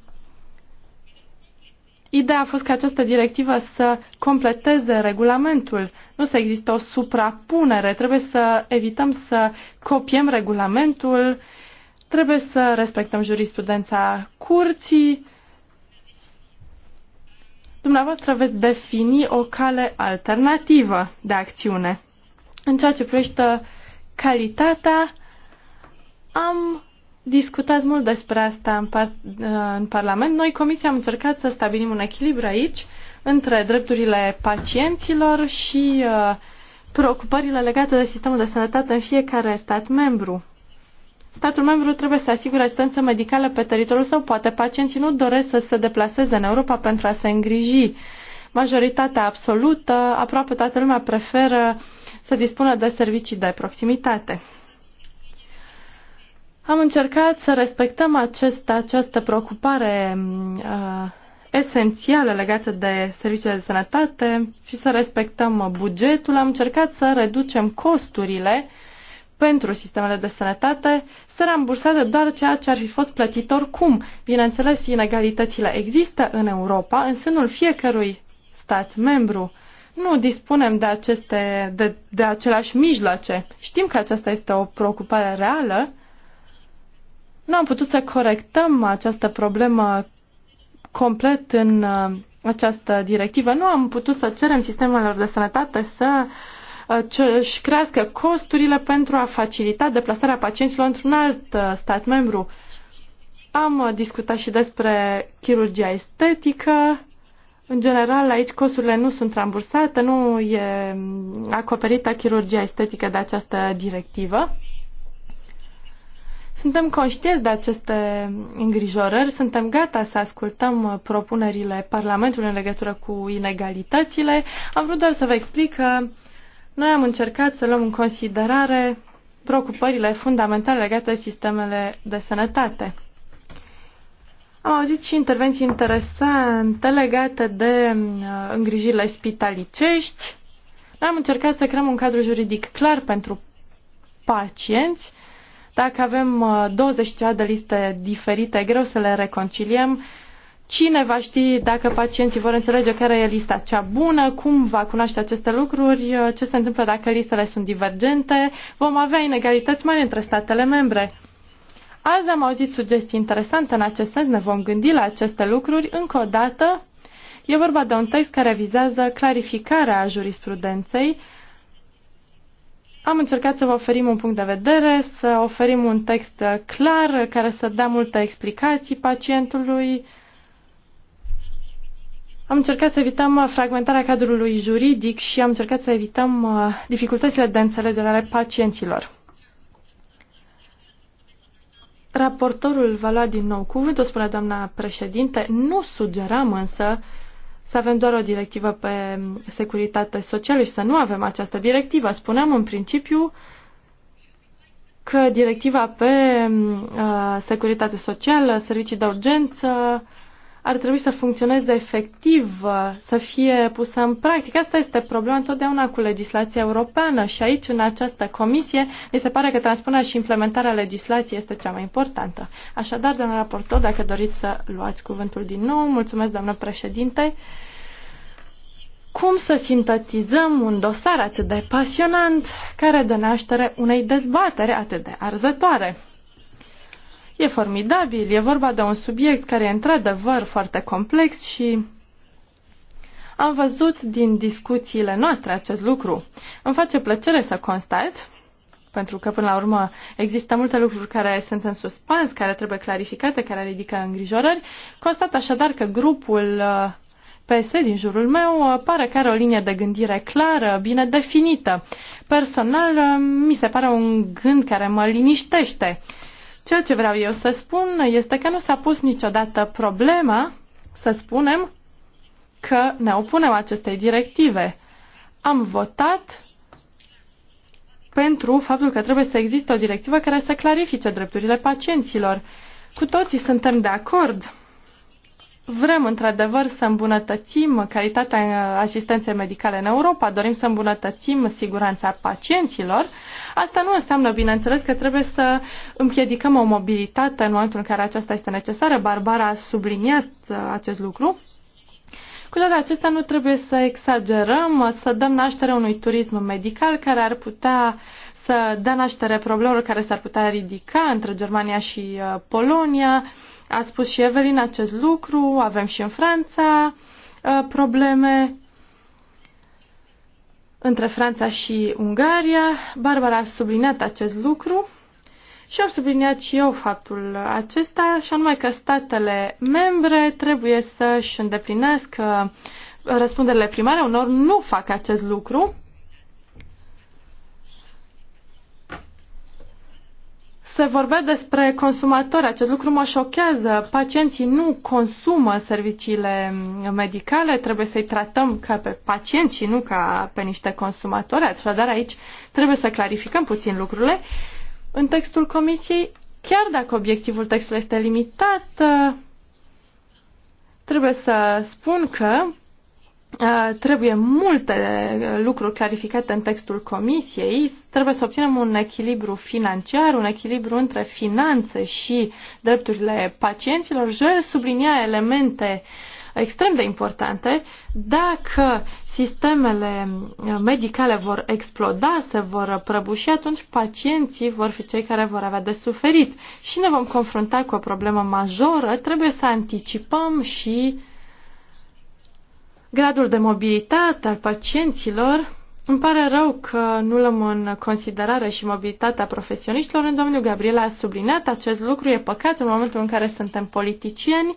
Ideea a fost ca această directivă să completeze regulamentul. Nu să există o suprapunere. Trebuie să evităm să copiem regulamentul, trebuie să respectăm jurisprudența curții. Dumneavoastră veți defini o cale alternativă de acțiune. În ceea ce privește calitatea, am discutați mult despre asta în, par, în Parlament. Noi, Comisia, am încercat să stabilim un echilibru aici între drepturile pacienților și uh, preocupările legate de sistemul de sănătate în fiecare stat membru. Statul membru trebuie să asigure asistență medicală pe teritoriul său. Poate pacienții nu doresc să se deplaseze în Europa pentru a se îngriji. Majoritatea absolută, aproape toată lumea preferă să dispună de servicii de proximitate. Am încercat să respectăm acest, această preocupare uh, esențială legată de serviciile de sănătate și să respectăm bugetul. Am încercat să reducem costurile pentru sistemele de sănătate, să ramburseze doar ceea ce ar fi fost plătit oricum. Bineînțeles, inegalitățile există în Europa, în sânul fiecărui stat membru. Nu dispunem de, aceste, de, de același mijloace. Știm că aceasta este o preocupare reală, nu am putut să corectăm această problemă complet în uh, această directivă. Nu am putut să cerem sistemelor de sănătate să uh, își crească costurile pentru a facilita deplasarea pacienților într-un alt uh, stat membru. Am discutat și despre chirurgia estetică. În general, aici costurile nu sunt rambursate, nu e acoperită chirurgia estetică de această directivă. Suntem conștienți de aceste îngrijorări, suntem gata să ascultăm uh, propunerile Parlamentului în legătură cu inegalitățile. Am vrut doar să vă explic că noi am încercat să luăm în considerare preocupările fundamentale legate de sistemele de sănătate. Am auzit și intervenții interesante legate de uh, îngrijirile spitalicești. Noi am încercat să creăm un cadru juridic clar pentru pacienți dacă avem 20 uh, ceva de liste diferite, e greu să le reconciliem. Cine va ști dacă pacienții vor înțelege care e lista cea bună, cum va cunoaște aceste lucruri, uh, ce se întâmplă dacă listele sunt divergente, vom avea inegalități mari între statele membre. Azi am auzit sugestii interesante în acest sens, ne vom gândi la aceste lucruri. Încă o dată, e vorba de un text care vizează clarificarea jurisprudenței, am încercat să vă oferim un punct de vedere, să oferim un text clar care să dea multe explicații pacientului. Am încercat să evităm fragmentarea cadrului juridic și am încercat să evităm uh, dificultățile de înțelegere ale pacienților. Raportorul va lua din nou cuvântul, spune doamna președinte. Nu sugeram însă uh, să avem doar o directivă pe securitate socială și să nu avem această directivă. Spuneam în principiu că directiva pe uh, securitate socială, servicii de urgență, uh, ar trebui să funcționeze efectiv, să fie pusă în practică. Asta este problema întotdeauna cu legislația europeană și aici, în această comisie, mi se pare că transpunerea și implementarea legislației este cea mai importantă. Așadar, doamnă raportor, dacă doriți să luați cuvântul din nou, mulțumesc, doamnă președinte. Cum să sintetizăm un dosar atât de pasionant care dă naștere unei dezbatere atât de arzătoare? E formidabil, e vorba de un subiect care e într-adevăr foarte complex și am văzut din discuțiile noastre acest lucru. Îmi face plăcere să constat, pentru că până la urmă există multe lucruri care sunt în suspans, care trebuie clarificate, care ridică îngrijorări. Constat așadar că grupul uh, PS din jurul meu uh, pare că are o linie de gândire clară, bine definită. Personal, uh, mi se pare un gând care mă liniștește. Ceea ce vreau eu să spun este că nu s-a pus niciodată problema, să spunem, că ne opunem acestei directive. Am votat pentru faptul că trebuie să existe o directivă care să clarifice drepturile pacienților. Cu toții suntem de acord. Vrem într-adevăr să îmbunătățim calitatea asistenței medicale în Europa, dorim să îmbunătățim siguranța pacienților Asta nu înseamnă, bineînțeles, că trebuie să împiedicăm o mobilitate în momentul în care aceasta este necesară. Barbara a subliniat uh, acest lucru. Cu toate acestea, nu trebuie să exagerăm, să dăm naștere unui turism medical care ar putea să dea naștere problemelor care s-ar putea ridica între Germania și uh, Polonia. A spus și Evelyn acest lucru, avem și în Franța uh, probleme între Franța și Ungaria. Barbara a subliniat acest lucru și am subliniat și eu faptul acesta, și anume că statele membre trebuie să-și îndeplinească răspunderile primare, unor nu fac acest lucru se vorbea despre consumatori. Acest lucru mă șochează. Pacienții nu consumă serviciile medicale, trebuie să-i tratăm ca pe pacienți și nu ca pe niște consumatori. Așadar, aici trebuie să clarificăm puțin lucrurile. În textul comisiei, chiar dacă obiectivul textului este limitat, trebuie să spun că Uh, trebuie multe lucruri clarificate în textul comisiei. Trebuie să obținem un echilibru financiar, un echilibru între finanțe și drepturile pacienților. Joel sublinia elemente extrem de importante. Dacă sistemele medicale vor exploda, se vor prăbuși, atunci pacienții vor fi cei care vor avea de suferit și ne vom confrunta cu o problemă majoră. Trebuie să anticipăm și uh, gradul de mobilitate al pacienților. Îmi pare rău că nu luăm în considerare și mobilitatea profesioniștilor. Domnul Gabriel a subliniat acest lucru. E păcat în momentul în care suntem politicieni.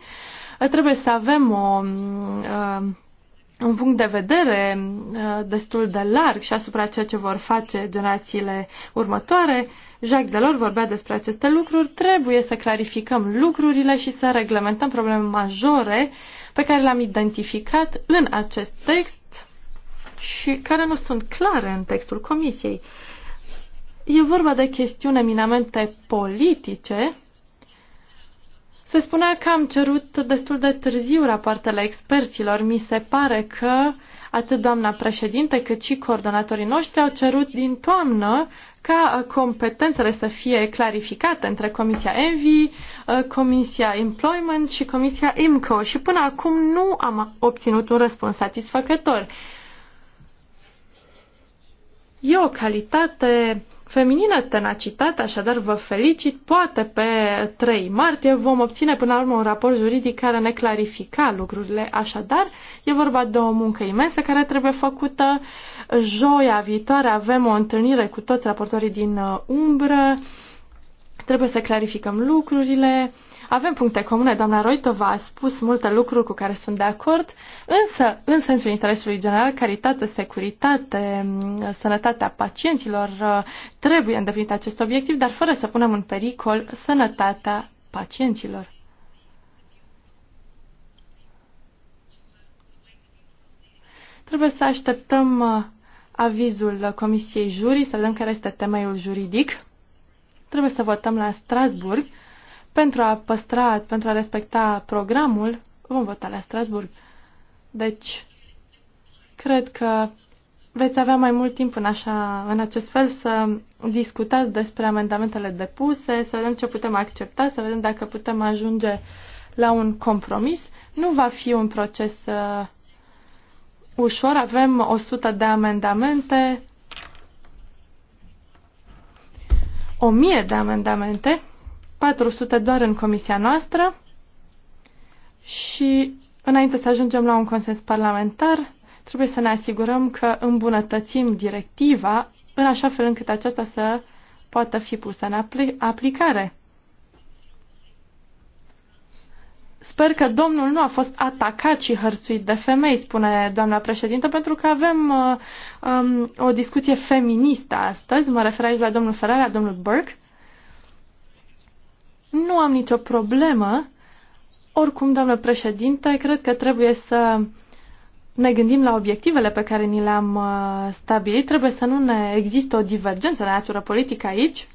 Trebuie să avem o, uh, un punct de vedere uh, destul de larg și asupra ceea ce vor face generațiile următoare. Jacques Delors vorbea despre aceste lucruri. Trebuie să clarificăm lucrurile și să reglementăm probleme majore uh, pe care le-am identificat în acest text și care nu sunt clare în textul Comisiei. E vorba de chestiuni eminamente politice. Se spunea că am cerut destul de târziu rapoartele experților. Mi se pare că atât doamna președinte cât și coordonatorii noștri au cerut din toamnă ca uh, competențele să fie clarificate între Comisia Envi, uh, Comisia Employment și Comisia IMCO și până acum nu am obținut un răspuns satisfăcător. E o calitate feminină tenacitate, așadar vă felicit. Poate pe 3 martie vom obține până la urmă un raport juridic care ne clarifica lucrurile. Așadar, e vorba de o muncă imensă care trebuie făcută. Joia viitoare avem o întâlnire cu toți raportorii din uh, umbră. Trebuie să clarificăm lucrurile avem puncte comune, doamna Roitova a spus multe lucruri cu care sunt de acord, însă, în sensul interesului general, caritate, securitate, sănătatea pacienților, uh, trebuie îndeplinit acest obiectiv, dar fără să punem în pericol sănătatea pacienților. Trebuie să așteptăm uh, avizul Comisiei Jurii, să vedem care este temeiul juridic. Trebuie să votăm la Strasburg pentru a păstra, pentru a respecta programul, vom vota la Strasburg. Deci, cred că veți avea mai mult timp în, așa, în acest fel să discutați despre amendamentele depuse, să vedem ce putem accepta, să vedem dacă putem ajunge la un compromis. Nu va fi un proces uh, ușor, avem 100 de amendamente, 1000 de amendamente 400 doar în comisia noastră și înainte să ajungem la un consens parlamentar, trebuie să ne asigurăm că îmbunătățim directiva în așa fel încât aceasta să poată fi pusă în apl aplicare. Sper că domnul nu a fost atacat și hărțuit de femei, spune doamna președintă, pentru că avem uh, um, o discuție feministă astăzi. Mă refer aici la domnul Ferrara, la domnul Burke. Nu am nicio problemă. Oricum, doamnă președinte, cred că trebuie să ne gândim la obiectivele pe care ni le-am uh, stabilit. Trebuie să nu ne există o divergență de natură politică aici.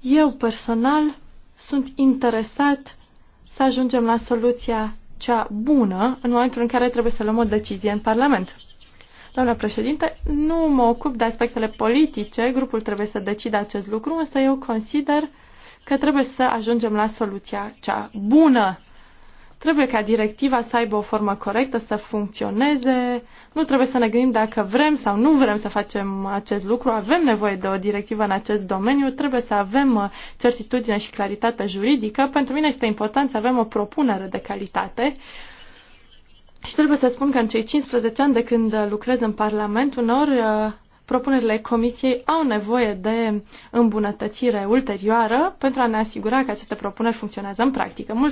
Eu personal sunt interesat să ajungem la soluția cea bună în momentul în care trebuie să luăm o decizie în Parlament. Doamna președinte, nu mă ocup de aspectele politice, grupul trebuie să decide acest lucru, însă eu consider că trebuie să ajungem la soluția cea bună. Trebuie ca directiva să aibă o formă corectă, să funcționeze. Nu trebuie să ne gândim dacă vrem sau nu vrem să facem acest lucru. Avem nevoie de o directivă în acest domeniu. Trebuie să avem uh, certitudine și claritate juridică. Pentru mine este important să avem o propunere de calitate. Uh, și trebuie să spun că în cei 15 ani de când lucrez în Parlament, unor uh, propunerile Comisiei au nevoie de îmbunătățire ulterioară pentru a ne asigura că aceste propuneri funcționează în practică. Mulțumesc.